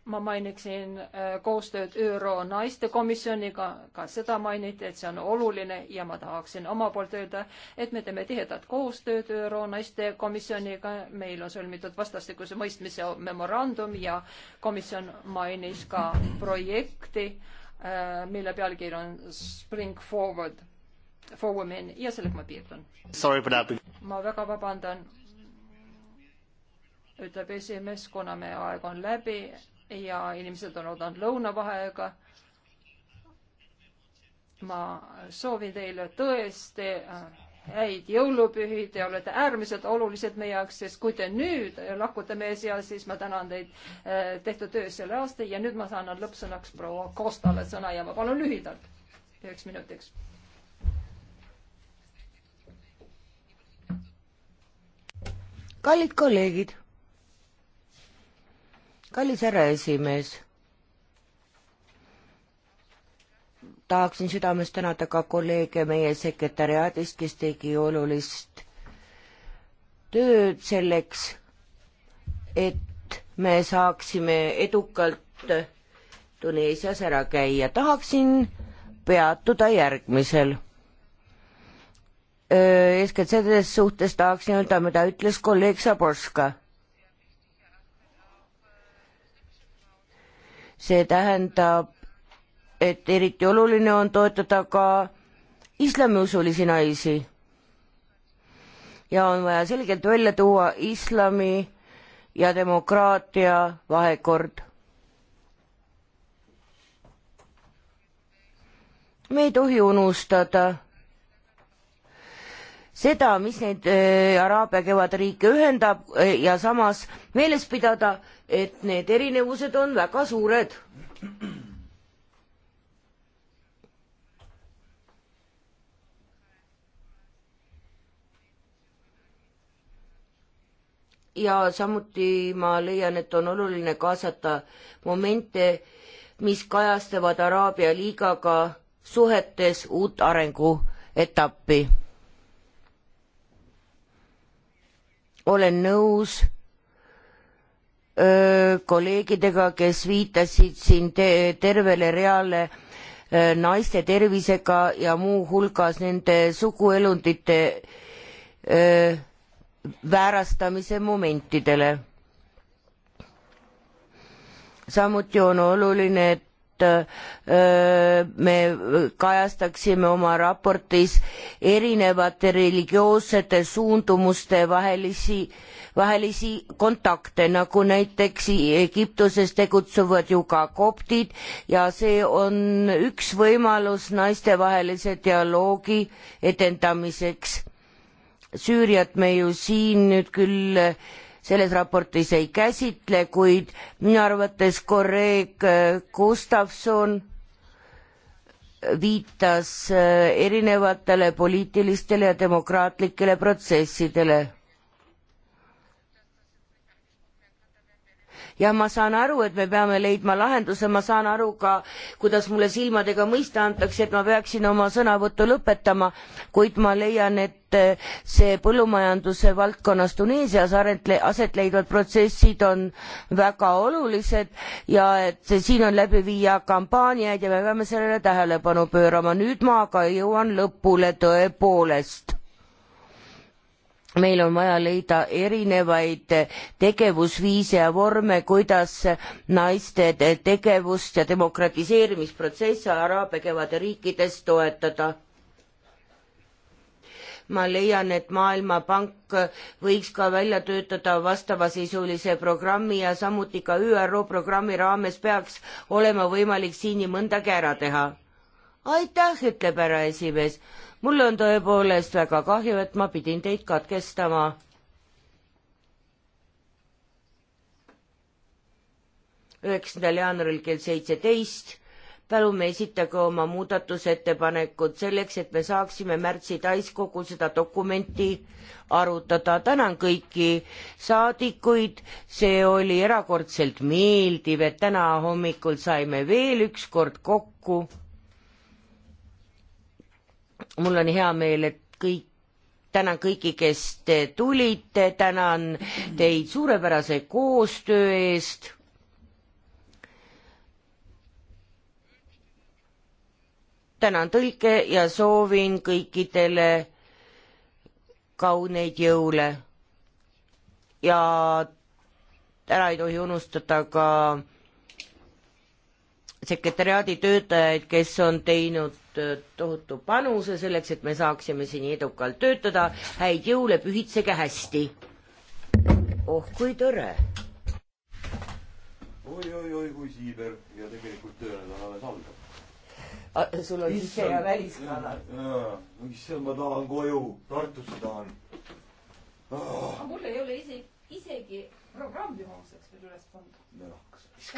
ma mainiksin äh, koostööd ÜRO naistekomisjoniga, ka seda mainiti, et see on oluline ja ma tahaksin oma poolt öelda, et me teeme tihedat koostööd ÜRO naistekomisjoniga, meil on sõlmitud vastastikuse mõistmise memorandum ja komisjon mainis ka projekti äh, Äh, mille pealkiri on Spring Forward for Women ja sellega ma piirdun. ma väga vabandan, ütleb esimees, kuna meie aeg on läbi ja inimesed on oodanud lõunavaheaega. ma soovin teile tõesti äh, häid jõulupühi, te olete äärmiselt olulised meie jaoks, sest kui te nüüd lahkute meie seas, siis ma tänan teid eh, tehtud töö eest selle aasta ja nüüd ma annan lõppsõnaks proua Kostale sõna ja ma palun lühidalt üheks minutiks. kallid kolleegid, kallis härra esimees tahaksin südames tänada ka kolleege meie sekretäriaadist, kes tegi olulist tööd selleks, et me saaksime edukalt Tuneesias ära käia. tahaksin peatuda järgmisel. eeskätt selles suhtes tahaksin öelda, mida ütles kolleeg Zaborska. see tähendab et eriti oluline on toetada ka islamiusulisi naisi. ja on vaja selgelt välja tuua islami ja demokraatia vahekord. me ei tohi unustada seda, mis neid äh, Araabia kevade riike ühendab äh, ja samas meeles pidada, et need erinevused on väga suured ja samuti ma leian, et on oluline kaasata momente, mis kajastavad Araabia liigaga suhetes uut arenguetappi. olen nõus öö, kolleegidega, kes viitasid siin te tervele reale öö, naiste tervisega ja muuhulgas nende suguelundite öö, väärastamise momentidele. samuti on oluline, et me kajastaksime oma raportis erinevate religioossete suundumuste vahelisi, vahelisi kontakte, nagu näiteks Egiptuses tegutsevad ju ka koptid ja see on üks võimalus naistevahelise dialoogi edendamiseks Süüriat me ju siin nüüd küll äh, selles raportis ei käsitle, kuid minu arvates kolleeg äh, Gustavson äh, viitas erinevatele poliitilistele ja demokraatlikele protsessidele jah, ma saan aru, et me peame leidma lahenduse, ma saan aru ka, kuidas mulle silmadega mõista antakse, et ma peaksin oma sõnavõttu lõpetama, kuid ma leian, et eh, see põllumajanduse valdkonnas Tuneesias aretle-, aset leidvad protsessid on väga olulised ja et siin on läbi viia kampaaniaid ja me peame sellele tähelepanu pöörama. nüüd ma aga jõuan lõpule tõepoolest meil on vaja leida erinevaid tegevusviise ja vorme, kuidas naiste tegevust ja demokratiseerimisprotsesse Araabia kevade riikides toetada. ma leian, et Maailmapank võiks ka välja töötada vastavasisulise programmi ja samuti ka ÜRO programmi raames peaks olema võimalik siin nii mõndagi ära teha. aitäh, ütleb härra esimees mul on tõepoolest väga kahju, et ma pidin teid katkestama. üheksandal jaanuaril kell seitseteist palume esitage oma muudatusettepanekud selleks, et me saaksime märtsi täiskogul seda dokumenti arutada. tänan kõiki saadikuid, see oli erakordselt meeldiv, et täna hommikul saime veel üks kord kokku mul on hea meel, et kõik, tänan kõiki, kes te tulite, tänan teid suurepärase koostöö eest. tänan tõlke ja soovin kõikidele kauneid jõule. ja ära ei tohi unustada ka sekretäriaadi töötajaid, kes on teinud andnud äh, tohutu panuse selleks, et me saaksime siin edukalt töötada. häid jõule, pühitsege hästi. oh kui tore oi, oi, oi kui siiber ja tegelikult äh, töönädal alles algab. sul on sisse- ja väliskanal. issand, ma tahan koju, Tartusse tahan ah.. aga mul ei ole ise, isegi programmi homseks veel üles pandud. nelakas.